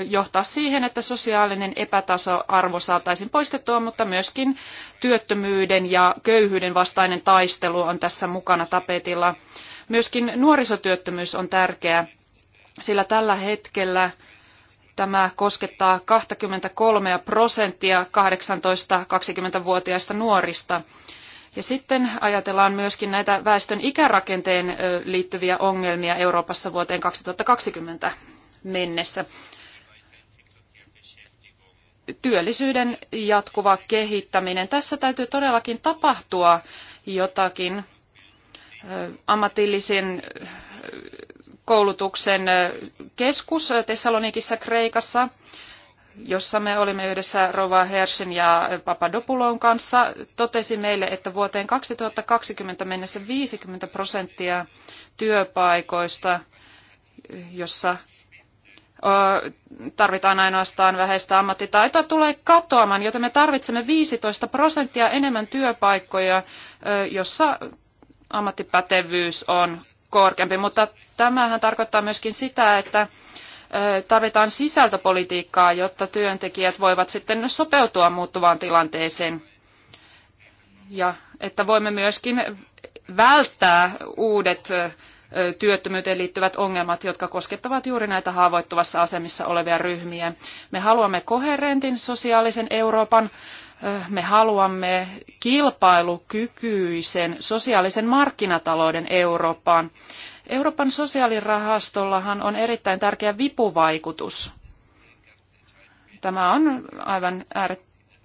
johtaa siihen, että sosiaalinen epätasa-arvo saataisiin poistettua, mutta myöskin työttömyyden ja köyhyyden vastainen taistelu on tässä mukana tapetilla. Myöskin nuorisotyöttömyys on tärkeä sillä tällä hetkellä tämä koskettaa 23 prosenttia 18-20-vuotiaista nuorista. Ja sitten ajatellaan myöskin näitä väestön ikärakenteen liittyviä ongelmia Euroopassa vuoteen 2020 mennessä. Työllisyyden jatkuva kehittäminen. Tässä täytyy todellakin tapahtua jotakin ammatillisen koulutuksen keskus Thessalonikissa Kreikassa, jossa me olimme yhdessä Rova Hersin ja Papadopulon kanssa, totesi meille, että vuoteen 2020 mennessä 50 prosenttia työpaikoista, jossa tarvitaan ainoastaan vähäistä ammattitaitoa, tulee katoamaan, joten me tarvitsemme 15 prosenttia enemmän työpaikkoja, jossa ammattipätevyys on korkeampi, mutta tämähän tarkoittaa myöskin sitä, että tarvitaan sisältöpolitiikkaa, jotta työntekijät voivat sitten sopeutua muuttuvaan tilanteeseen ja että voimme myöskin välttää uudet työttömyyteen liittyvät ongelmat, jotka koskettavat juuri näitä haavoittuvassa asemissa olevia ryhmiä. Me haluamme koherentin sosiaalisen Euroopan, me haluamme kilpailukykyisen sosiaalisen markkinatalouden Eurooppaan. Euroopan sosiaalirahastollahan on erittäin tärkeä vipuvaikutus. Tämä on aivan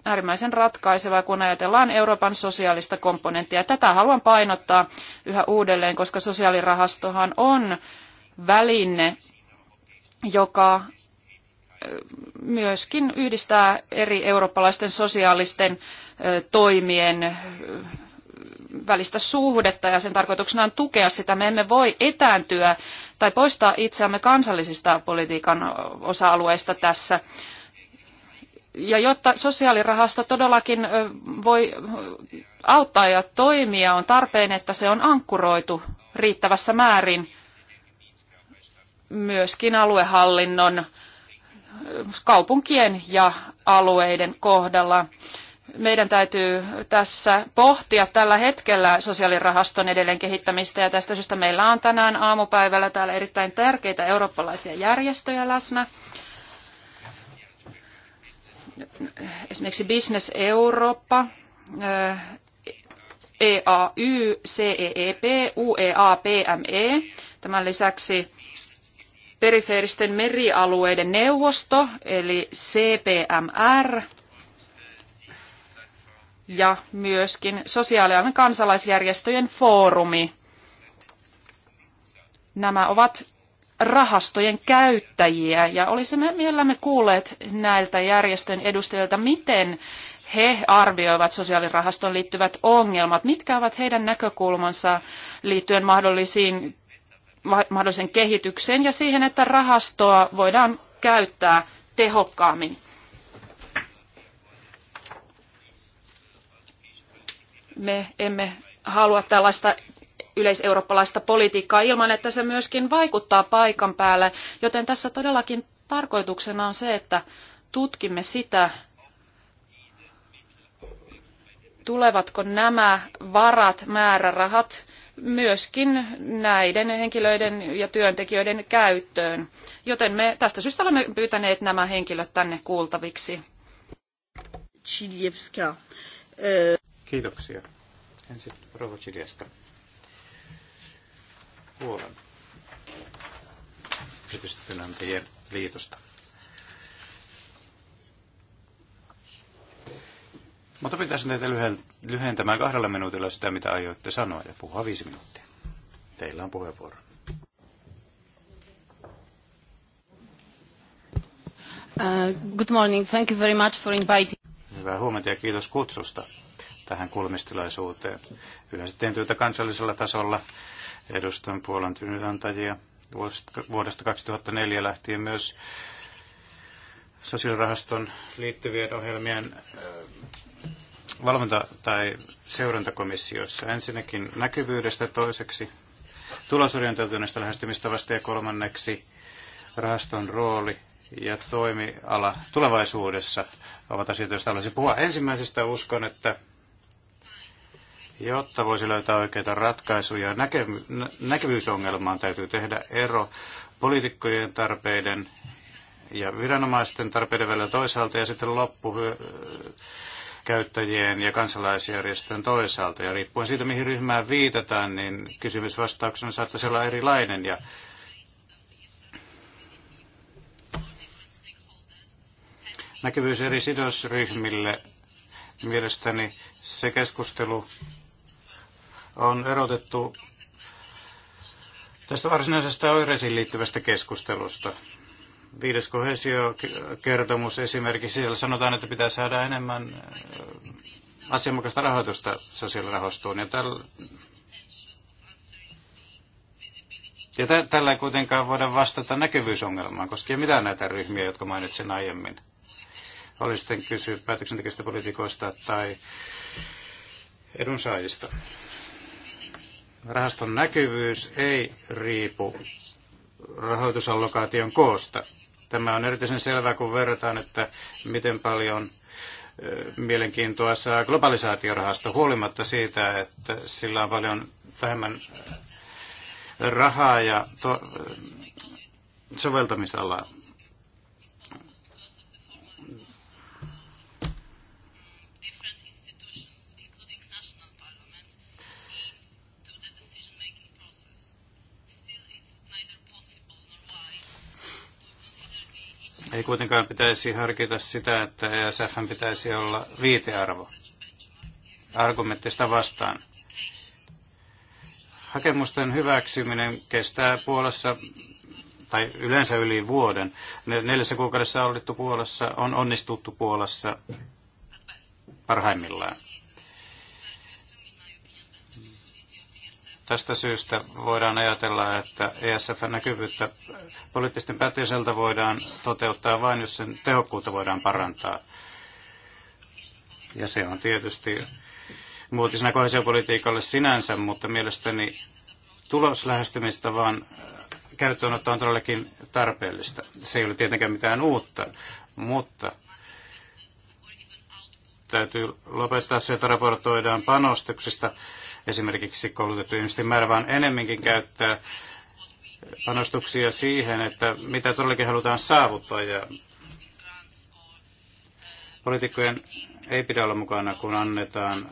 äärimmäisen ratkaiseva, kun ajatellaan Euroopan sosiaalista komponenttia. Tätä haluan painottaa yhä uudelleen, koska sosiaalirahastohan on väline, joka myöskin yhdistää eri eurooppalaisten sosiaalisten toimien välistä suhdetta ja sen tarkoituksena on tukea sitä. Me emme voi etääntyä tai poistaa itseämme kansallisista politiikan osa-alueista tässä. Ja jotta sosiaalirahasto todellakin voi auttaa ja toimia, on tarpeen, että se on ankkuroitu riittävässä määrin myöskin aluehallinnon kaupunkien ja alueiden kohdalla. Meidän täytyy tässä pohtia tällä hetkellä sosiaalirahaston edelleen kehittämistä ja tästä syystä meillä on tänään aamupäivällä täällä erittäin tärkeitä eurooppalaisia järjestöjä läsnä. Esimerkiksi Business Eurooppa, e EAY, CEEP, UEA, PME. Tämän lisäksi perifeeristen merialueiden neuvosto, eli CPMR, ja myöskin sosiaalialan kansalaisjärjestöjen foorumi. Nämä ovat rahastojen käyttäjiä ja olisimme mielellämme kuulleet näiltä järjestön edustajilta, miten he arvioivat sosiaalirahastoon liittyvät ongelmat, mitkä ovat heidän näkökulmansa liittyen mahdollisiin mahdollisen kehitykseen ja siihen, että rahastoa voidaan käyttää tehokkaammin. Me emme halua tällaista yleiseurooppalaista politiikkaa ilman, että se myöskin vaikuttaa paikan päälle, joten tässä todellakin tarkoituksena on se, että tutkimme sitä, tulevatko nämä varat, määrärahat myöskin näiden henkilöiden ja työntekijöiden käyttöön. Joten me tästä syystä olemme pyytäneet nämä henkilöt tänne kuultaviksi. Chiljevska. Kiitoksia. Ensin Rova Chiljevska. Huolen yritysten liitosta. Mutta pitäisi näitä lyhentämään kahdella minuutilla sitä, mitä aioitte sanoa, ja puhua viisi minuuttia. Teillä on puheenvuoro. Uh, good morning. Thank you very much for inviting. Hyvää huomenta ja kiitos kutsusta tähän kulmistilaisuuteen. Yleensä teen työtä kansallisella tasolla. Edustan Puolan työnantajia vuodesta 2004 lähtien myös sosiaalirahaston liittyvien ohjelmien valvonta- tai seurantakomissioissa. Ensinnäkin näkyvyydestä, toiseksi tulosorientoituneesta lähestymistavasta ja kolmanneksi rahaston rooli ja toimiala tulevaisuudessa ovat asioita, joista haluaisin puhua. Ensimmäisestä uskon, että jotta voisi löytää oikeita ratkaisuja näke, näkyvyysongelmaan, täytyy tehdä ero poliitikkojen tarpeiden ja viranomaisten tarpeiden välillä toisaalta ja sitten loppu käyttäjien ja kansalaisjärjestön toisaalta. Ja riippuen siitä, mihin ryhmään viitataan, niin kysymysvastauksena saattaisi olla erilainen. Ja näkyvyys eri sidosryhmille mielestäni se keskustelu on erotettu tästä varsinaisesta oireisiin liittyvästä keskustelusta viides kohesiokertomus esimerkiksi, siellä sanotaan, että pitää saada enemmän asianmukaista rahoitusta sosiaalirahastoon. Ja, täl... ja tä- tällä ei kuitenkaan voida vastata näkyvyysongelmaan ei mitään näitä ryhmiä, jotka mainitsin aiemmin. Oli sitten kysyä päätöksentekijöistä poliitikoista tai edunsaajista. Rahaston näkyvyys ei riipu rahoitusallokaation koosta. Tämä on erityisen selvää, kun verrataan, että miten paljon mielenkiintoa saa globalisaatiorahasto huolimatta siitä, että sillä on paljon vähemmän rahaa ja to- soveltamisalaa. Ei kuitenkaan pitäisi harkita sitä, että ESF pitäisi olla viitearvo argumenttista vastaan. Hakemusten hyväksyminen kestää puolassa tai yleensä yli vuoden. Neljässä kuukaudessa on onnistuttu puolassa parhaimmillaan. Tästä syystä voidaan ajatella, että ESF-näkyvyyttä poliittisten päätöseltä voidaan toteuttaa vain, jos sen tehokkuutta voidaan parantaa. Ja se on tietysti muotisena kohesiopolitiikalle sinänsä, mutta mielestäni tuloslähestymistä vaan äh, käyttöönotto on todellakin tarpeellista. Se ei ole tietenkään mitään uutta, mutta täytyy lopettaa se, että raportoidaan panostuksista esimerkiksi koulutettujen ihmisten määrä, vaan enemminkin käyttää panostuksia siihen, että mitä todellakin halutaan saavuttaa. Ja poliitikkojen ei pidä olla mukana, kun annetaan,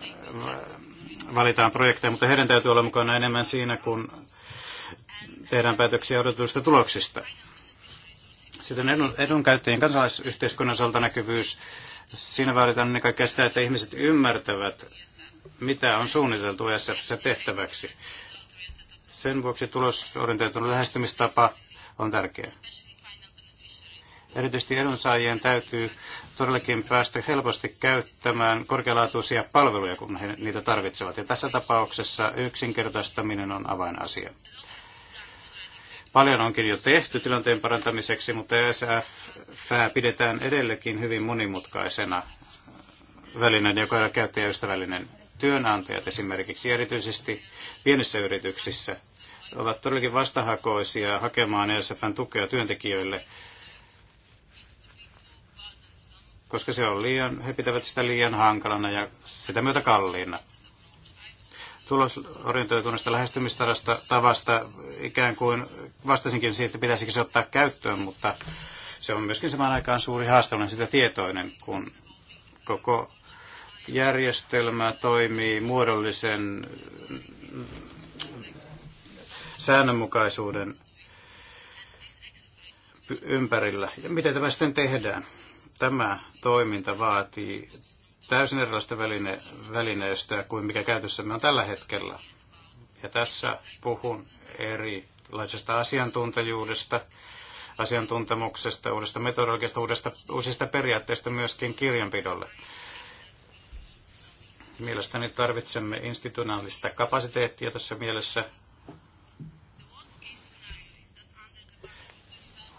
valitaan projekteja, mutta heidän täytyy olla mukana enemmän siinä, kun tehdään päätöksiä odotetuista tuloksista. Sitten edun, käyttäjien kansalaisyhteiskunnan osalta näkyvyys. Siinä vaaditaan ennen kaikkea sitä, että ihmiset ymmärtävät mitä on suunniteltu ESFssä tehtäväksi. Sen vuoksi tulosorientoitunut lähestymistapa on tärkeä. Erityisesti edunsaajien täytyy todellakin päästä helposti käyttämään korkealaatuisia palveluja, kun he niitä tarvitsevat. Ja tässä tapauksessa yksinkertaistaminen on avainasia. Paljon onkin jo tehty tilanteen parantamiseksi, mutta ESF pidetään edelleenkin hyvin monimutkaisena välineen, joka on käyttäjäystävällinen työnantajat esimerkiksi, erityisesti pienissä yrityksissä, ovat todellakin vastahakoisia hakemaan ESFn tukea työntekijöille, koska se on liian, he pitävät sitä liian hankalana ja sitä myötä kalliina. Tulosorientoituneesta lähestymistavasta tavasta ikään kuin vastasinkin siitä, pitäisikö se ottaa käyttöön, mutta se on myöskin samaan aikaan suuri haaste, olen sitä tietoinen, kun koko järjestelmä toimii muodollisen säännönmukaisuuden ympärillä. Ja miten tämä sitten tehdään? Tämä toiminta vaatii täysin erilaista väline, välineistöä kuin mikä käytössämme on tällä hetkellä. Ja tässä puhun erilaisesta asiantuntijuudesta, asiantuntemuksesta, uudesta metodologiasta, uudesta, uusista periaatteista myöskin kirjanpidolle. Mielestäni tarvitsemme institutionaalista kapasiteettia tässä mielessä.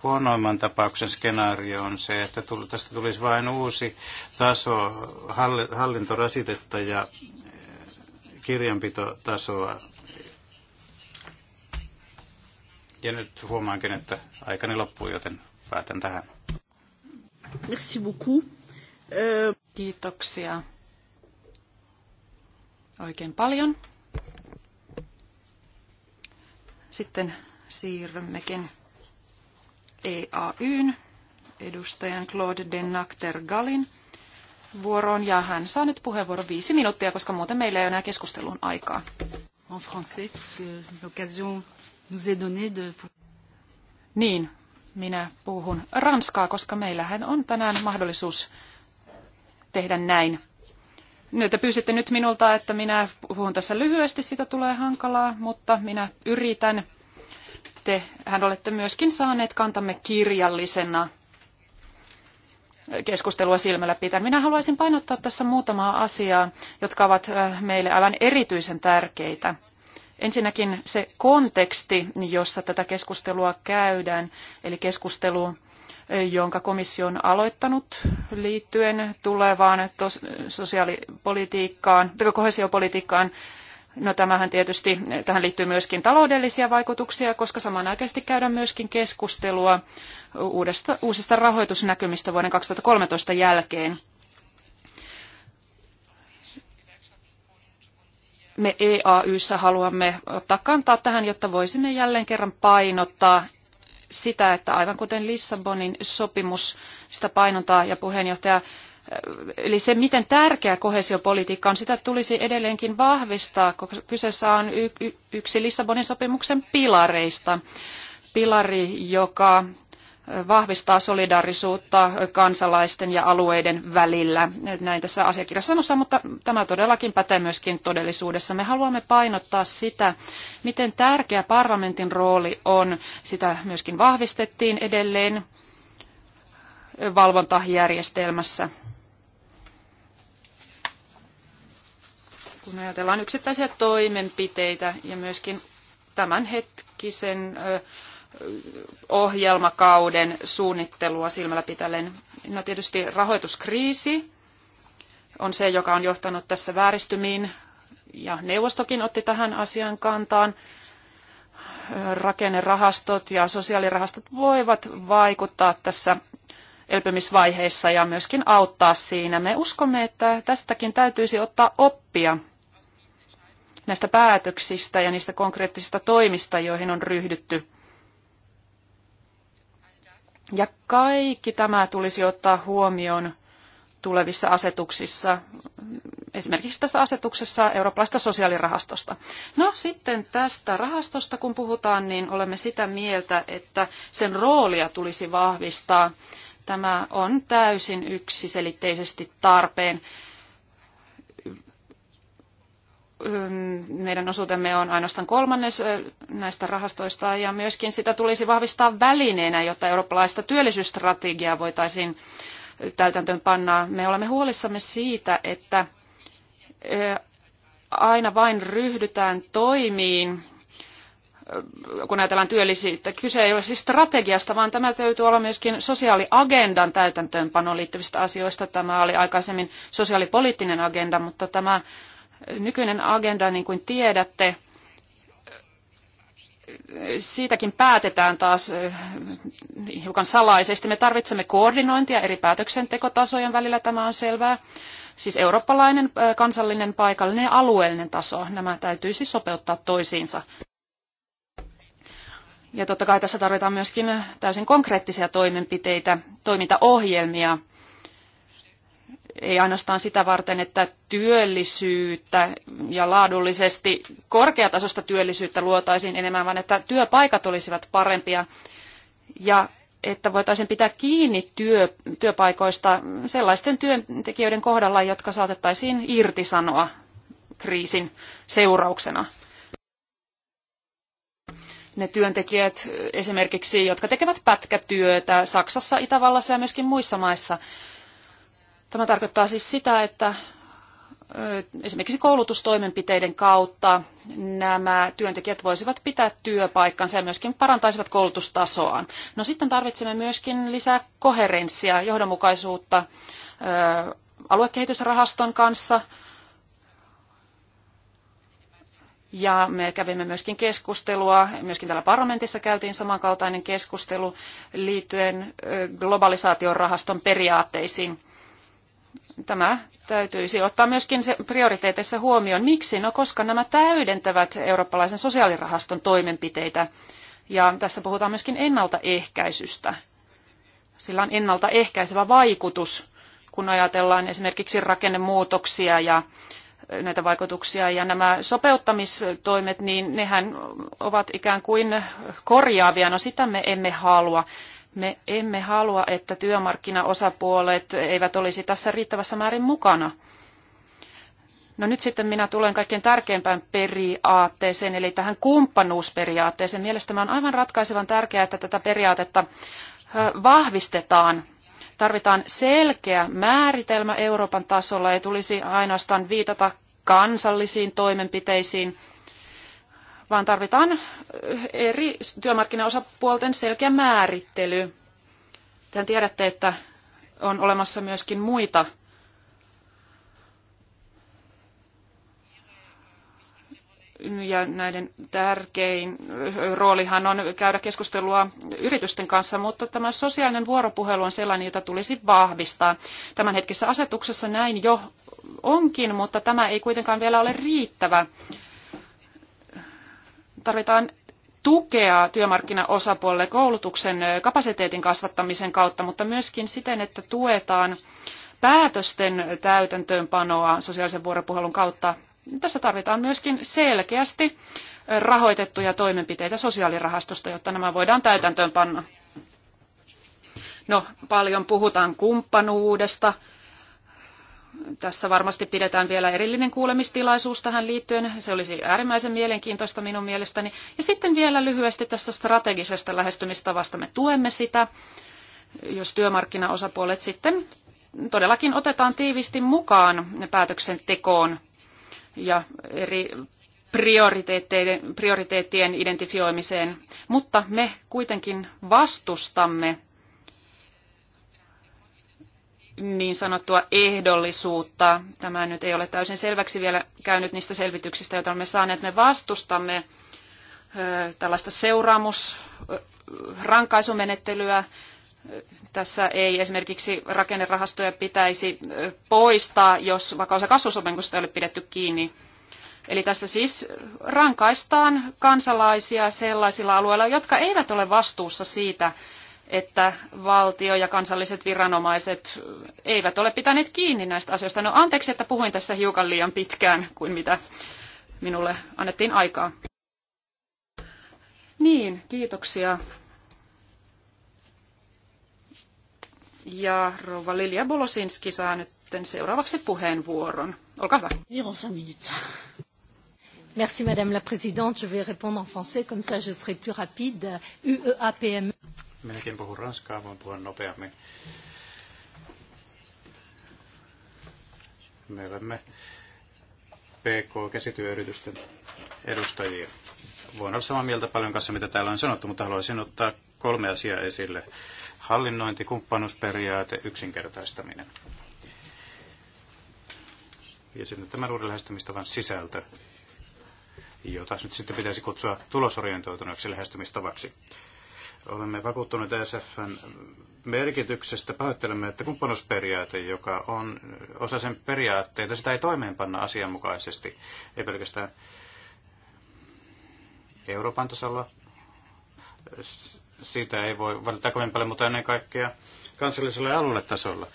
Huonoimman tapauksen skenaario on se, että tästä tulisi vain uusi taso hallintorasitetta ja eh, kirjanpitotasoa. Ja nyt huomaankin, että aikani loppuu, joten päätän tähän. Merci beaucoup. Euh, Kiitoksia oikein paljon. Sitten siirrymmekin EAYn edustajan Claude de Nakter-Gallin vuoroon ja hän saa nyt puheenvuoron viisi minuuttia, koska muuten meillä ei ole enää keskustelun aikaa. En français, puisque l'occasion nous est donnée de... Niin, minä puhun ranskaa, koska meillähän on tänään mahdollisuus tehdä näin te pyysitte nyt minulta, että minä puhun tässä lyhyesti, sitä tulee hankalaa, mutta minä yritän. Te, hän olette myöskin saaneet kantamme kirjallisena keskustelua silmällä pitää. Minä haluaisin painottaa tässä muutamaa asiaa, jotka ovat äh, meille aivan erityisen tärkeitä. Ensinnäkin se konteksti, jossa tätä keskustelua käydään, eli keskustelu jonka komissio on aloittanut liittyen tulevaan tos, sosiaalipolitiikkaan, kohesiopolitiikkaan. No tämähän tietysti, tähän liittyy myöskin taloudellisia vaikutuksia, koska samanaikaisesti käydään myöskin keskustelua uudesta, uusista rahoitusnäkymistä vuoden 2013 jälkeen. me EAYssä haluamme ottaa kantaa tähän, jotta voisimme jälleen kerran painottaa sitä, että aivan kuten Lissabonin sopimus sitä painottaa ja puheenjohtaja eh, Eli se, miten tärkeä kohesiopolitiikka on, sitä tulisi edelleenkin vahvistaa, koska kyseessä on yksi Lissabonin sopimuksen pilareista. Pilari, joka vahvistaa solidaarisuutta kansalaisten ja alueiden välillä. Näin tässä asiakirjassa sanossa, mutta tämä todellakin pätee myöskin todellisuudessa. Me haluamme painottaa sitä, miten tärkeä parlamentin rooli on. Sitä myöskin vahvistettiin edelleen valvontajärjestelmässä. Kun ajatellaan yksittäisiä toimenpiteitä ja myöskin tämänhetkisen hetkisen ohjelmakauden suunnittelua silmällä pitäen. No tietysti rahoituskriisi on se, joka on johtanut tässä vääristymiin, ja neuvostokin otti tähän asian kantaan. Rakennerahastot ja sosiaalirahastot voivat vaikuttaa tässä elpymisvaiheessa ja myöskin auttaa siinä. Me uskomme, että tästäkin täytyisi ottaa oppia näistä päätöksistä ja niistä konkreettisista toimista, joihin on ryhdytty. Ja kaikki tämä tulisi ottaa huomioon tulevissa asetuksissa, esimerkiksi tässä asetuksessa eurooppalaista sosiaalirahastosta. No sitten tästä rahastosta, kun puhutaan, niin olemme sitä mieltä, että sen roolia tulisi vahvistaa. Tämä on täysin yksiselitteisesti tarpeen meidän osuutemme on ainoastaan kolmannes näistä rahastoista ja myöskin sitä tulisi vahvistaa välineenä, jotta eurooppalaista työllisyysstrategiaa voitaisiin täytäntöön panna. Me olemme huolissamme siitä, että aina vain ryhdytään toimiin, kun ajatellaan työllisyyttä. Kyse ei ole siis strategiasta, vaan tämä täytyy olla myöskin sosiaaliagendan täytäntöönpanoon liittyvistä asioista. Tämä oli aikaisemmin sosiaalipoliittinen agenda, mutta tämä Nykyinen agenda, niin kuin tiedätte, siitäkin päätetään taas eh, hiukan salaisesti. Me tarvitsemme koordinointia eri päätöksentekotasojen välillä, tämä on selvää. Siis eurooppalainen, eh, kansallinen, paikallinen ja alueellinen taso, nämä täytyy siis sopeuttaa toisiinsa. Ja totta kai tässä tarvitaan myöskin eh, täysin konkreettisia toimenpiteitä, toimintaohjelmia – ei ainoastaan sitä varten, että työllisyyttä ja laadullisesti korkeatasosta työllisyyttä luotaisiin enemmän, vaan että työpaikat olisivat parempia ja että voitaisiin pitää kiinni työ, työpaikoista sellaisten työntekijöiden kohdalla, jotka saatettaisiin irtisanoa kriisin seurauksena. Ne työntekijät esimerkiksi, jotka tekevät pätkätyötä Saksassa, Itävallassa ja myöskin muissa maissa, Tämä tarkoittaa siis sitä, että esimerkiksi koulutustoimenpiteiden kautta nämä työntekijät voisivat pitää työpaikkansa ja myöskin parantaisivat koulutustasoaan. No sitten tarvitsemme myöskin lisää koherenssia, johdonmukaisuutta aluekehitysrahaston kanssa. Ja me kävimme myöskin keskustelua, myöskin täällä parlamentissa käytiin samankaltainen keskustelu liittyen globalisaation rahaston periaatteisiin Tämä täytyisi ottaa myöskin se prioriteeteissa huomioon. Miksi? No koska nämä täydentävät eurooppalaisen sosiaalirahaston toimenpiteitä. Ja tässä puhutaan myöskin ennaltaehkäisystä. Sillä on ennaltaehkäisevä vaikutus, kun ajatellaan esimerkiksi rakennemuutoksia ja näitä vaikutuksia. Ja nämä sopeuttamistoimet, niin nehän ovat ikään kuin korjaavia. No sitä me emme halua. Me emme halua, että työmarkkinaosapuolet eivät olisi tässä riittävässä määrin mukana. No nyt sitten minä tulen kaikkein tärkeimpään periaatteeseen, eli tähän kumppanuusperiaatteeseen. Mielestäni on aivan ratkaisevan tärkeää, että tätä periaatetta vahvistetaan. Tarvitaan selkeä määritelmä Euroopan tasolla, ei tulisi ainoastaan viitata kansallisiin toimenpiteisiin, vaan tarvitaan eri työmarkkinaosapuolten selkeä määrittely. Tehän tiedätte, että on olemassa myöskin muita ja näiden tärkein roolihan on käydä keskustelua yritysten kanssa, mutta tämä sosiaalinen vuoropuhelu on sellainen, jota tulisi vahvistaa. Tämänhetkisessä asetuksessa näin jo onkin, mutta tämä ei kuitenkaan vielä ole riittävä tarvitaan tukea työmarkkinaosapuolelle koulutuksen kapasiteetin kasvattamisen kautta, mutta myöskin siten, että tuetaan päätösten täytäntöönpanoa sosiaalisen vuoropuhelun kautta. Tässä tarvitaan myöskin selkeästi rahoitettuja toimenpiteitä sosiaalirahastosta, jotta nämä voidaan täytäntöönpanna. No, paljon puhutaan kumppanuudesta, tässä varmasti pidetään vielä erillinen kuulemistilaisuus tähän liittyen. Se olisi äärimmäisen mielenkiintoista minun mielestäni. Ja sitten vielä lyhyesti tästä strategisesta lähestymistavasta. Me tuemme sitä, jos työmarkkinaosapuolet sitten todellakin otetaan tiivisti mukaan päätöksentekoon ja eri prioriteettien identifioimiseen, mutta me kuitenkin vastustamme niin sanottua ehdollisuutta. Tämä nyt ei ole täysin selväksi vielä käynyt niistä selvityksistä, joita olemme saaneet. Me vastustamme tällaista seuraamusrankaisumenettelyä. Tässä ei esimerkiksi rakennerahastoja pitäisi poistaa, jos vakaus- ja kasvusopimusta ei ole pidetty kiinni. Eli tässä siis rankaistaan kansalaisia sellaisilla alueilla, jotka eivät ole vastuussa siitä, että valtio ja kansalliset viranomaiset eivät ole pitäneet kiinni näistä asioista. No anteeksi, että puhuin tässä hiukan liian pitkään kuin mitä minulle annettiin aikaa. Niin, kiitoksia. Ja rouva Lilja Bolosinski saa nyt seuraavaksi puheenvuoron. Olkaa hyvä. Merci Madame la Présidente. Je vais répondre en français, comme ça je serai plus rapide. Ueapm. E. Minäkin puhun ranskaa, voin puhua nopeammin. Me olemme PK-käsityöyritysten edustajia. Voin olla samaa mieltä paljon kanssa, mitä täällä on sanottu, mutta haluaisin ottaa kolme asiaa esille. Hallinnointi, kumppanuusperiaate, yksinkertaistaminen. Ja sitten tämän uuden lähestymistavan sisältö, jota nyt sitten pitäisi kutsua tulosorientoituneeksi lähestymistavaksi. Olemme vakuuttuneet e SFN merkityksestä. Pahoittelemme, että kumppanuusperiaate, joka on osa sen periaatteita, sitä ei toimeenpanna asianmukaisesti, ei pelkästään Euroopan tasolla. Siitä ei voi valita kovin paljon, mutta ennen kaikkea kansallisella ja tasolla.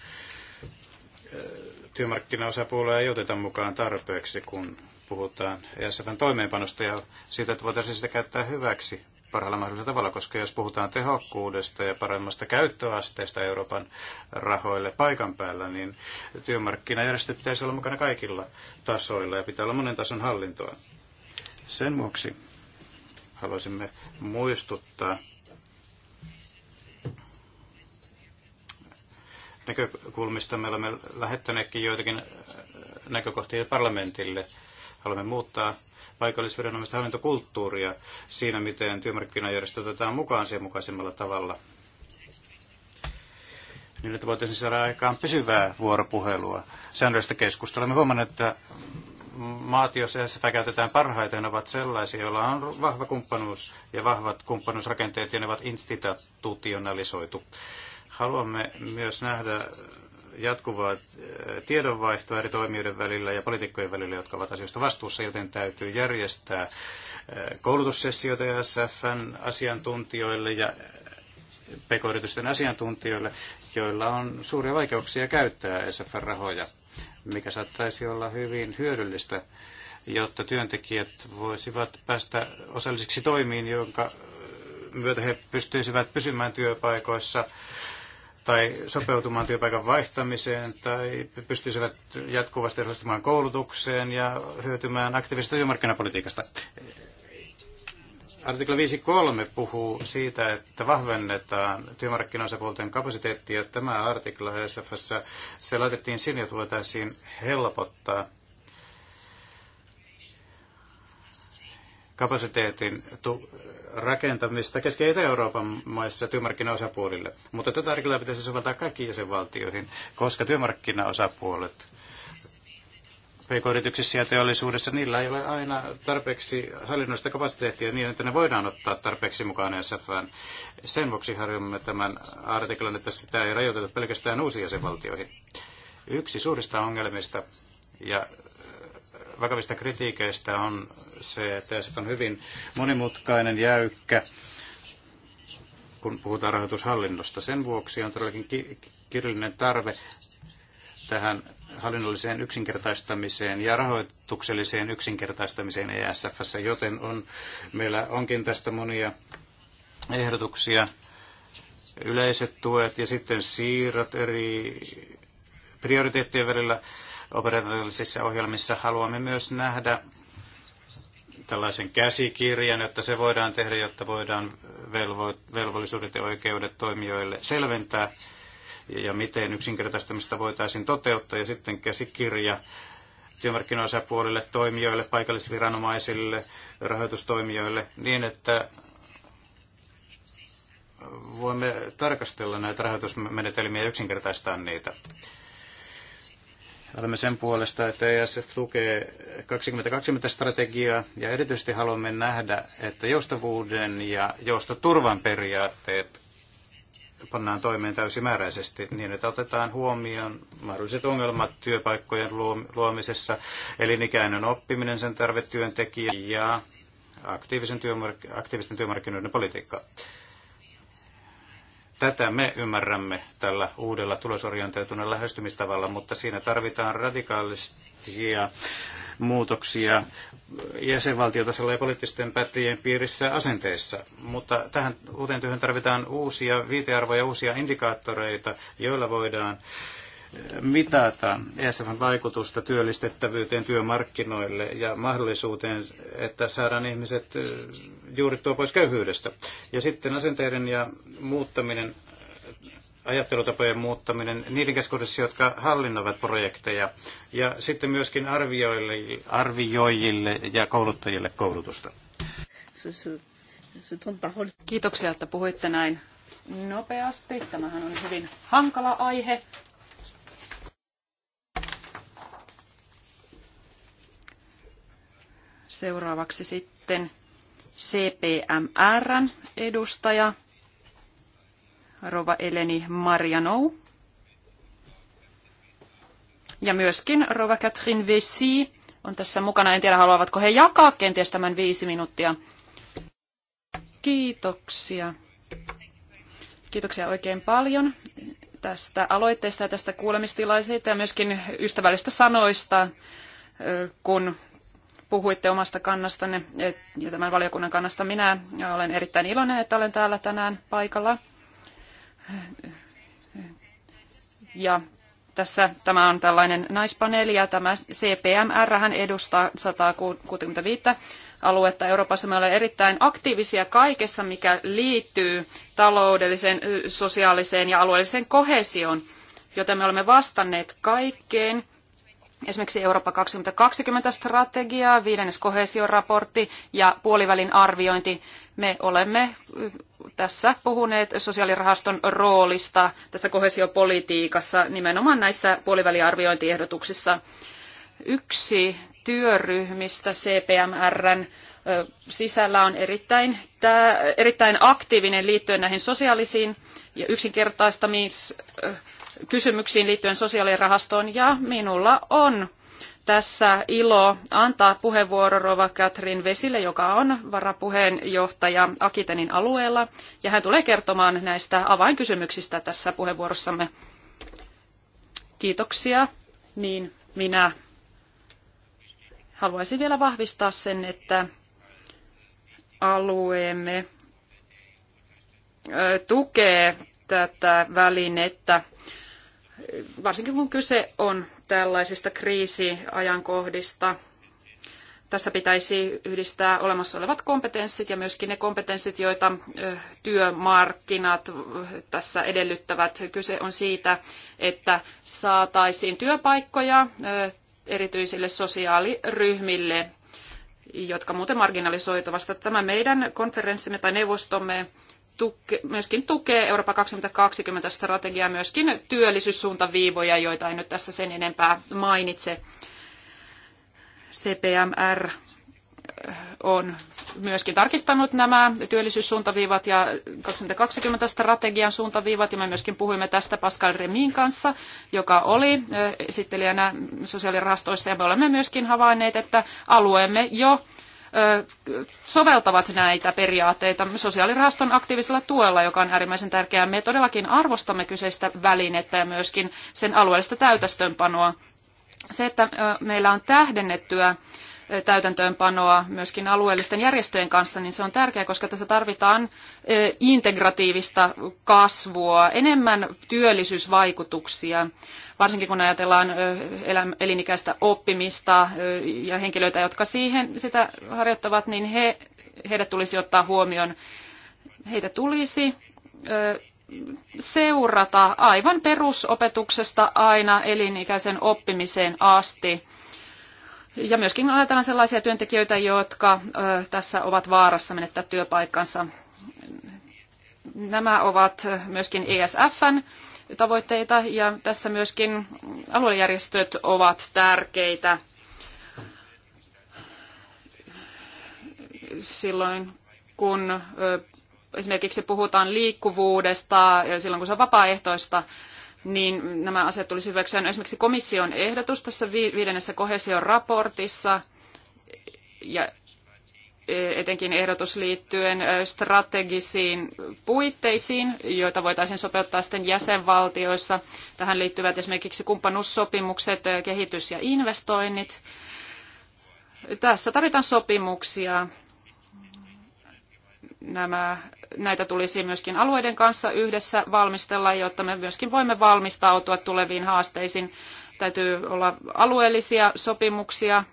Työmarkkinaosapuolella ei oteta mukaan tarpeeksi, kun puhutaan ESFn toimeenpanosta ja siitä, että voitaisiin sitä käyttää hyväksi parhaalla mahdollisella tavalla, koska jos puhutaan tehokkuudesta ja paremmasta käyttöasteesta Euroopan rahoille paikan päällä, niin työmarkkinajärjestö pitäisi olla mukana kaikilla tasoilla ja pitää olla monen tason hallintoa. Sen vuoksi haluaisimme muistuttaa näkökulmista. Me olemme lähettäneetkin joitakin näkökohtia parlamentille Haluamme muuttaa paikallisviranomaisten hallintokulttuuria siinä, miten työmarkkinajärjestöt otetaan mukaan sen mukaisemmalla tavalla. Niin, että voitaisiin saada aikaan pysyvää vuoropuhelua. säännöllistä keskustelua. Me huomannut, että maat, joissa SFA käytetään parhaiten, ovat sellaisia, joilla on vahva kumppanuus ja vahvat kumppanuusrakenteet, ja ne ovat institutionalisoitu. Haluamme myös nähdä jatkuvaa äh, tiedonvaihtoa eri toimijoiden välillä ja poliitikkojen välillä, jotka ovat asioista vastuussa, joten täytyy järjestää äh, koulutussessioita e SFN asiantuntijoille ja äh, pk-yritysten asiantuntijoille, joilla on suuria vaikeuksia käyttää e SFR-rahoja, mikä saattaisi olla hyvin hyödyllistä, jotta työntekijät voisivat päästä osallisiksi toimiin, jonka myötä he pystyisivät pysymään työpaikoissa tai sopeutumaan työpaikan vaihtamiseen tai pystyisivät jatkuvasti osallistumaan koulutukseen ja hyötymään aktiivisesta työmarkkinapolitiikasta. Artikla 5.3 puhuu siitä, että vahvennetaan työmarkkinaosapuolten kapasiteettia. Tämä artikla SFS se laitettiin sinne, että voitaisiin helpottaa kapasiteetin rakentamista Keski- ja Itä-Euroopan maissa työmarkkinaosapuolille. Mutta tätä artiklaa pitäisi soveltaa kaikkiin jäsenvaltioihin, koska työmarkkinaosapuolet PK-yrityksissä ja teollisuudessa, niillä ei ole aina tarpeeksi hallinnollista kapasiteettia niin, että ne voidaan ottaa tarpeeksi mukaan SFN. Sen vuoksi harjoimme tämän artiklan, että sitä ei rajoiteta pelkästään uusiin jäsenvaltioihin. Yksi suurista ongelmista ja vakavista kritiikeistä on se, että se on hyvin monimutkainen, jäykkä, kun puhutaan rahoitushallinnosta. Sen vuoksi on todellakin ki- kirjallinen tarve tähän hallinnolliseen yksinkertaistamiseen ja rahoitukselliseen yksinkertaistamiseen ESFssä, joten on, meillä onkin tästä monia ehdotuksia. Yleiset tuet ja sitten siirrot eri prioriteettien välillä operatiivisissa ohjelmissa. Haluamme myös nähdä tällaisen käsikirjan, jotta se voidaan tehdä, jotta voidaan velvo- velvollisuudet ja oikeudet toimijoille selventää ja miten yksinkertaistamista voitaisiin toteuttaa. Ja sitten käsikirja työmarkkinaosapuolille, toimijoille, paikallisviranomaisille, rahoitustoimijoille niin, että voimme tarkastella näitä rahoitusmenetelmiä ja yksinkertaistaa niitä. Olemme sen puolesta, että ESF tukee 2020-strategiaa ja erityisesti haluamme nähdä, että joustavuuden ja joustoturvan periaatteet pannaan toimeen täysimääräisesti niin, että otetaan huomioon mahdolliset ongelmat työpaikkojen luomisessa, elinikäinen oppiminen, sen tarve työntekijä ja aktiivisen työmark- aktiivisten työmarkkinoiden politiikka. Tätä me ymmärrämme tällä uudella tulosorientoituneella lähestymistavalla, mutta siinä tarvitaan radikaalistia muutoksia jäsenvaltiotasolla ja poliittisten päättäjien piirissä asenteissa. Mutta tähän uuteen työhön tarvitaan uusia viitearvoja, uusia indikaattoreita, joilla voidaan mitata ESFn vaikutusta työllistettävyyteen työmarkkinoille ja mahdollisuuteen, että saadaan ihmiset juurittua pois köyhyydestä. Ja sitten asenteiden ja muuttaminen, ajattelutapojen muuttaminen niiden keskuudessa, jotka hallinnoivat projekteja ja sitten myöskin arvioille, arvioijille ja kouluttajille koulutusta. Kiitoksia, että puhuitte näin nopeasti. Tämähän on hyvin hankala aihe. Seuraavaksi sitten CPMRn edustaja Rova Eleni Marjanou. Ja myöskin Rova Catherine Vessi on tässä mukana. En tiedä, haluavatko he jakaa kenties tämän viisi minuuttia. Kiitoksia. Kiitoksia oikein paljon tästä aloitteesta ja tästä kuulemistilaisesta ja myöskin ystävällistä sanoista, kun puhuitte omasta kannastanne ja tämän valiokunnan kannasta. Minä olen erittäin iloinen, että olen täällä tänään paikalla. Ja tässä tämä on tällainen naispaneeli ja tämä CPMR hän edustaa 165 aluetta Euroopassa. Me olemme erittäin aktiivisia kaikessa, mikä liittyy taloudelliseen, sosiaaliseen ja alueelliseen kohesioon, joten me olemme vastanneet kaikkeen esimerkiksi Eurooppa 2020-strategiaa, viidennes kohesioraportti ja puolivälin arviointi. Me olemme tässä puhuneet sosiaalirahaston roolista tässä kohesiopolitiikassa nimenomaan näissä puoliväliarviointiehdotuksissa. Yksi työryhmistä CPMRn sisällä on erittäin, erittäin aktiivinen liittyen näihin sosiaalisiin ja yksinkertaistamis kysymyksiin liittyen sosiaalirahastoon ja minulla on tässä ilo antaa puheenvuoro Rova Katrin Vesille, joka on varapuheenjohtaja Akitenin alueella, ja hän tulee kertomaan näistä avainkysymyksistä tässä puheenvuorossamme. Kiitoksia. Niin minä haluaisin vielä vahvistaa sen, että alueemme tukee tätä välinettä varsinkin kun kyse on tällaisista kriisiajankohdista. Tässä pitäisi yhdistää olemassa olevat kompetenssit ja myöskin ne kompetenssit, joita työmarkkinat tässä edellyttävät. Kyse on siitä, että saataisiin työpaikkoja erityisille sosiaaliryhmille, jotka muuten marginalisoituvat. Tämä meidän konferenssimme tai neuvostomme tuke, myöskin tukee Eurooppa 2020 strategiaa, myöskin työllisyyssuuntaviivoja, joita en nyt tässä sen enempää mainitse. CPMR on myöskin tarkistanut nämä työllisyyssuuntaviivat ja 2020 strategian suuntaviivat, ja me myöskin puhuimme tästä Pascal Remin kanssa, joka oli esittelijänä sosiaalirahastoissa, ja me olemme myöskin havainneet, että alueemme jo soveltavat näitä periaatteita sosiaalirahaston aktiivisella tuella, joka on äärimmäisen tärkeää. Me todellakin arvostamme kyseistä välinettä ja myöskin sen alueellista täytästönpanoa. Se, että meillä on tähdennettyä täytäntöönpanoa myöskin alueellisten järjestöjen kanssa, niin se on tärkeää, koska tässä tarvitaan e, integratiivista kasvua, enemmän työllisyysvaikutuksia, varsinkin kun ajatellaan e, elinikäistä oppimista e, ja henkilöitä, jotka siihen sitä harjoittavat, niin he, heidät tulisi ottaa huomioon. Heitä tulisi seurata aivan perusopetuksesta aina elinikäisen oppimiseen asti ja myöskin ajatellaan sellaisia työntekijöitä, jotka tässä ovat vaarassa menettää työpaikkansa. Nämä ovat myöskin ESFn tavoitteita ja tässä myöskin aluejärjestöt ovat tärkeitä. Silloin kun esimerkiksi puhutaan liikkuvuudesta, ja silloin kun se on vapaaehtoista, niin nämä asiat tulisi hyväksyä. No, esimerkiksi komission ehdotus tässä viidennessä kohesion raportissa ja e, etenkin ehdotus liittyen strategisiin puitteisiin, joita voitaisiin sopeuttaa sitten jäsenvaltioissa. Tähän liittyvät esimerkiksi kumppanuussopimukset, kehitys ja investoinnit. Tässä tarvitaan sopimuksia nämä, näitä tulisi myöskin alueiden kanssa yhdessä valmistella, jotta me myöskin voimme valmistautua tuleviin haasteisiin. Täytyy olla alueellisia sopimuksia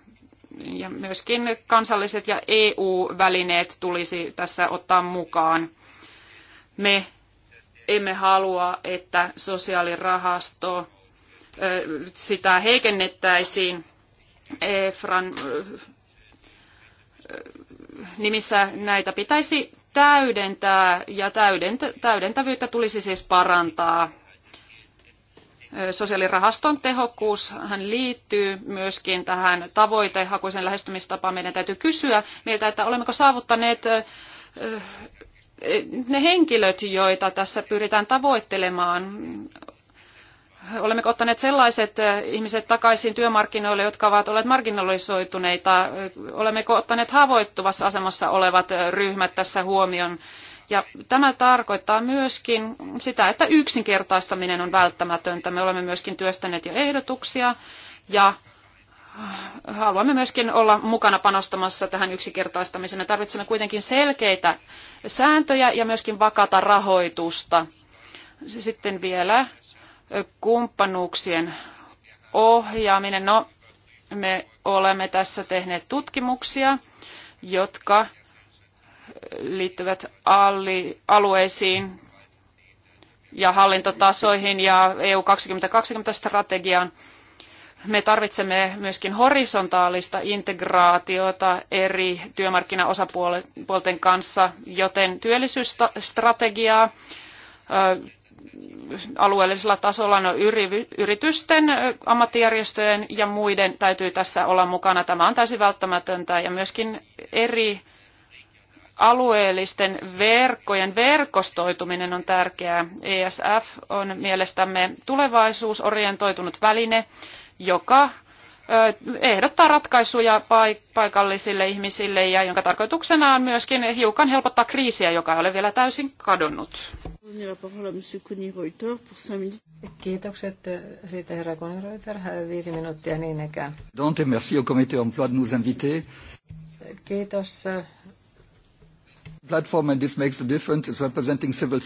ja myöskin kansalliset ja EU-välineet tulisi tässä ottaa mukaan. Me emme halua, että sosiaalirahasto sitä heikennettäisiin EFRAN nimissä näitä pitäisi täydentää ja täydentä, täydentävyyttä tulisi siis parantaa. Sosiaalirahaston tehokkuus. Hän liittyy myöskin tähän tavoitehakuisen lähestymistapaan. Meidän täytyy kysyä meiltä, että olemmeko saavuttaneet ne henkilöt, joita tässä pyritään tavoittelemaan, olemmeko ottaneet sellaiset eh, ihmiset takaisin työmarkkinoille, jotka ovat olleet marginalisoituneita? Olemmeko ottaneet haavoittuvassa asemassa olevat eh, ryhmät tässä huomioon? Ja tämä tarkoittaa myöskin sitä, että yksinkertaistaminen on välttämätöntä. Me olemme myöskin työstäneet jo ehdotuksia ja eh, haluamme myöskin olla mukana panostamassa tähän yksinkertaistamiseen. Me tarvitsemme kuitenkin selkeitä sääntöjä ja myöskin vakata rahoitusta. Sitten vielä kumppanuuksien ohjaaminen. No, me olemme tässä tehneet tutkimuksia, jotka liittyvät alueisiin ja hallintotasoihin ja EU 2020-strategiaan. Me tarvitsemme myöskin horisontaalista integraatiota eri työmarkkinaosapuolten kanssa, joten työllisyysstrategiaa, alueellisella tasolla, no yritysten, ammattijärjestöjen ja muiden täytyy tässä olla mukana. Tämä on täysin välttämätöntä ja myöskin eri alueellisten verkkojen verkostoituminen on tärkeää. ESF on mielestämme tulevaisuusorientoitunut väline, joka ehdottaa ratkaisuja paikallisille ihmisille ja jonka tarkoituksena on myöskin hiukan helpottaa kriisiä, joka ei ole vielä täysin kadonnut. Kiitokset siitä herra Konireuter. Viisi minuuttia niin ikään. Dante, merci au comité emploi de nous inviter. Kiitos. Platform and this makes a difference is representing civil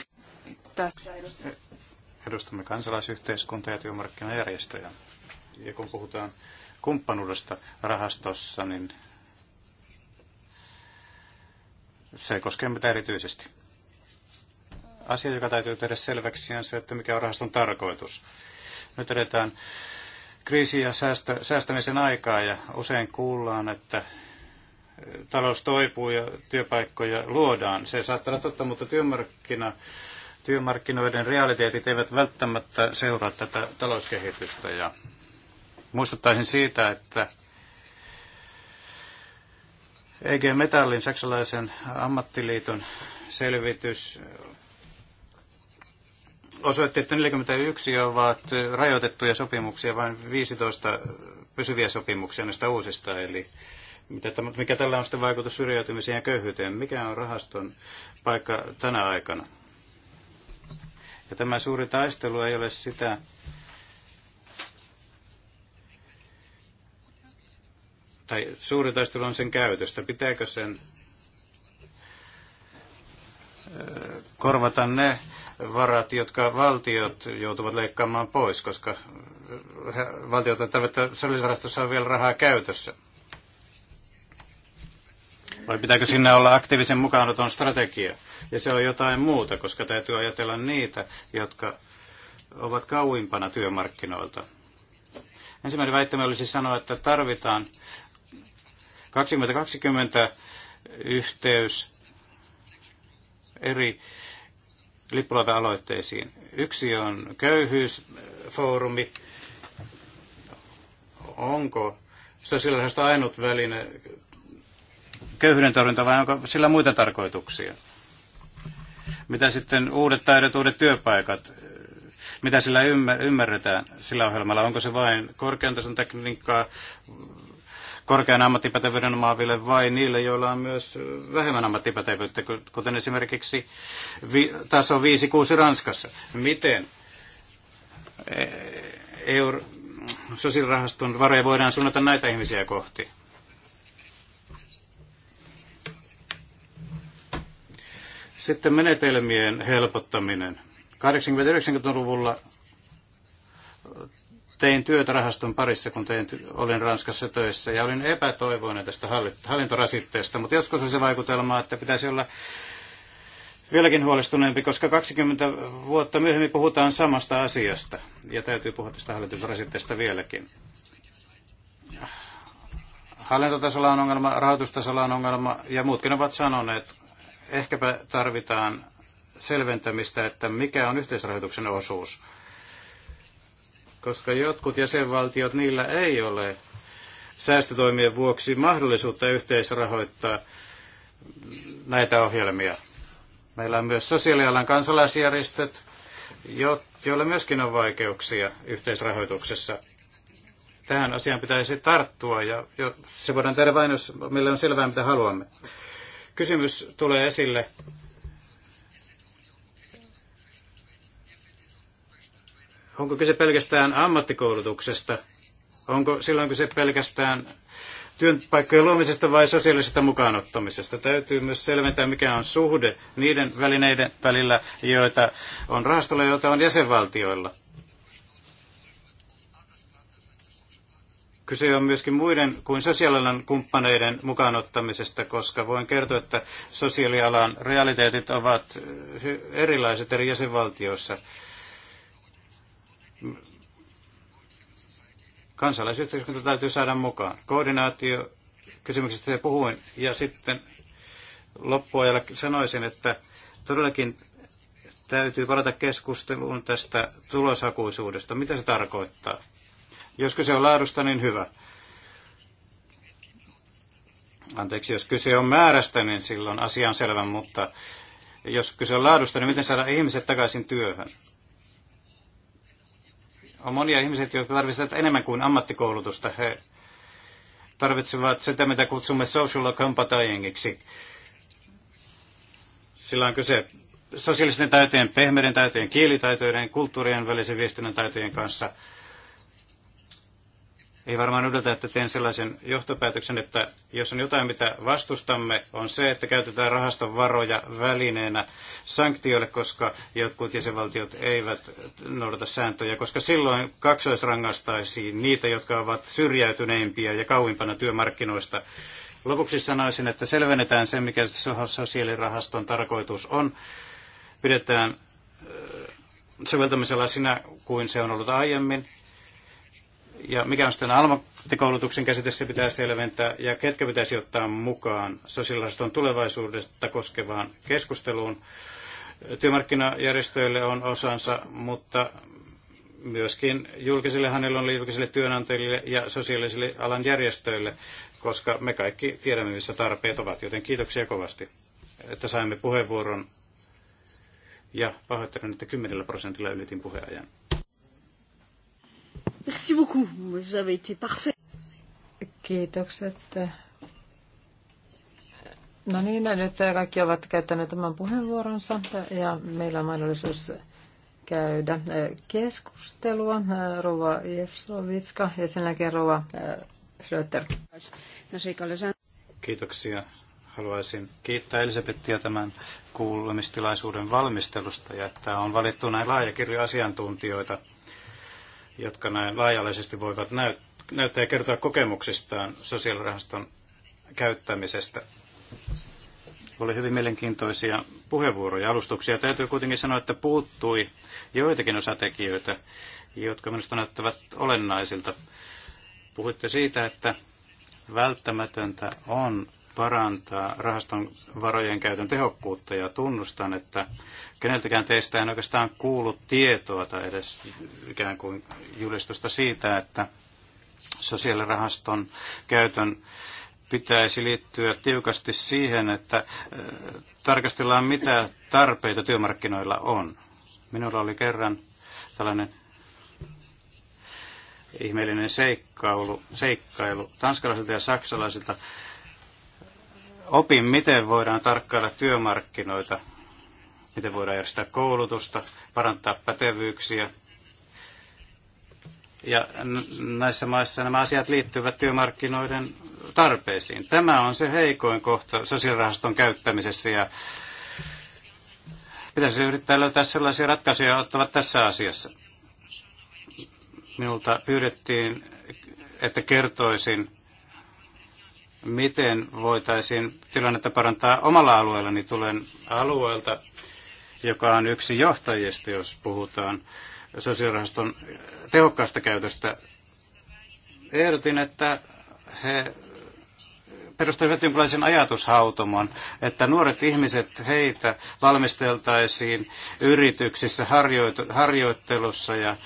Edustamme kansalaisyhteiskuntaa ja työmarkkinajärjestöjä. Ja kun puhutaan kumppanuudesta rahastossa, niin se koskee mitä erityisesti. Asia, joka täytyy tehdä selväksi, on se, että mikä on rahaston tarkoitus. Nyt edetään kriisi- ja säästö, säästämisen aikaa ja usein kuullaan, että talous toipuu ja työpaikkoja luodaan. Se saattaa olla totta, mutta työmarkkina, työmarkkinoiden realiteetit eivät välttämättä seuraa tätä talouskehitystä ja Muistuttaisin siitä, että EG Metallin saksalaisen ammattiliiton selvitys osoitti, että 41 ovat rajoitettuja sopimuksia, vain 15 pysyviä sopimuksia näistä uusista, eli mikä tällä on sitten vaikutus syrjäytymiseen ja köyhyyteen, mikä on rahaston paikka tänä aikana. Ja tämä suuri taistelu ei ole sitä, tai suuri taistelu on sen käytöstä. Pitääkö sen korvata ne varat, jotka valtiot joutuvat leikkaamaan pois, koska valtiot on salisvarastossa on vielä rahaa käytössä. Vai pitääkö sinne olla aktiivisen mukaanoton strategia? Ja se on jotain muuta, koska täytyy ajatella niitä, jotka ovat kauimpana työmarkkinoilta. Ensimmäinen väittämä olisi sanoa, että tarvitaan 2020 yhteys eri lippulaiva-aloitteisiin. Yksi on köyhyysfoorumi. Onko sosiaalisesta ainut väline köyhyyden torjunta vai onko sillä muita tarkoituksia? Mitä sitten uudet taidot, uudet työpaikat, mitä sillä ymmärretään sillä ohjelmalla? Onko se vain korkean tason tekniikkaa korkean ammattipätevyyden omaaville vai niille, joilla on myös vähemmän ammattipätevyyttä, kuten esimerkiksi taso 5-6 Ranskassa. Miten e- EUR, sosiaalirahaston varoja voidaan suunnata näitä ihmisiä kohti? Sitten menetelmien helpottaminen. 80-90-luvulla tein työtä rahaston parissa, kun tein, olin Ranskassa töissä, ja olin epätoivoinen tästä hallintorasitteesta, mutta joskus oli se vaikutelma, että pitäisi olla vieläkin huolestuneempi, koska 20 vuotta myöhemmin puhutaan samasta asiasta, ja täytyy puhua tästä hallintorasitteesta vieläkin. Hallintotasolla on ongelma, rahoitustasolla on ongelma, ja muutkin ovat sanoneet, ehkäpä tarvitaan selventämistä, että mikä on yhteisrahoituksen osuus koska jotkut jäsenvaltiot, niillä ei ole säästötoimien vuoksi mahdollisuutta yhteisrahoittaa näitä ohjelmia. Meillä on myös sosiaalialan kansalaisjärjestöt, joilla myöskin on vaikeuksia yhteisrahoituksessa. Tähän asiaan pitäisi tarttua ja se voidaan tehdä vain, jos meillä on selvää, mitä haluamme. Kysymys tulee esille Onko kyse pelkästään ammattikoulutuksesta? Onko silloin kyse pelkästään työpaikkojen luomisesta vai sosiaalisesta mukaanottamisesta? Täytyy myös selventää, mikä on suhde niiden välineiden välillä, joita on rahastolla, joita on jäsenvaltioilla. Kyse on myöskin muiden kuin sosiaalialan kumppaneiden mukaanottamisesta, koska voin kertoa, että sosiaalialan realiteetit ovat erilaiset eri jäsenvaltioissa. Kansalaisyhteiskunta täytyy saada mukaan. Koordinaatio kysymyksestä puhuin. Ja sitten loppuajalla sanoisin, että todellakin täytyy palata keskusteluun tästä tuloshakuisuudesta. Mitä se tarkoittaa? Jos kyse on laadusta, niin hyvä. Anteeksi, jos kyse on määrästä, niin silloin asia on selvä, mutta jos kyse on laadusta, niin miten saada ihmiset takaisin työhön? On monia ihmisiä, jotka tarvitsevat enemmän kuin ammattikoulutusta. He tarvitsevat sitä, mitä kutsumme social accompanyingiksi. Sillä on kyse sosiaalisten taitojen, pehmeiden taitojen, kielitaitojen, kulttuurien välisen viestinnän taitojen kanssa – ei varmaan odota, että teen sellaisen johtopäätöksen, että jos on jotain, mitä vastustamme, on se, että käytetään rahaston varoja välineenä sanktioille, koska jotkut jäsenvaltiot eivät noudata sääntöjä, koska silloin kaksoisrangaistaisiin niitä, jotka ovat syrjäytyneimpiä ja kauimpana työmarkkinoista. Lopuksi sanoisin, että selvennetään se, mikä sosiaalirahaston tarkoitus on. Pidetään soveltamisella sinä kuin se on ollut aiemmin ja mikä on sitten ammattikoulutuksen käsite, se pitää selventää, ja ketkä pitäisi ottaa mukaan sosiaaliston tulevaisuudesta koskevaan keskusteluun. Työmarkkinajärjestöille on osansa, mutta myöskin julkisille hänellä julkisille työnantajille ja sosiaalisille alan järjestöille, koska me kaikki tiedämme, missä tarpeet ovat. Joten kiitoksia kovasti, että saimme puheenvuoron ja pahoittelen, että 10 prosentilla ylitin puheajan. Merci beaucoup. Vous avez été parfait. Kiitokset. No niin, nyt kaikki ovat käyttäneet tämän puheenvuoronsa ja meillä on mahdollisuus käydä keskustelua. Rova Jefsovitska ja sen jälkeen Rova Schröter. Kiitoksia. Haluaisin kiittää Elisabettia tämän kuulemistilaisuuden valmistelusta ja että on valittu näin laaja asiantuntijoita jotka näin laajallisesti voivat näyt- näyttää ja kertoa kokemuksistaan sosiaalirahaston käyttämisestä. Oli hyvin mielenkiintoisia puheenvuoroja alustuksia. Täytyy kuitenkin sanoa, että puuttui joitakin osatekijöitä, jotka minusta näyttävät olennaisilta. Puhuitte siitä, että välttämätöntä on parantaa rahaston varojen käytön tehokkuutta ja tunnustan, että keneltäkään teistä en oikeastaan kuullut tietoa tai edes ikään kuin julistusta siitä, että sosiaalirahaston käytön pitäisi liittyä tiukasti siihen, että äh, tarkastellaan mitä tarpeita työmarkkinoilla on. Minulla oli kerran tällainen ihmeellinen seikkailu, seikkailu tanskalaisilta ja saksalaisilta opin, miten voidaan tarkkailla työmarkkinoita, miten voidaan järjestää koulutusta, parantaa pätevyyksiä. Ja näissä maissa nämä asiat liittyvät työmarkkinoiden tarpeisiin. Tämä on se heikoin kohta sosiaalirahaston käyttämisessä ja pitäisi yrittää löytää sellaisia ratkaisuja, jotka ottavat tässä asiassa. Minulta pyydettiin, että kertoisin miten voitaisiin tilannetta parantaa omalla alueella, niin tulen alueelta, joka on yksi johtajista, jos puhutaan sosiaalirahaston tehokkaasta käytöstä. Ehdotin, että he perustelivat jonkinlaisen ajatushautomon, että nuoret ihmiset heitä valmisteltaisiin yrityksissä, harjoittelussa ja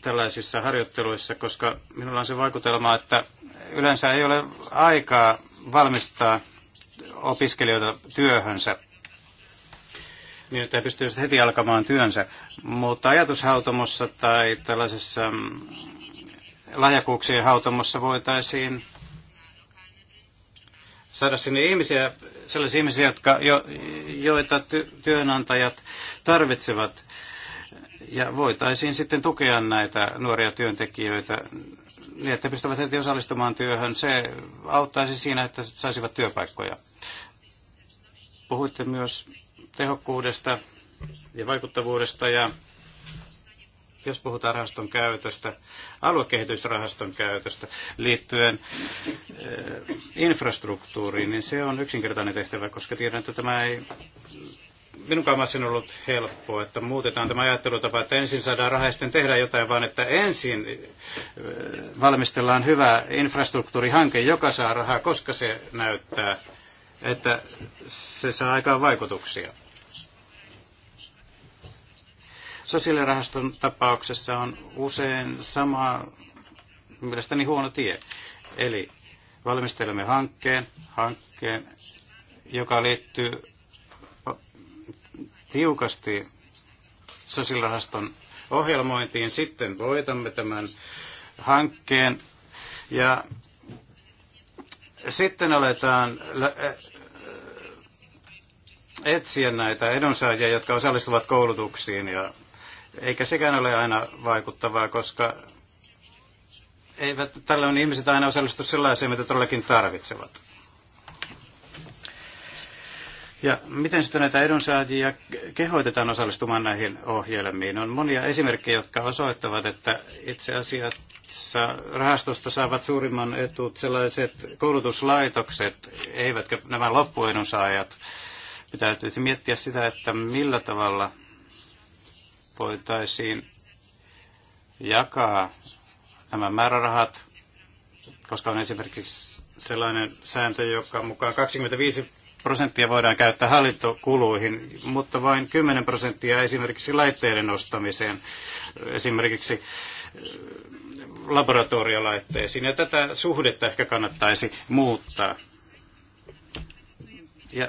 tällaisissa harjoitteluissa, koska minulla on se vaikutelma, että yleensä ei ole aikaa valmistaa opiskelijoita työhönsä niin että he pystyvät heti alkamaan työnsä. Mutta ajatushautomossa tai tällaisessa mm, lahjakuuksien hautomossa voitaisiin saada sinne ihmisiä, sellaisia ihmisiä, jotka, jo, joita ty, työnantajat tarvitsevat. Ja voitaisiin sitten tukea näitä nuoria työntekijöitä niin, että pystyvät heti osallistumaan työhön, se auttaisi siinä, että saisivat työpaikkoja. Puhuitte myös tehokkuudesta ja vaikuttavuudesta ja jos puhutaan rahaston käytöstä, aluekehitysrahaston käytöstä liittyen eh, infrastruktuuriin, niin se on yksinkertainen tehtävä, koska tiedän, että tämä ei minunkaan maassani on ollut helppoa, että muutetaan tämä ajattelutapa, että ensin saadaan rahaa ja sitten tehdään jotain, vaan että ensin eh, valmistellaan hyvä infrastruktuurihanke, joka saa rahaa, koska se näyttää, että se saa aikaan vaikutuksia. Sosiaalirahaston tapauksessa on usein sama, mielestäni huono tie. Eli valmistelemme hankkeen, hankkeen joka liittyy tiukasti sosiaalirahaston ohjelmointiin, sitten voitamme tämän hankkeen. Ja sitten aletaan etsiä näitä edunsaajia, jotka osallistuvat koulutuksiin. Ja, eikä sekään ole aina vaikuttavaa, koska eivät tällöin ihmiset aina osallistu sellaiseen, mitä todellakin tarvitsevat. Ja miten sitten näitä edunsaajia kehoitetaan osallistumaan näihin ohjelmiin? On monia esimerkkejä, jotka osoittavat, että itse asiassa rahastosta saavat suurimman etut sellaiset koulutuslaitokset, eivätkä nämä loppuedunsaajat. Me täytyisi miettiä sitä, että millä tavalla voitaisiin jakaa nämä määrärahat, koska on esimerkiksi sellainen sääntö, joka mukaan 25 prosenttia voidaan käyttää hallintokuluihin, mutta vain 10 prosenttia esimerkiksi laitteiden ostamiseen, esimerkiksi eh, laboratoriolaitteisiin. Ja tätä suhdetta ehkä kannattaisi muuttaa. Ja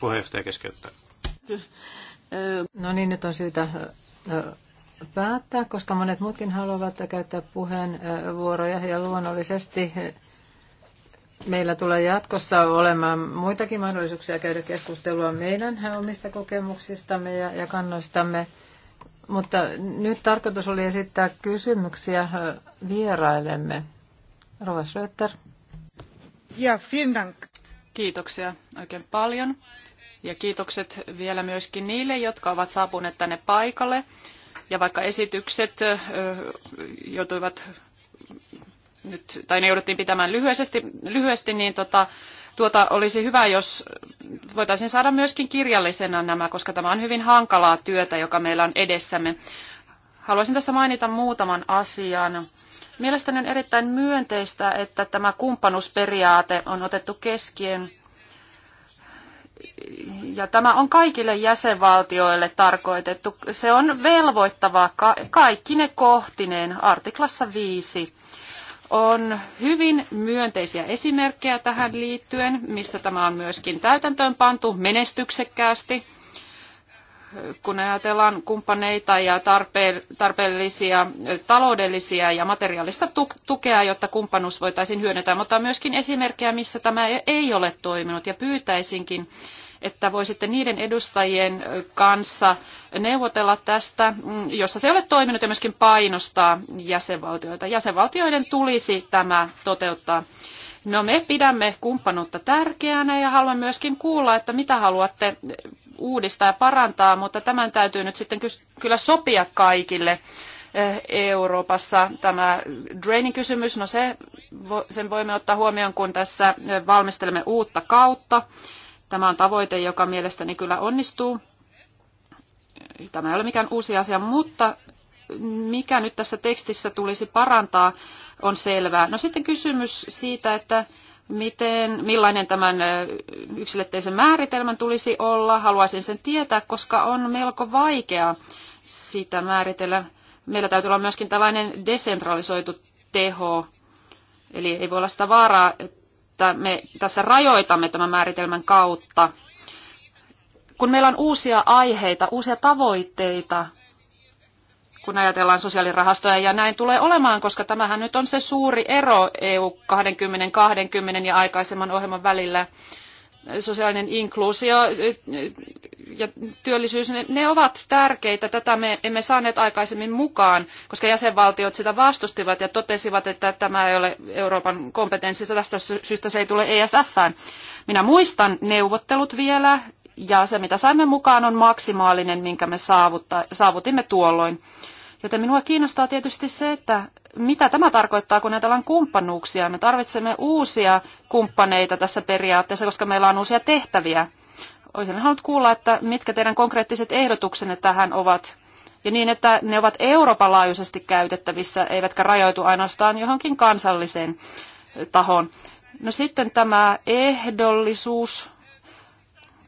puheenjohtaja keskeyttää. No niin, nyt on syytä eh, eh, päättää, koska monet muutkin haluavat käyttää puheenvuoroja ja luonnollisesti meillä tulee jatkossa olemaan muitakin mahdollisuuksia käydä keskustelua meidän omista kokemuksistamme ja, ja kannoistamme. Mutta nyt tarkoitus oli esittää kysymyksiä vieraillemme. Rova Schröter. Ja, vielen dank. Kiitoksia oikein paljon. Ja kiitokset vielä myöskin niille, jotka ovat saapuneet tänne paikalle. Ja vaikka esitykset joutuivat nyt, tai ne jouduttiin pitämään lyhyesti, lyhyesti niin tota, tuota, olisi hyvä, jos voitaisiin saada myöskin kirjallisena nämä, koska tämä on hyvin hankalaa työtä, joka meillä on edessämme. Haluaisin tässä mainita muutaman asian. Mielestäni on erittäin myönteistä, että tämä kumppanuusperiaate on otettu keskiön. Ja tämä on kaikille jäsenvaltioille tarkoitettu. Se on velvoittavaa ka- kaikki ne kohtineen artiklassa 5. On hyvin myönteisiä esimerkkejä tähän liittyen, missä tämä on myöskin täytäntöön pantu menestyksekkäästi, kun ajatellaan kumppaneita ja tarpeellisia taloudellisia ja materiaalista tukea, jotta kumppanuus voitaisiin hyödyntää, mutta on myöskin esimerkkejä, missä tämä ei ole toiminut ja pyytäisinkin, että voisitte niiden edustajien kanssa neuvotella tästä, mm, jossa se ei ole toiminut ja myöskin painostaa jäsenvaltioita. Jäsenvaltioiden tulisi tämä toteuttaa. No me pidämme kumppanuutta tärkeänä ja haluan myöskin kuulla, että mitä haluatte uudistaa ja parantaa, mutta tämän täytyy nyt sitten kyllä sopia kaikille Euroopassa. Tämä draining kysymys, no se, sen voimme ottaa huomioon, kun tässä valmistelemme uutta kautta. Tämä on tavoite, joka mielestäni kyllä onnistuu. Tämä ei ole mikään uusi asia, mutta mikä nyt tässä tekstissä tulisi parantaa, on selvää. No sitten kysymys siitä, että miten, millainen tämän yksilötteisen määritelmän tulisi olla. Haluaisin sen tietää, koska on melko vaikea sitä määritellä. Meillä täytyy olla myöskin tällainen desentralisoitu teho, eli ei voi olla sitä vaaraa, että me tässä rajoitamme tämän määritelmän kautta. Kun meillä on uusia aiheita, uusia tavoitteita, kun ajatellaan sosiaalirahastoja, ja näin tulee olemaan, koska tämähän nyt on se suuri ero EU 2020 ja aikaisemman ohjelman välillä sosiaalinen inkluusio ja työllisyys, ne ovat tärkeitä. Tätä me emme saaneet aikaisemmin mukaan, koska jäsenvaltiot sitä vastustivat ja totesivat, että tämä ei ole Euroopan kompetenssissa. Tästä syystä se ei tule ESFään. Minä muistan neuvottelut vielä ja se, mitä saimme mukaan, on maksimaalinen, minkä me saavutimme tuolloin. Joten minua kiinnostaa tietysti se, että mitä tämä tarkoittaa, kun ajatellaan kumppanuuksia. Me tarvitsemme uusia kumppaneita tässä periaatteessa, koska meillä on uusia tehtäviä. Olisin halunnut kuulla, että mitkä teidän konkreettiset ehdotuksenne tähän ovat, ja niin, että ne ovat Euroopan laajuisesti käytettävissä, eivätkä rajoitu ainoastaan johonkin kansalliseen tahoon. No sitten tämä ehdollisuus.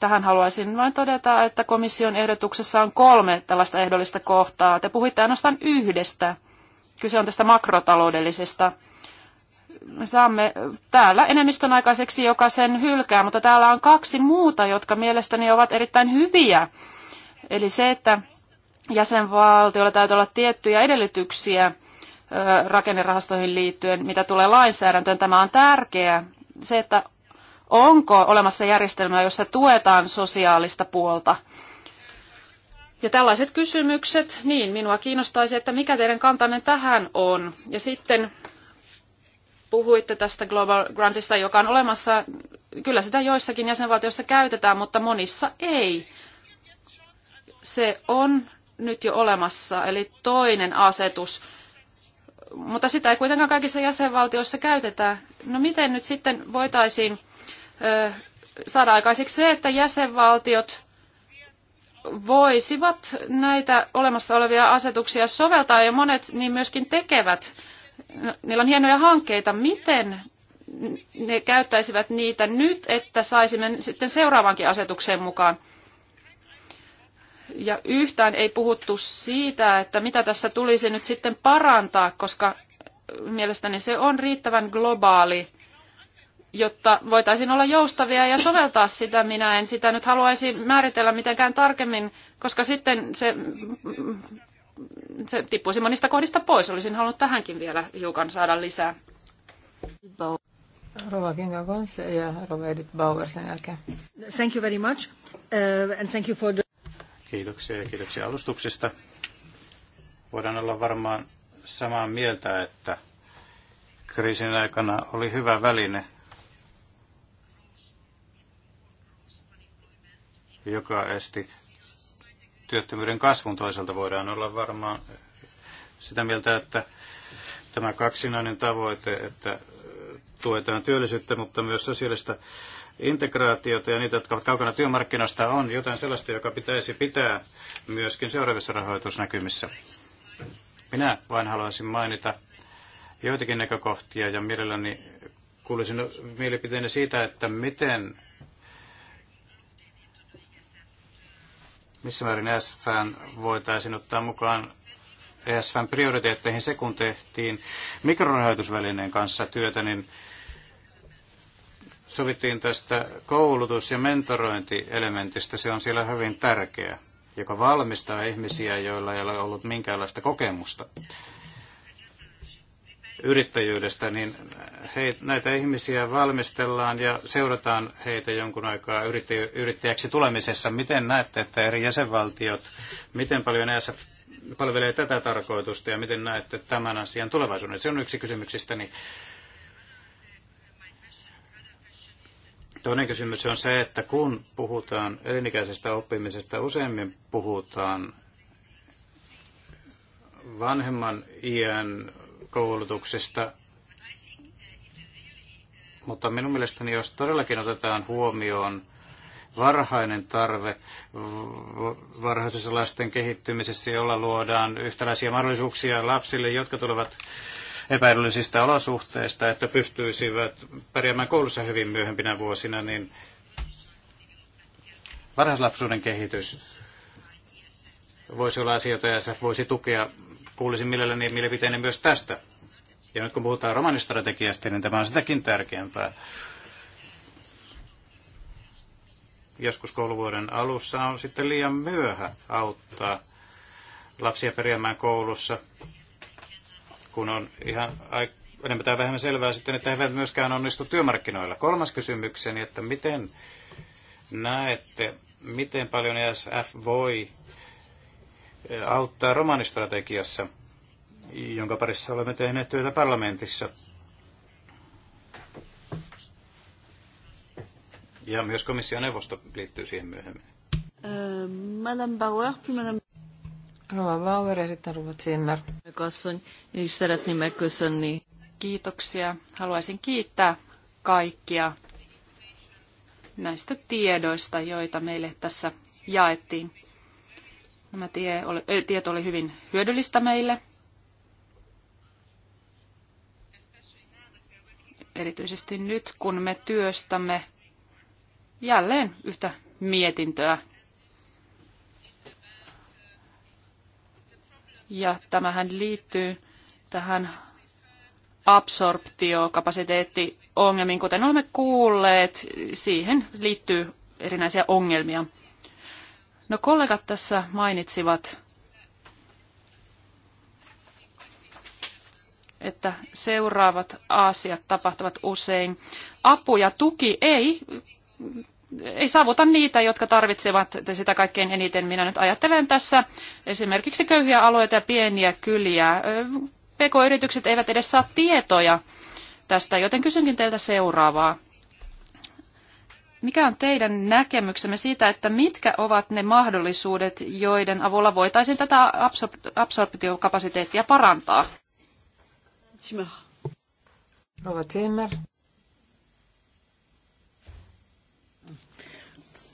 Tähän haluaisin vain todeta, että komission ehdotuksessa on kolme tällaista ehdollista kohtaa. Te puhuitte ainoastaan yhdestä. Kyse on tästä makrotaloudellisesta. Saamme täällä enemmistön aikaiseksi, joka sen hylkää, mutta täällä on kaksi muuta, jotka mielestäni ovat erittäin hyviä. Eli se, että jäsenvaltiolla täytyy olla tiettyjä edellytyksiä rakennerahastoihin liittyen, mitä tulee lainsäädäntöön. Tämä on tärkeää. Se, että onko olemassa järjestelmä, jossa tuetaan sosiaalista puolta ja tällaiset kysymykset, niin minua kiinnostaisi, että mikä teidän kantanne tähän on. Ja sitten puhuitte tästä Global Grantista, joka on olemassa. Kyllä sitä joissakin jäsenvaltioissa käytetään, mutta monissa ei. Se on nyt jo olemassa, eli toinen asetus. Mutta sitä ei kuitenkaan kaikissa jäsenvaltioissa käytetä. No miten nyt sitten voitaisiin ö, saada aikaiseksi se, että jäsenvaltiot voisivat näitä olemassa olevia asetuksia soveltaa ja monet niin myöskin tekevät. Niillä on hienoja hankkeita. Miten ne käyttäisivät niitä nyt, että saisimme sitten seuraavankin asetukseen mukaan? Ja yhtään ei puhuttu siitä, että mitä tässä tulisi nyt sitten parantaa, koska mielestäni se on riittävän globaali jotta voitaisiin olla joustavia ja soveltaa sitä. Minä en sitä nyt haluaisi määritellä mitenkään tarkemmin, koska sitten se, se tippuisi monista kohdista pois. Olisin halunnut tähänkin vielä hiukan saada lisää. Rova Kinga ja Rova Edith Bauer sen jälkeen. Thank you very much. Uh, and thank you for the... Kiitoksia ja kiitoksia alustuksesta. Voidaan olla varmaan samaa mieltä, että kriisin aikana oli hyvä väline joka esti työttömyyden kasvun toisaalta voidaan olla varmaan sitä mieltä, että tämä kaksinainen tavoite, että tuetaan työllisyyttä, mutta myös sosiaalista integraatiota ja niitä, jotka ovat kaukana työmarkkinoista, on jotain sellaista, joka pitäisi pitää myöskin seuraavissa rahoitusnäkymissä. Minä vain haluaisin mainita joitakin näkökohtia ja mielelläni kuulisin mielipiteeni siitä, että miten missä määrin SFN voitaisiin ottaa mukaan SFN prioriteetteihin se, kun tehtiin mikrorahoitusvälineen kanssa työtä, niin sovittiin tästä koulutus- ja mentorointielementistä. Se on siellä hyvin tärkeä, joka valmistaa ihmisiä, joilla ei ole ollut minkäänlaista kokemusta yrittäjyydestä, niin he, näitä ihmisiä valmistellaan ja seurataan heitä jonkun aikaa yrittäjä, yrittäjäksi tulemisessa. Miten näette, että eri jäsenvaltiot, miten paljon ESF palvelee tätä tarkoitusta ja miten näette tämän asian tulevaisuuden? Se on yksi kysymyksistäni. Niin Toinen kysymys on se, että kun puhutaan elinikäisestä oppimisesta, useimmin puhutaan vanhemman iän koulutuksesta. Mutta minun mielestäni, jos todellakin otetaan huomioon varhainen tarve varhaisessa lasten kehittymisessä, jolla luodaan yhtäläisiä mahdollisuuksia lapsille, jotka tulevat epäedullisista olosuhteista, että pystyisivät pärjäämään koulussa hyvin myöhempinä vuosina, niin varhaislapsuuden kehitys voisi olla asioita, ja se voisi tukea kuulisin mielelläni mielipiteeni myös tästä. Ja nyt kun puhutaan romanistrategiasta, niin tämä on sitäkin tärkeämpää. Joskus kouluvuoden alussa on sitten liian myöhä auttaa lapsia pärjäämään koulussa, kun on ihan enemmän tai vähemmän selvää sitten, että he eivät myöskään onnistu työmarkkinoilla. Kolmas kysymykseni, että miten näette, miten paljon ESF voi auttaa romanistrategiassa, jonka parissa olemme tehneet työtä parlamentissa. Ja myös komission neuvosto liittyy siihen myöhemmin. Äh, Madame Bauer, puis Madame... Rova Bauer ja sitten Rova Zimmer. Niin niin- Kiitoksia. Haluaisin kiittää kaikkia näistä tiedoista, joita meille tässä jaettiin. Nämä tie oli, ö, tieto oli hyvin hyödyllistä meille. Erityisesti nyt, kun me työstämme jälleen yhtä mietintöä. Ja tämähän liittyy tähän absorptiokapasiteettiongelmiin, kuten olemme kuulleet. Siihen liittyy erinäisiä ongelmia. No kollegat tässä mainitsivat, että seuraavat asiat tapahtuvat usein. Apu ja tuki ei, ei saavuta niitä, jotka tarvitsevat sitä kaikkein eniten. Minä nyt ajattelen tässä esimerkiksi köyhiä alueita ja pieniä kyliä. PK-yritykset eivät edes saa tietoja tästä, joten kysynkin teiltä seuraavaa. Mikä on teidän näkemyksemme siitä, että mitkä ovat ne mahdollisuudet, joiden avulla voitaisiin tätä absor- absorptiokapasiteettia parantaa? Rova Zimmer.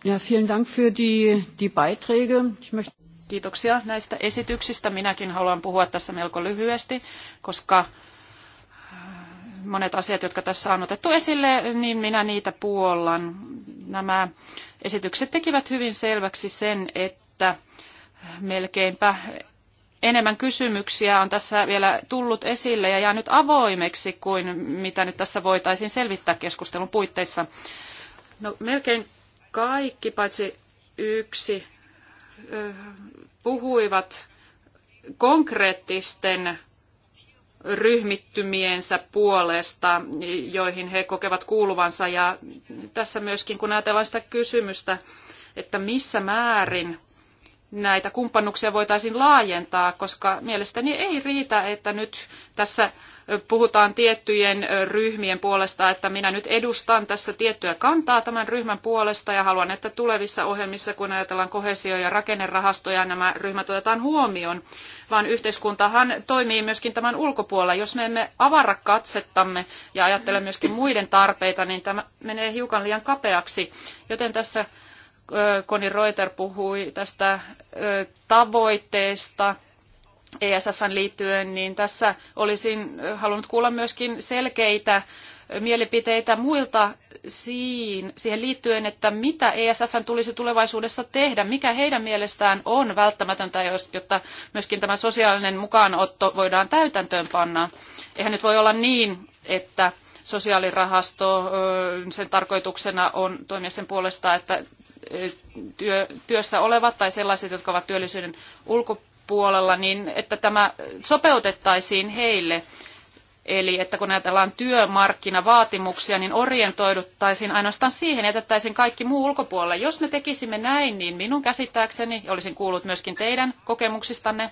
Ja, vielen Dank für die, die Beiträge. Ich möchte Kiitoksia näistä esityksistä. Minäkin haluan puhua tässä melko lyhyesti, koska monet asiat, jotka tässä on otettu esille, niin minä niitä puollan. Nämä esitykset tekivät hyvin selväksi sen, että melkeinpä enemmän kysymyksiä on tässä vielä tullut esille ja jää nyt avoimeksi kuin mitä nyt tässä voitaisiin selvittää keskustelun puitteissa. No, melkein kaikki paitsi yksi puhuivat konkreettisten ryhmittymiensä puolesta, joihin he kokevat kuuluvansa. Ja tässä myöskin, kun ajatellaan sitä kysymystä, että missä määrin näitä kumppanuuksia voitaisiin laajentaa, koska mielestäni ei riitä, että nyt tässä puhutaan tiettyjen ryhmien puolesta, että minä nyt edustan tässä tiettyä kantaa tämän ryhmän puolesta ja haluan, että tulevissa ohjelmissa, kun ajatellaan kohesio- ja rakennerahastoja, nämä ryhmät otetaan huomioon, vaan yhteiskuntahan toimii myöskin tämän ulkopuolella. Jos me emme avara katsettamme ja ajattele myöskin muiden tarpeita, niin tämä menee hiukan liian kapeaksi, joten tässä Koni Reuter puhui tästä tavoitteesta, ESFn liittyen, niin tässä olisin halunnut kuulla myöskin selkeitä mielipiteitä muilta siihen liittyen, että mitä ESFn tulisi tulevaisuudessa tehdä, mikä heidän mielestään on välttämätöntä, jotta myöskin tämä sosiaalinen mukaanotto voidaan täytäntöön panna. Eihän nyt voi olla niin, että sosiaalirahasto, sen tarkoituksena on toimia sen puolesta, että työ, työssä olevat tai sellaiset, jotka ovat työllisyyden ulkopuolella, puolella, niin että tämä sopeutettaisiin heille. Eli että kun ajatellaan työmarkkinavaatimuksia, niin orientoiduttaisiin ainoastaan siihen jätettäisiin kaikki muu ulkopuolelle. Jos me tekisimme näin, niin minun käsittääkseni, ja olisin kuullut myöskin teidän kokemuksistanne,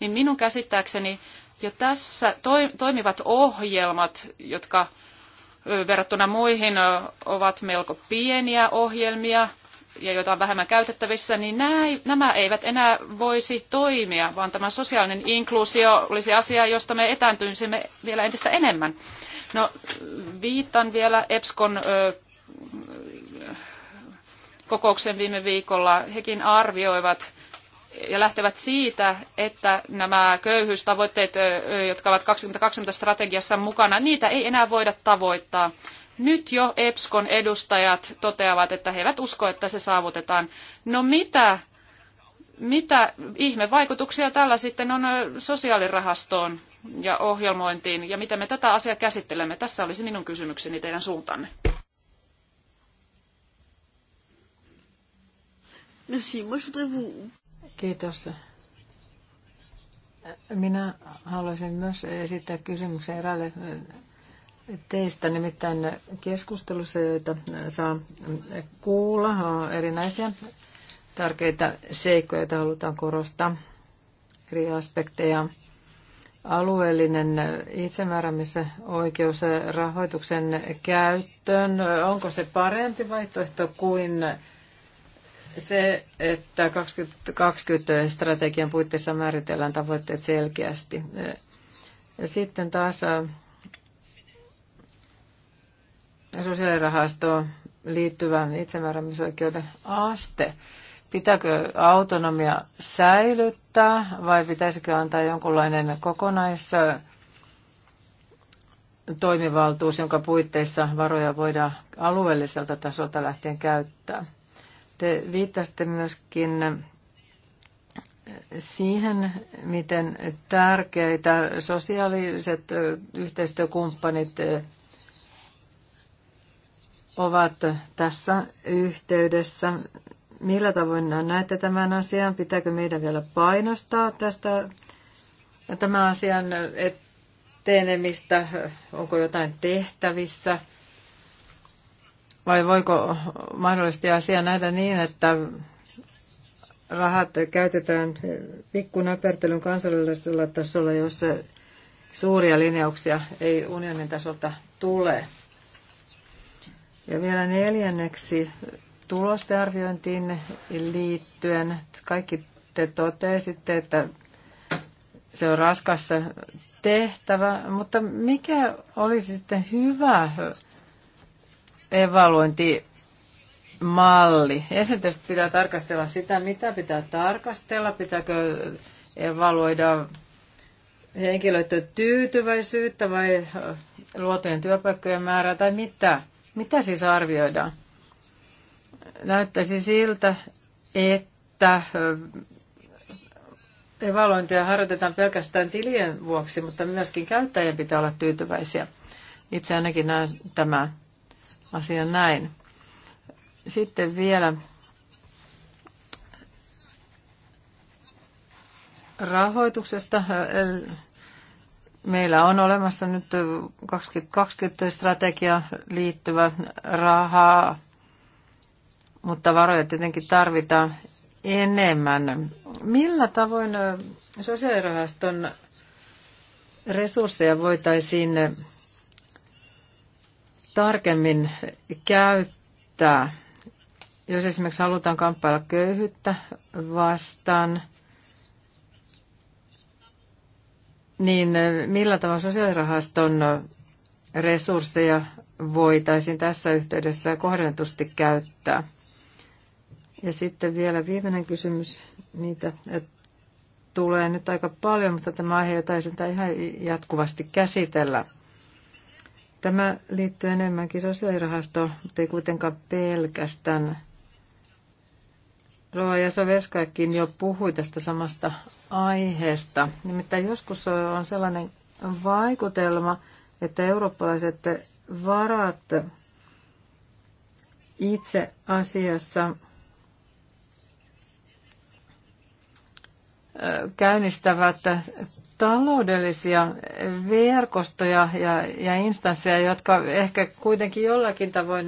niin minun käsittääkseni jo tässä toimivat ohjelmat, jotka verrattuna muihin ovat melko pieniä ohjelmia, ja joita on vähemmän käytettävissä, niin nämä eivät enää voisi toimia, vaan tämä sosiaalinen inkluusio olisi asia, josta me etääntyisimme vielä entistä enemmän. No, viittaan vielä EPSKon ö, kokouksen viime viikolla. Hekin arvioivat ja lähtevät siitä, että nämä köyhyystavoitteet, jotka ovat 2020 strategiassa mukana, niitä ei enää voida tavoittaa nyt jo EPSKon edustajat toteavat, että he eivät usko, että se saavutetaan. No mitä, mitä ihmevaikutuksia tällä sitten on äh, sosiaalirahastoon ja ohjelmointiin, ja miten me tätä asiaa käsittelemme? Tässä olisi minun kysymykseni teidän suuntanne. Kiitos. Minä haluaisin myös esittää kysymyksen eräälle teistä, nimittäin keskustelussa, joita saa kuulla, on erinäisiä tärkeitä seikkoja, joita halutaan korostaa, eri aspekteja. Alueellinen itsemääräämisoikeus rahoituksen käyttöön, onko se parempi vaihtoehto kuin se, että 2020 strategian puitteissa määritellään tavoitteet selkeästi. Sitten taas sosiaalirahastoon liittyvän itsemääräämisoikeuden aste. Pitääkö autonomia säilyttää vai pitäisikö antaa jonkunlainen kokonais toimivaltuus, jonka puitteissa varoja voidaan alueelliselta tasolta lähtien käyttää. Te viittasitte myöskin siihen, miten tärkeitä sosiaaliset yhteistyökumppanit ovat tässä yhteydessä. Millä tavoin näette tämän asian? Pitääkö meidän vielä painostaa tästä tämän asian etenemistä? Onko jotain tehtävissä? Vai voiko mahdollisesti asia nähdä niin, että rahat käytetään pikkunäpertelyn kansallisella tasolla, jos suuria linjauksia ei unionin tasolta tule? Ja vielä neljänneksi tulosten arviointiin liittyen. Kaikki te totesitte, että se on raskas tehtävä, mutta mikä olisi sitten hyvä evaluointimalli? Ensin tietysti pitää tarkastella sitä, mitä pitää tarkastella, pitääkö evaluoida henkilöiden tyytyväisyyttä vai luotujen työpaikkojen määrää tai mitä – mitä siis arvioidaan? Näyttäisi siltä, että evaluointia harjoitetaan pelkästään tilien vuoksi, mutta myöskin käyttäjien pitää olla tyytyväisiä. Itse ainakin näen tämä asia näin. Sitten vielä rahoituksesta Meillä on olemassa nyt 2020-strategia liittyvä rahaa, mutta varoja tietenkin tarvitaan enemmän. Millä tavoin sosiaalirahaston resursseja voitaisiin tarkemmin käyttää, jos esimerkiksi halutaan kamppailla köyhyyttä vastaan – niin äh, millä tavalla sosiaalirahaston resursseja voitaisiin tässä yhteydessä kohdennetusti käyttää? Ja sitten vielä viimeinen kysymys. Niitä tulee nyt aika paljon, mutta tämä aihe, jota ei ihan jatkuvasti käsitellä. Tämä liittyy enemmänkin sosiaalirahastoon, mutta ei kuitenkaan pelkästään. Roa Soveskaikin jo puhui tästä samasta aiheesta. Nimittäin joskus on sellainen vaikutelma, että eurooppalaiset varat itse asiassa käynnistävät taloudellisia verkostoja ja, ja instansseja, jotka ehkä kuitenkin jollakin tavoin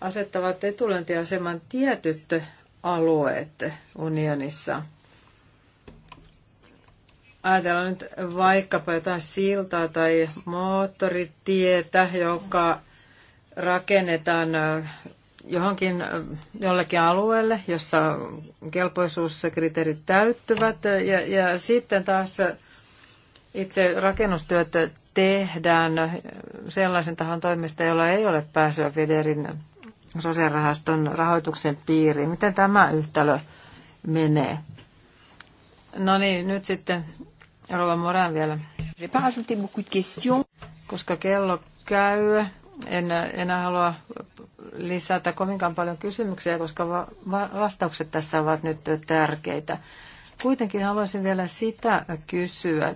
asettavat etulyöntiaseman tietyt alueet unionissa ajatellaan nyt vaikkapa jotain siltaa tai moottoritietä, joka rakennetaan johonkin jollekin alueelle, jossa kelpoisuuskriteerit täyttyvät ja, ja sitten taas itse rakennustyöt tehdään sellaisen tahon toimesta, jolla ei ole pääsyä Federin sosiaalirahaston rahoituksen piiriin. Miten tämä yhtälö menee? No niin, nyt sitten Rova Moran vielä. Koska kello käy, en enää halua lisätä kovinkaan paljon kysymyksiä, koska vastaukset tässä ovat nyt tärkeitä. Kuitenkin haluaisin vielä sitä kysyä,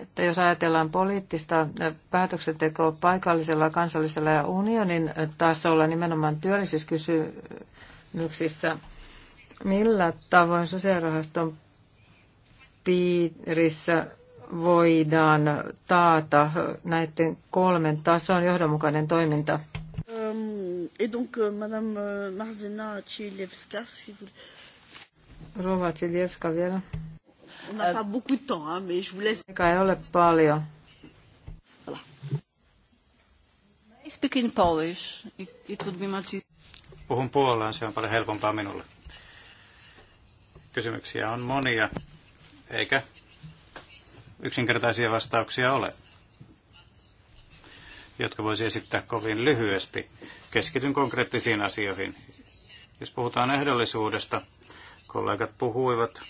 että jos ajatellaan poliittista päätöksentekoa paikallisella, kansallisella ja unionin tasolla, nimenomaan työllisyyskysymyksissä, millä tavoin sosiaalirahaston piirissä voidaan taata näiden kolmen tason johdonmukainen toiminta. Ähm, et donc, euh, Madame Marzena euh, Chilevska, si vous... Rova Chilevska vielä. On n'a pas beaucoup de temps, hein, mais je vous laisse... Eikä ei ole paljon. Voilà. I speak in Polish. It, it would be much... Puhun puolella, se on paljon helpompaa minulle. Kysymyksiä on monia eikä yksinkertaisia vastauksia ole, jotka voisi esittää kovin lyhyesti. Keskityn konkreettisiin asioihin. Jos puhutaan ehdollisuudesta, kollegat puhuivat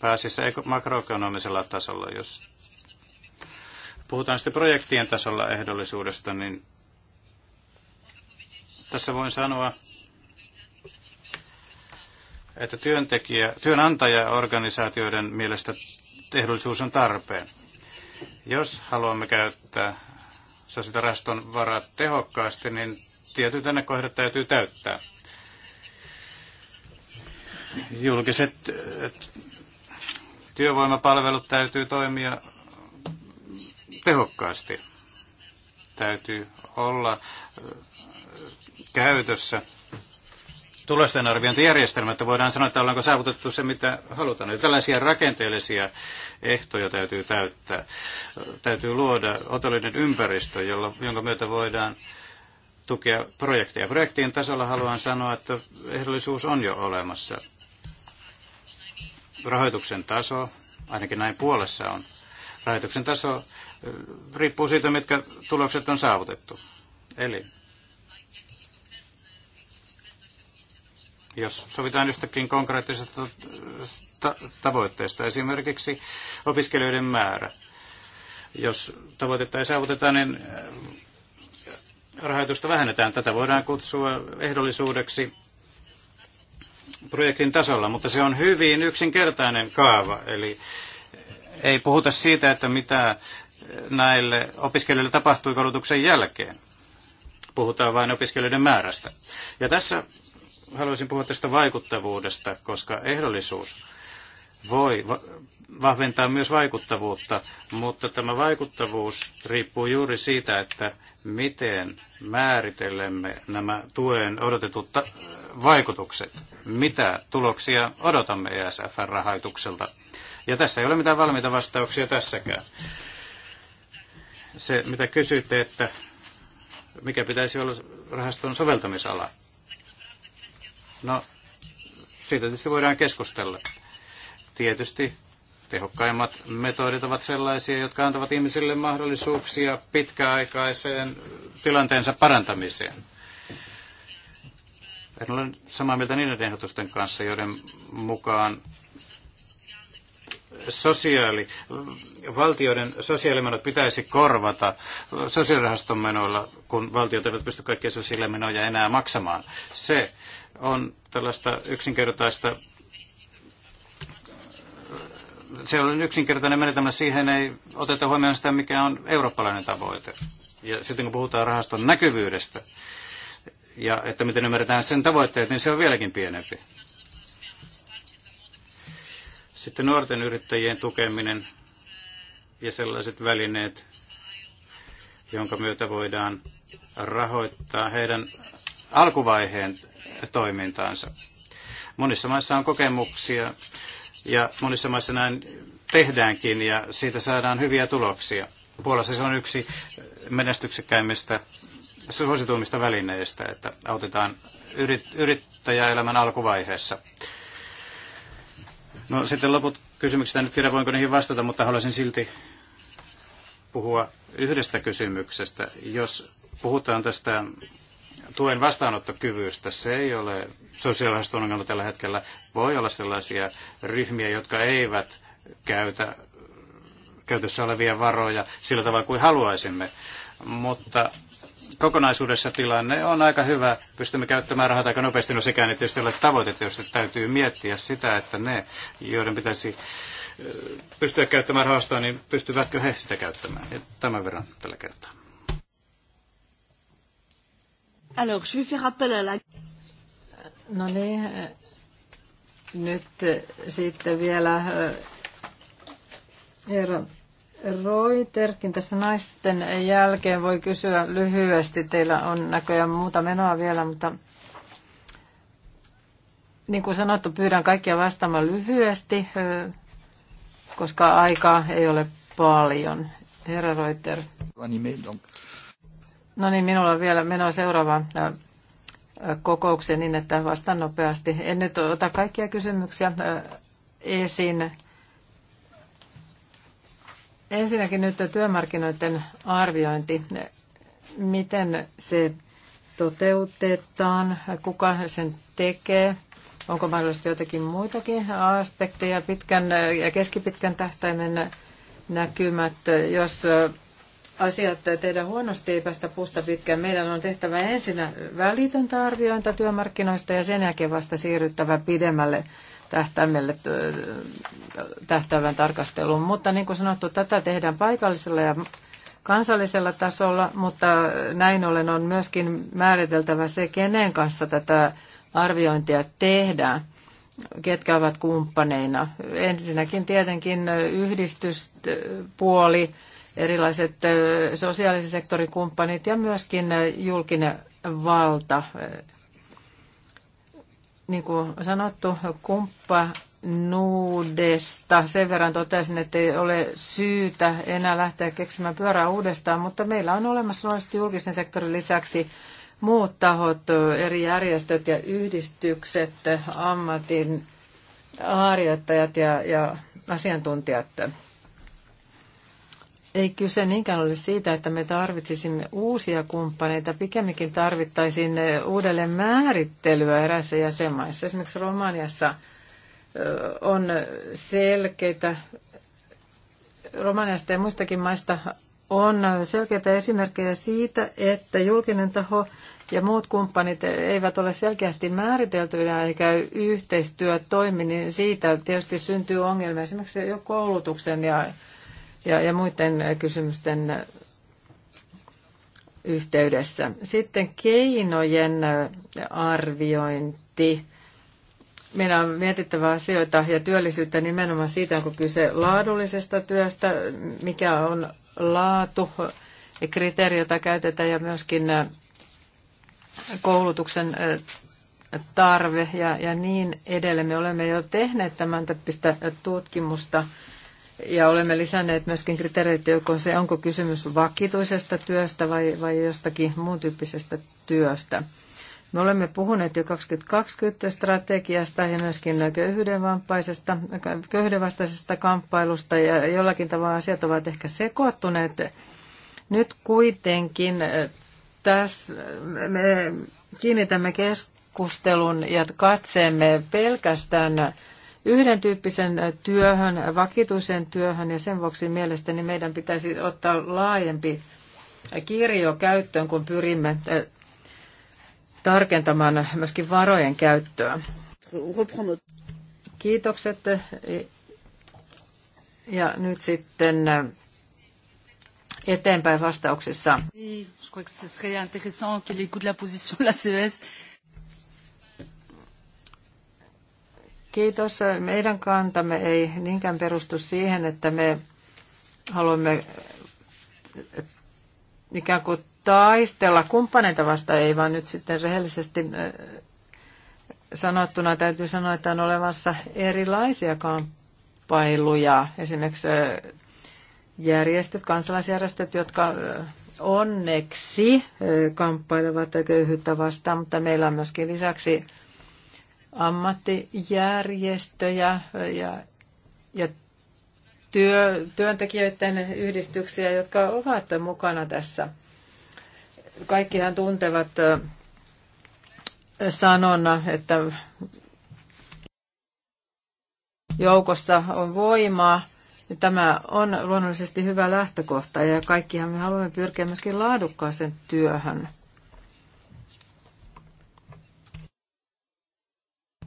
pääasiassa makroekonomisella tasolla. Jos puhutaan sitten projektien tasolla ehdollisuudesta, niin tässä voin sanoa, että työntekijä, työnantajaorganisaatioiden mielestä ehdollisuus on tarpeen. Jos haluamme käyttää sosiaaliraston varat tehokkaasti, niin tietyt kohdat täytyy täyttää. Julkiset äh, työvoimapalvelut täytyy toimia tehokkaasti. Täytyy olla äh, käytössä tulosten arviointijärjestelmä, että voidaan sanoa, että ollaanko saavutettu se, mitä halutaan. Eli tällaisia rakenteellisia ehtoja täytyy täyttää. Täytyy luoda otollinen ympäristö, jolla, jonka myötä voidaan tukea projekteja. Projektien tasolla haluan sanoa, että ehdollisuus on jo olemassa. Rahoituksen taso, ainakin näin puolessa on. Rahoituksen taso riippuu siitä, mitkä tulokset on saavutettu. Eli Jos sovitaan jostakin konkreettisesta tavoitteesta, esimerkiksi opiskelijoiden määrä. Jos tavoitetta ei saavuteta, niin äh, rahoitusta vähennetään. Tätä voidaan kutsua ehdollisuudeksi projektin tasolla, mutta se on hyvin yksinkertainen kaava. Eli äh, ei puhuta siitä, että mitä äh, näille opiskelijoille tapahtui koulutuksen jälkeen. Puhutaan vain opiskelijoiden määrästä. Ja tässä haluaisin puhua tästä vaikuttavuudesta, koska ehdollisuus voi vahventaa myös vaikuttavuutta, mutta tämä vaikuttavuus riippuu juuri siitä, että miten määritellemme nämä tuen odotetut vaikutukset, mitä tuloksia odotamme ESF-rahoitukselta. Ja tässä ei ole mitään valmiita vastauksia tässäkään. Se, mitä kysyitte, että mikä pitäisi olla rahaston soveltamisala. No, siitä tietysti voidaan keskustella. Tietysti tehokkaimmat metodit ovat sellaisia, jotka antavat ihmisille mahdollisuuksia pitkäaikaiseen tilanteensa parantamiseen. En ole samaa mieltä niiden ehdotusten kanssa, joiden mukaan sosiaali, valtioiden sosiaalimenot pitäisi korvata sosiaalirahaston menoilla, kun valtiot eivät pysty kaikkia sosiaalimenoja enää maksamaan. Se on tällaista yksinkertaista se on yksinkertainen menetelmä, siihen ei oteta huomioon sitä, mikä on eurooppalainen tavoite. Ja sitten kun puhutaan rahaston näkyvyydestä ja että miten ymmärretään sen tavoitteet, niin se on vieläkin pienempi. Sitten nuorten yrittäjien tukeminen ja sellaiset välineet, jonka myötä voidaan rahoittaa heidän alkuvaiheen toimintaansa. Monissa maissa on kokemuksia ja monissa maissa näin tehdäänkin ja siitä saadaan hyviä tuloksia. Puolassa se on yksi menestyksekkäimmistä suosituimmista välineistä, että autetaan yrit, yrittäjäelämän alkuvaiheessa. No sitten loput kysymyksistä, nyt tiedä voinko niihin vastata, mutta haluaisin silti puhua yhdestä kysymyksestä. Jos puhutaan tästä tuen vastaanottokyvystä. Se ei ole sosiaalirahaston ongelma tällä hetkellä. Voi olla sellaisia ryhmiä, jotka eivät käytä käytössä olevia varoja sillä tavalla kuin haluaisimme. Mutta kokonaisuudessa tilanne on aika hyvä. Pystymme käyttämään rahat aika nopeasti. No sekään ei tietysti ole tavoite, jos täytyy miettiä sitä, että ne, joiden pitäisi pystyä käyttämään rahastoa, niin pystyvätkö he sitä käyttämään. Ja tämän verran tällä kertaa. Alors, je vais faire appel à la... No niin, nyt sitten vielä eh, Eero Reuterkin tässä naisten jälkeen voi kysyä lyhyesti. Teillä on näköjään muuta menoa vielä, mutta niin kuin sanottu, pyydän kaikkia vastaamaan lyhyesti, eh, koska aikaa ei ole paljon. Herra Reuter. donc. No niin, minulla on vielä menoa seuraava äh, äh, kokoukseen niin, että vastaan nopeasti. En nyt ota kaikkia kysymyksiä äh, esiin. Ensinnäkin nyt työmarkkinoiden arviointi. Miten se toteutetaan? Kuka sen tekee? Onko mahdollisesti jotakin muitakin aspekteja pitkän ja keskipitkän tähtäimen näkymät, jos asiat tehdä huonosti, ei päästä puusta pitkään. Meidän on tehtävä ensin välitöntä arviointa työmarkkinoista ja sen jälkeen vasta siirryttävä pidemmälle tähtäimelle tähtävän tarkasteluun. Mutta niin kuin sanottu, tätä tehdään paikallisella ja kansallisella tasolla, mutta näin ollen on myöskin määriteltävä se, kenen kanssa tätä arviointia tehdään ketkä ovat kumppaneina. Ensinnäkin tietenkin yhdistyspuoli, erilaiset sosiaalisen sektorin kumppanit ja myöskin julkinen valta. Niin kuin sanottu, kumppanuudesta sen verran totesin, että ei ole syytä enää lähteä keksimään pyörää uudestaan, mutta meillä on olemassa luonnollisesti julkisen sektorin lisäksi muut tahot, eri järjestöt ja yhdistykset, ammatin harjoittajat ja, ja asiantuntijat. Ei kyse niinkään ole siitä, että me tarvitsisimme uusia kumppaneita. Pikemminkin tarvittaisiin uudelleen määrittelyä erässä jäsenmaissa. Esimerkiksi Romaniassa on selkeitä, Romaniasta ja muistakin maista on selkeitä esimerkkejä siitä, että julkinen taho ja muut kumppanit eivät ole selkeästi määriteltyjä eikä yhteistyö toimi, niin siitä tietysti syntyy ongelmia esimerkiksi jo koulutuksen ja ja, ja muiden äh, kysymysten äh, yhteydessä. Sitten keinojen äh, arviointi. Meidän on mietittävä asioita ja työllisyyttä nimenomaan siitä, onko kyse laadullisesta työstä, mikä on laatu, kriteeri, jota käytetään, ja myöskin koulutuksen tarve ja, ja niin edelleen. Me olemme jo tehneet tämän tyyppistä tutkimusta ja olemme lisänneet myöskin kriteereitä, joko se onko kysymys vakituisesta työstä vai, vai jostakin muun tyyppisestä työstä. Me olemme puhuneet jo 2020-strategiasta ja myöskin köyhdenvastaisesta kamppailusta ja jollakin tavalla asiat ovat ehkä sekoittuneet. Nyt kuitenkin eh, tässä me kiinnitämme keskustelun ja katseemme pelkästään yhden tyyppisen työhön, vakituisen työhön, ja sen vuoksi mielestäni meidän pitäisi ottaa laajempi kirjo käyttöön, kun pyrimme tarkentamaan myöskin varojen käyttöä. Kiitokset. Ja nyt sitten eteenpäin vastauksissa. Je crois que ce serait intéressant qu'elle écoute la position de la CES Kiitos. Meidän kantamme ei niinkään perustu siihen, että me haluamme ikään kuin taistella kumppaneita vastaan, ei vaan nyt sitten rehellisesti äh, sanottuna täytyy sanoa, että on olemassa erilaisia kamppailuja. Esimerkiksi äh, järjestöt, kansalaisjärjestöt, jotka äh, onneksi kamppailevat köyhyyttä vastaan, mutta meillä on myöskin lisäksi ammattijärjestöjä ja, ja työ, työntekijöiden yhdistyksiä, jotka ovat mukana tässä. Kaikkihan tuntevat sanona, että joukossa on voimaa. Tämä on luonnollisesti hyvä lähtökohta ja kaikkihan me haluamme pyrkiä myöskin laadukkaaseen työhön –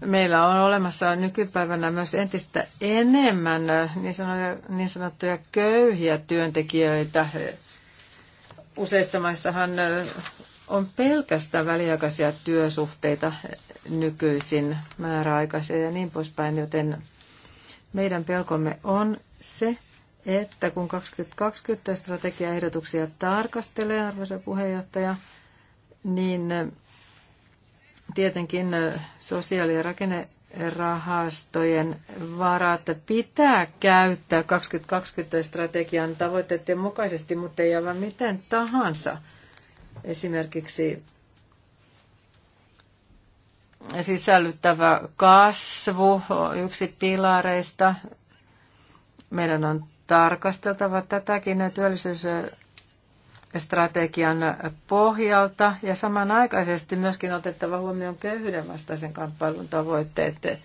Meillä on olemassa nykypäivänä myös entistä enemmän äh, niin, niin sanottuja köyhiä työntekijöitä. Useissa maissahan äh, on pelkästään väliaikaisia työsuhteita äh, nykyisin, määräaikaisia ja niin poispäin, joten meidän pelkomme on se, että kun 2020 strategiaehdotuksia tarkastelee, arvoisa puheenjohtaja, niin tietenkin sosiaali- ja rakennerahastojen varat pitää käyttää 2020-strategian tavoitteiden mukaisesti, mutta ei aivan miten tahansa. Esimerkiksi sisällyttävä kasvu on yksi pilareista. Meidän on tarkasteltava tätäkin työllisyys- strategian pohjalta ja samanaikaisesti myöskin otettava huomioon köyhyyden vastaisen kamppailun tavoitteet.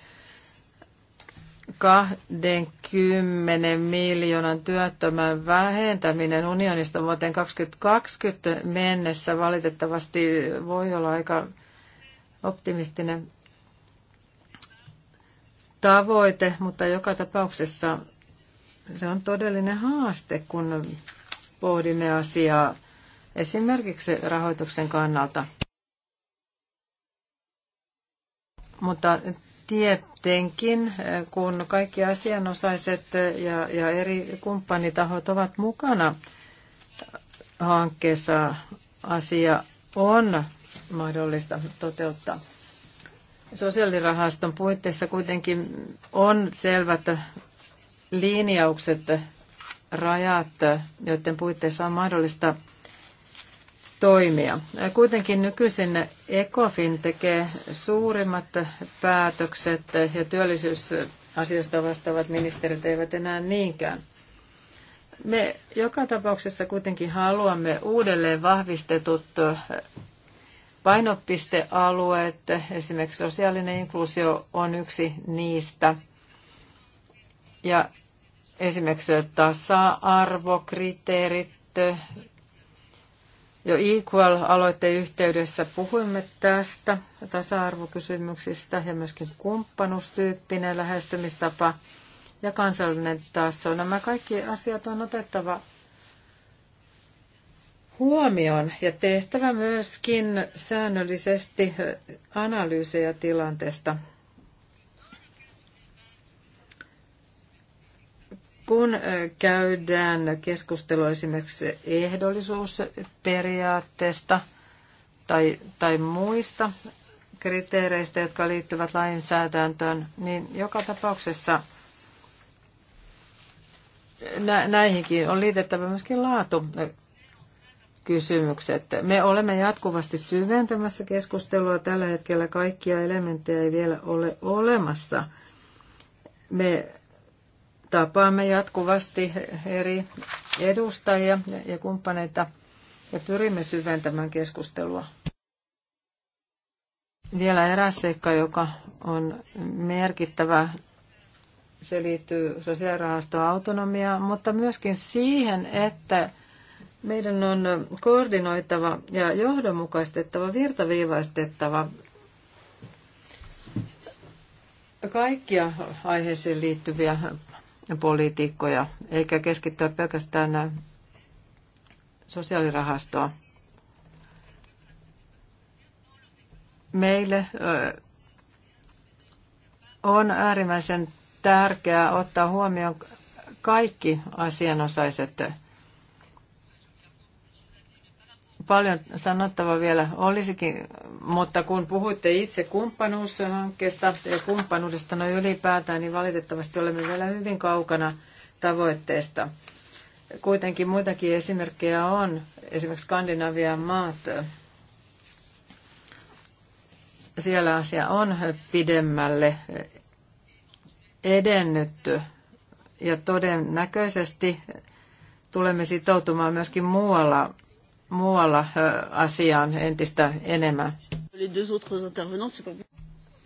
20 miljoonan työttömän vähentäminen unionista vuoteen 2020 mennessä valitettavasti voi olla aika optimistinen tavoite, mutta joka tapauksessa se on todellinen haaste, kun pohdimme asiaa esimerkiksi rahoituksen kannalta. Mutta tietenkin, kun kaikki asianosaiset ja, ja eri kumppanitahot ovat mukana hankkeessa, asia on mahdollista toteuttaa. Sosiaalirahaston puitteissa kuitenkin on selvät linjaukset rajat, joiden puitteissa on mahdollista toimia. Kuitenkin nykyisin ECOFIN tekee suurimmat päätökset ja työllisyysasioista vastaavat ministerit eivät enää niinkään. Me joka tapauksessa kuitenkin haluamme uudelleen vahvistetut painopistealueet, esimerkiksi sosiaalinen inkluusio on yksi niistä. Ja esimerkiksi tasa-arvokriteerit. Jo Equal-aloitteen yhteydessä puhuimme tästä tasa-arvokysymyksistä ja myöskin kumppanustyyppinen lähestymistapa ja kansallinen taso. Nämä kaikki asiat on otettava huomioon ja tehtävä myöskin säännöllisesti analyysejä tilanteesta kun käydään keskustelua esimerkiksi ehdollisuusperiaatteesta tai, tai muista kriteereistä, jotka liittyvät lainsäädäntöön, niin joka tapauksessa nä- näihinkin on liitettävä myöskin laatu kysymykset. Me olemme jatkuvasti syventämässä keskustelua. Tällä hetkellä kaikkia elementtejä ei vielä ole olemassa. Me tapaamme jatkuvasti eri edustajia ja kumppaneita ja pyrimme syventämään keskustelua. Vielä eräs seikka, joka on merkittävä, se liittyy sosiaalirahaston autonomiaan, mutta myöskin siihen, että meidän on koordinoitava ja johdonmukaistettava, virtaviivaistettava kaikkia aiheeseen liittyviä poliitikkoja, eikä keskittyä pelkästään sosiaalirahastoa. Meille on äärimmäisen tärkeää ottaa huomioon kaikki asianosaiset paljon sanottavaa vielä olisikin, mutta kun puhuitte itse kumppanuushankkeesta ja kumppanuudesta noin ylipäätään, niin valitettavasti olemme vielä hyvin kaukana tavoitteesta. Kuitenkin muitakin esimerkkejä on, esimerkiksi Skandinavian maat. Siellä asia on pidemmälle edennyt ja todennäköisesti tulemme sitoutumaan myöskin muualla muualla asiaan entistä enemmän.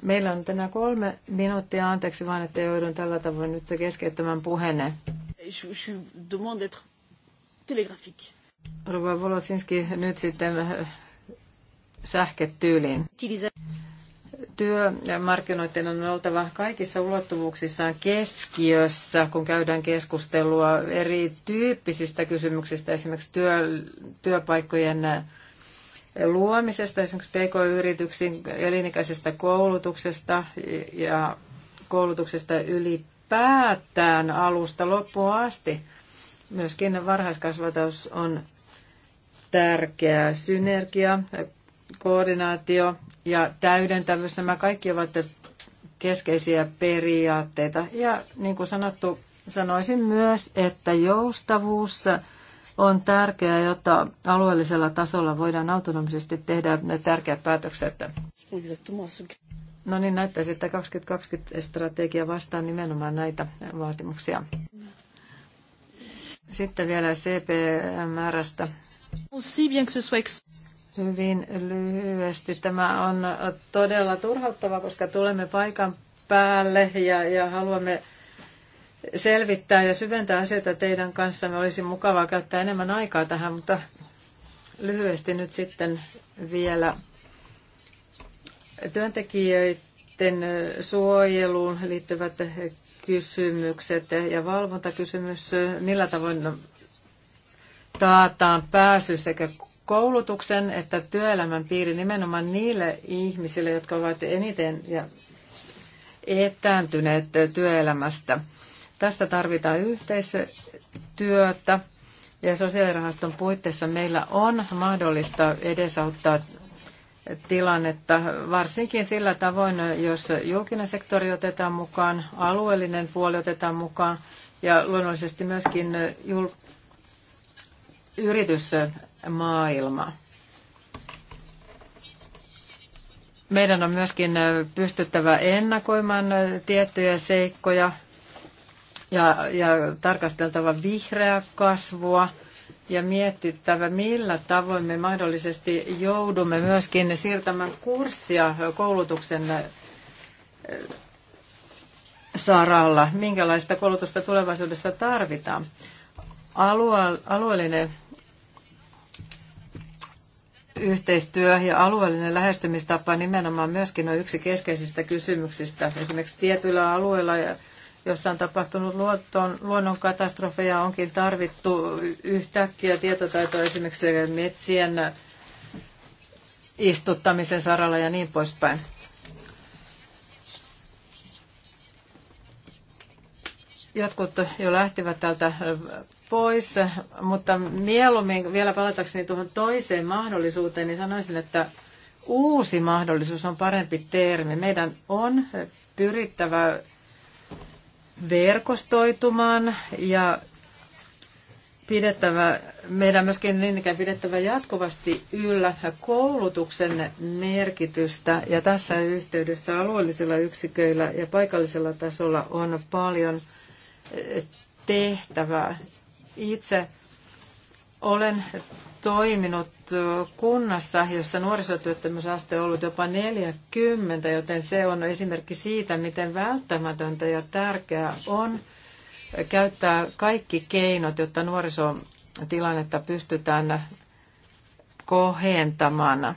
Meillä on tänään kolme minuuttia, anteeksi vain, että joudun tällä tavoin nyt keskeyttämään puheenne. Rova Volosinski nyt sitten sähkötyyliin markkinoiden on oltava kaikissa ulottuvuuksissaan keskiössä, kun käydään keskustelua erityyppisistä kysymyksistä, esimerkiksi työ, työpaikkojen luomisesta, esimerkiksi pk yrityksin elinikäisestä koulutuksesta ja koulutuksesta ylipäätään alusta loppuun asti. Myöskin varhaiskasvatus on tärkeää. Synergia, koordinaatio, ja täydentävyys, nämä kaikki ovat keskeisiä periaatteita. Ja niin kuin sanottu, sanoisin myös, että joustavuus on tärkeää, jotta alueellisella tasolla voidaan autonomisesti tehdä ne tärkeät päätökset. No niin, näyttäisi, että 2020-strategia vastaa nimenomaan näitä vaatimuksia. Sitten vielä CPMRstä hyvin lyhyesti. Tämä on todella turhauttava, koska tulemme paikan päälle ja, ja haluamme selvittää ja syventää asioita teidän Me Olisi mukavaa käyttää enemmän aikaa tähän, mutta lyhyesti nyt sitten vielä työntekijöiden suojeluun liittyvät kysymykset ja valvontakysymys, millä tavoin taataan pääsy sekä koulutuksen että työelämän piiri nimenomaan niille ihmisille, jotka ovat eniten ja etääntyneet työelämästä. Tässä tarvitaan yhteistyötä ja sosiaalirahaston puitteissa meillä on mahdollista edesauttaa tilannetta, varsinkin sillä tavoin, jos julkinen sektori otetaan mukaan, alueellinen puoli otetaan mukaan ja luonnollisesti myöskin yritys maailma. Meidän on myöskin pystyttävä ennakoimaan tiettyjä seikkoja ja, ja tarkasteltava vihreää kasvua ja mietittävä, millä tavoin me mahdollisesti joudumme myöskin siirtämään kurssia koulutuksen saralla, minkälaista koulutusta tulevaisuudessa tarvitaan. Alue, alueellinen yhteistyö ja alueellinen lähestymistapa nimenomaan myöskin on yksi keskeisistä kysymyksistä. Esimerkiksi tietyillä alueilla, jossa on tapahtunut luonnon, luonnonkatastrofeja, onkin tarvittu yhtäkkiä tietotaitoa esimerkiksi metsien istuttamisen saralla ja niin poispäin. Jotkut jo lähtivät tältä pois, mutta mieluummin vielä palatakseni tuohon toiseen mahdollisuuteen, niin sanoisin, että uusi mahdollisuus on parempi termi. Meidän on pyrittävä verkostoitumaan ja pidettävä, meidän myöskin niin pidettävä jatkuvasti yllä koulutuksen merkitystä. Ja tässä yhteydessä alueellisilla yksiköillä ja paikallisella tasolla on paljon tehtävää. Itse olen toiminut kunnassa, jossa nuorisotyöttömyysaste on ollut jopa 40, joten se on esimerkki siitä, miten välttämätöntä ja tärkeää on käyttää kaikki keinot, jotta nuorisotilannetta pystytään kohentamaan.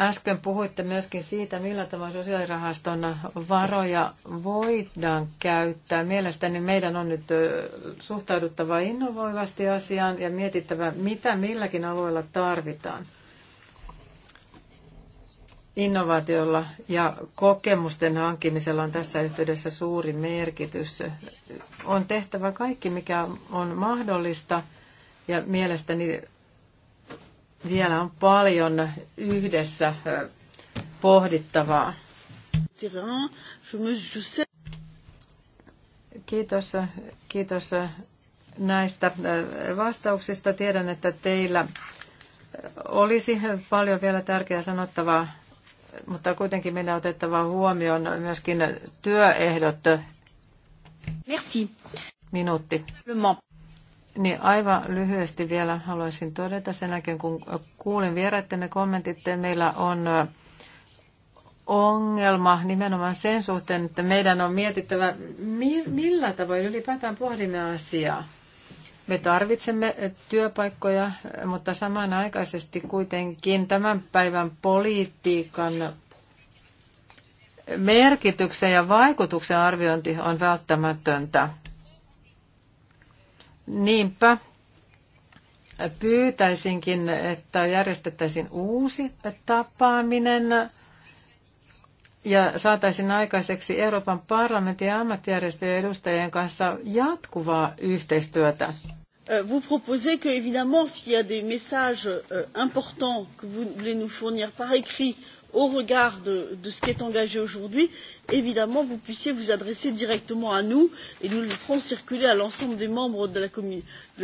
Äsken puhuitte myöskin siitä, millä tavalla sosiaalirahaston varoja voidaan käyttää. Mielestäni meidän on nyt suhtauduttava innovoivasti asiaan ja mietittävä, mitä milläkin alueella tarvitaan. Innovaatiolla ja kokemusten hankkimisella on tässä yhteydessä suuri merkitys. On tehtävä kaikki, mikä on mahdollista ja mielestäni vielä on paljon yhdessä pohdittavaa. Kiitos, kiitos näistä vastauksista. Tiedän, että teillä olisi paljon vielä tärkeää sanottavaa, mutta kuitenkin meidän on otettava huomioon myöskin työehdot. Merci. Minuutti. Niin aivan lyhyesti vielä haluaisin todeta sen jälkeen, kun kuulin vieraittenne kommentit, että meillä on ongelma nimenomaan sen suhteen, että meidän on mietittävä, millä tavoin ylipäätään pohdimme asiaa. Me tarvitsemme työpaikkoja, mutta samanaikaisesti kuitenkin tämän päivän politiikan merkityksen ja vaikutuksen arviointi on välttämätöntä. Niinpä pyytäisinkin, että järjestettäisiin uusi tapaaminen ja saataisiin aikaiseksi Euroopan parlamentin ja ammattijärjestöjen edustajien kanssa jatkuvaa yhteistyötä. Euh, vous proposez que, évidemment, s'il y a des messages euh, importants que vous voulez nous fournir par écrit, au regard de, ce qui est engagé aujourd'hui évidemment vous puissiez vous adresser directement à nous et nous le ferons circuler à l'ensemble des membres de la,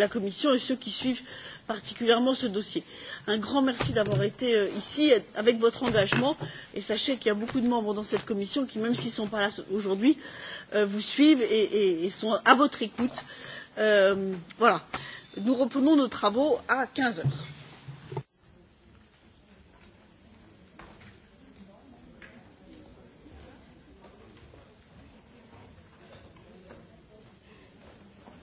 commission et à ceux qui suivent particulièrement ce dossier. un grand merci d'avoir été euh, ici avec votre engagement et sachez qu'il y a beaucoup de membres dans cette commission qui même s'ils ne sont pas là aujourd'hui euh, vous suivent et, sont à votre écoute. Euh, voilà nous reprenons nos travaux à quinze heures.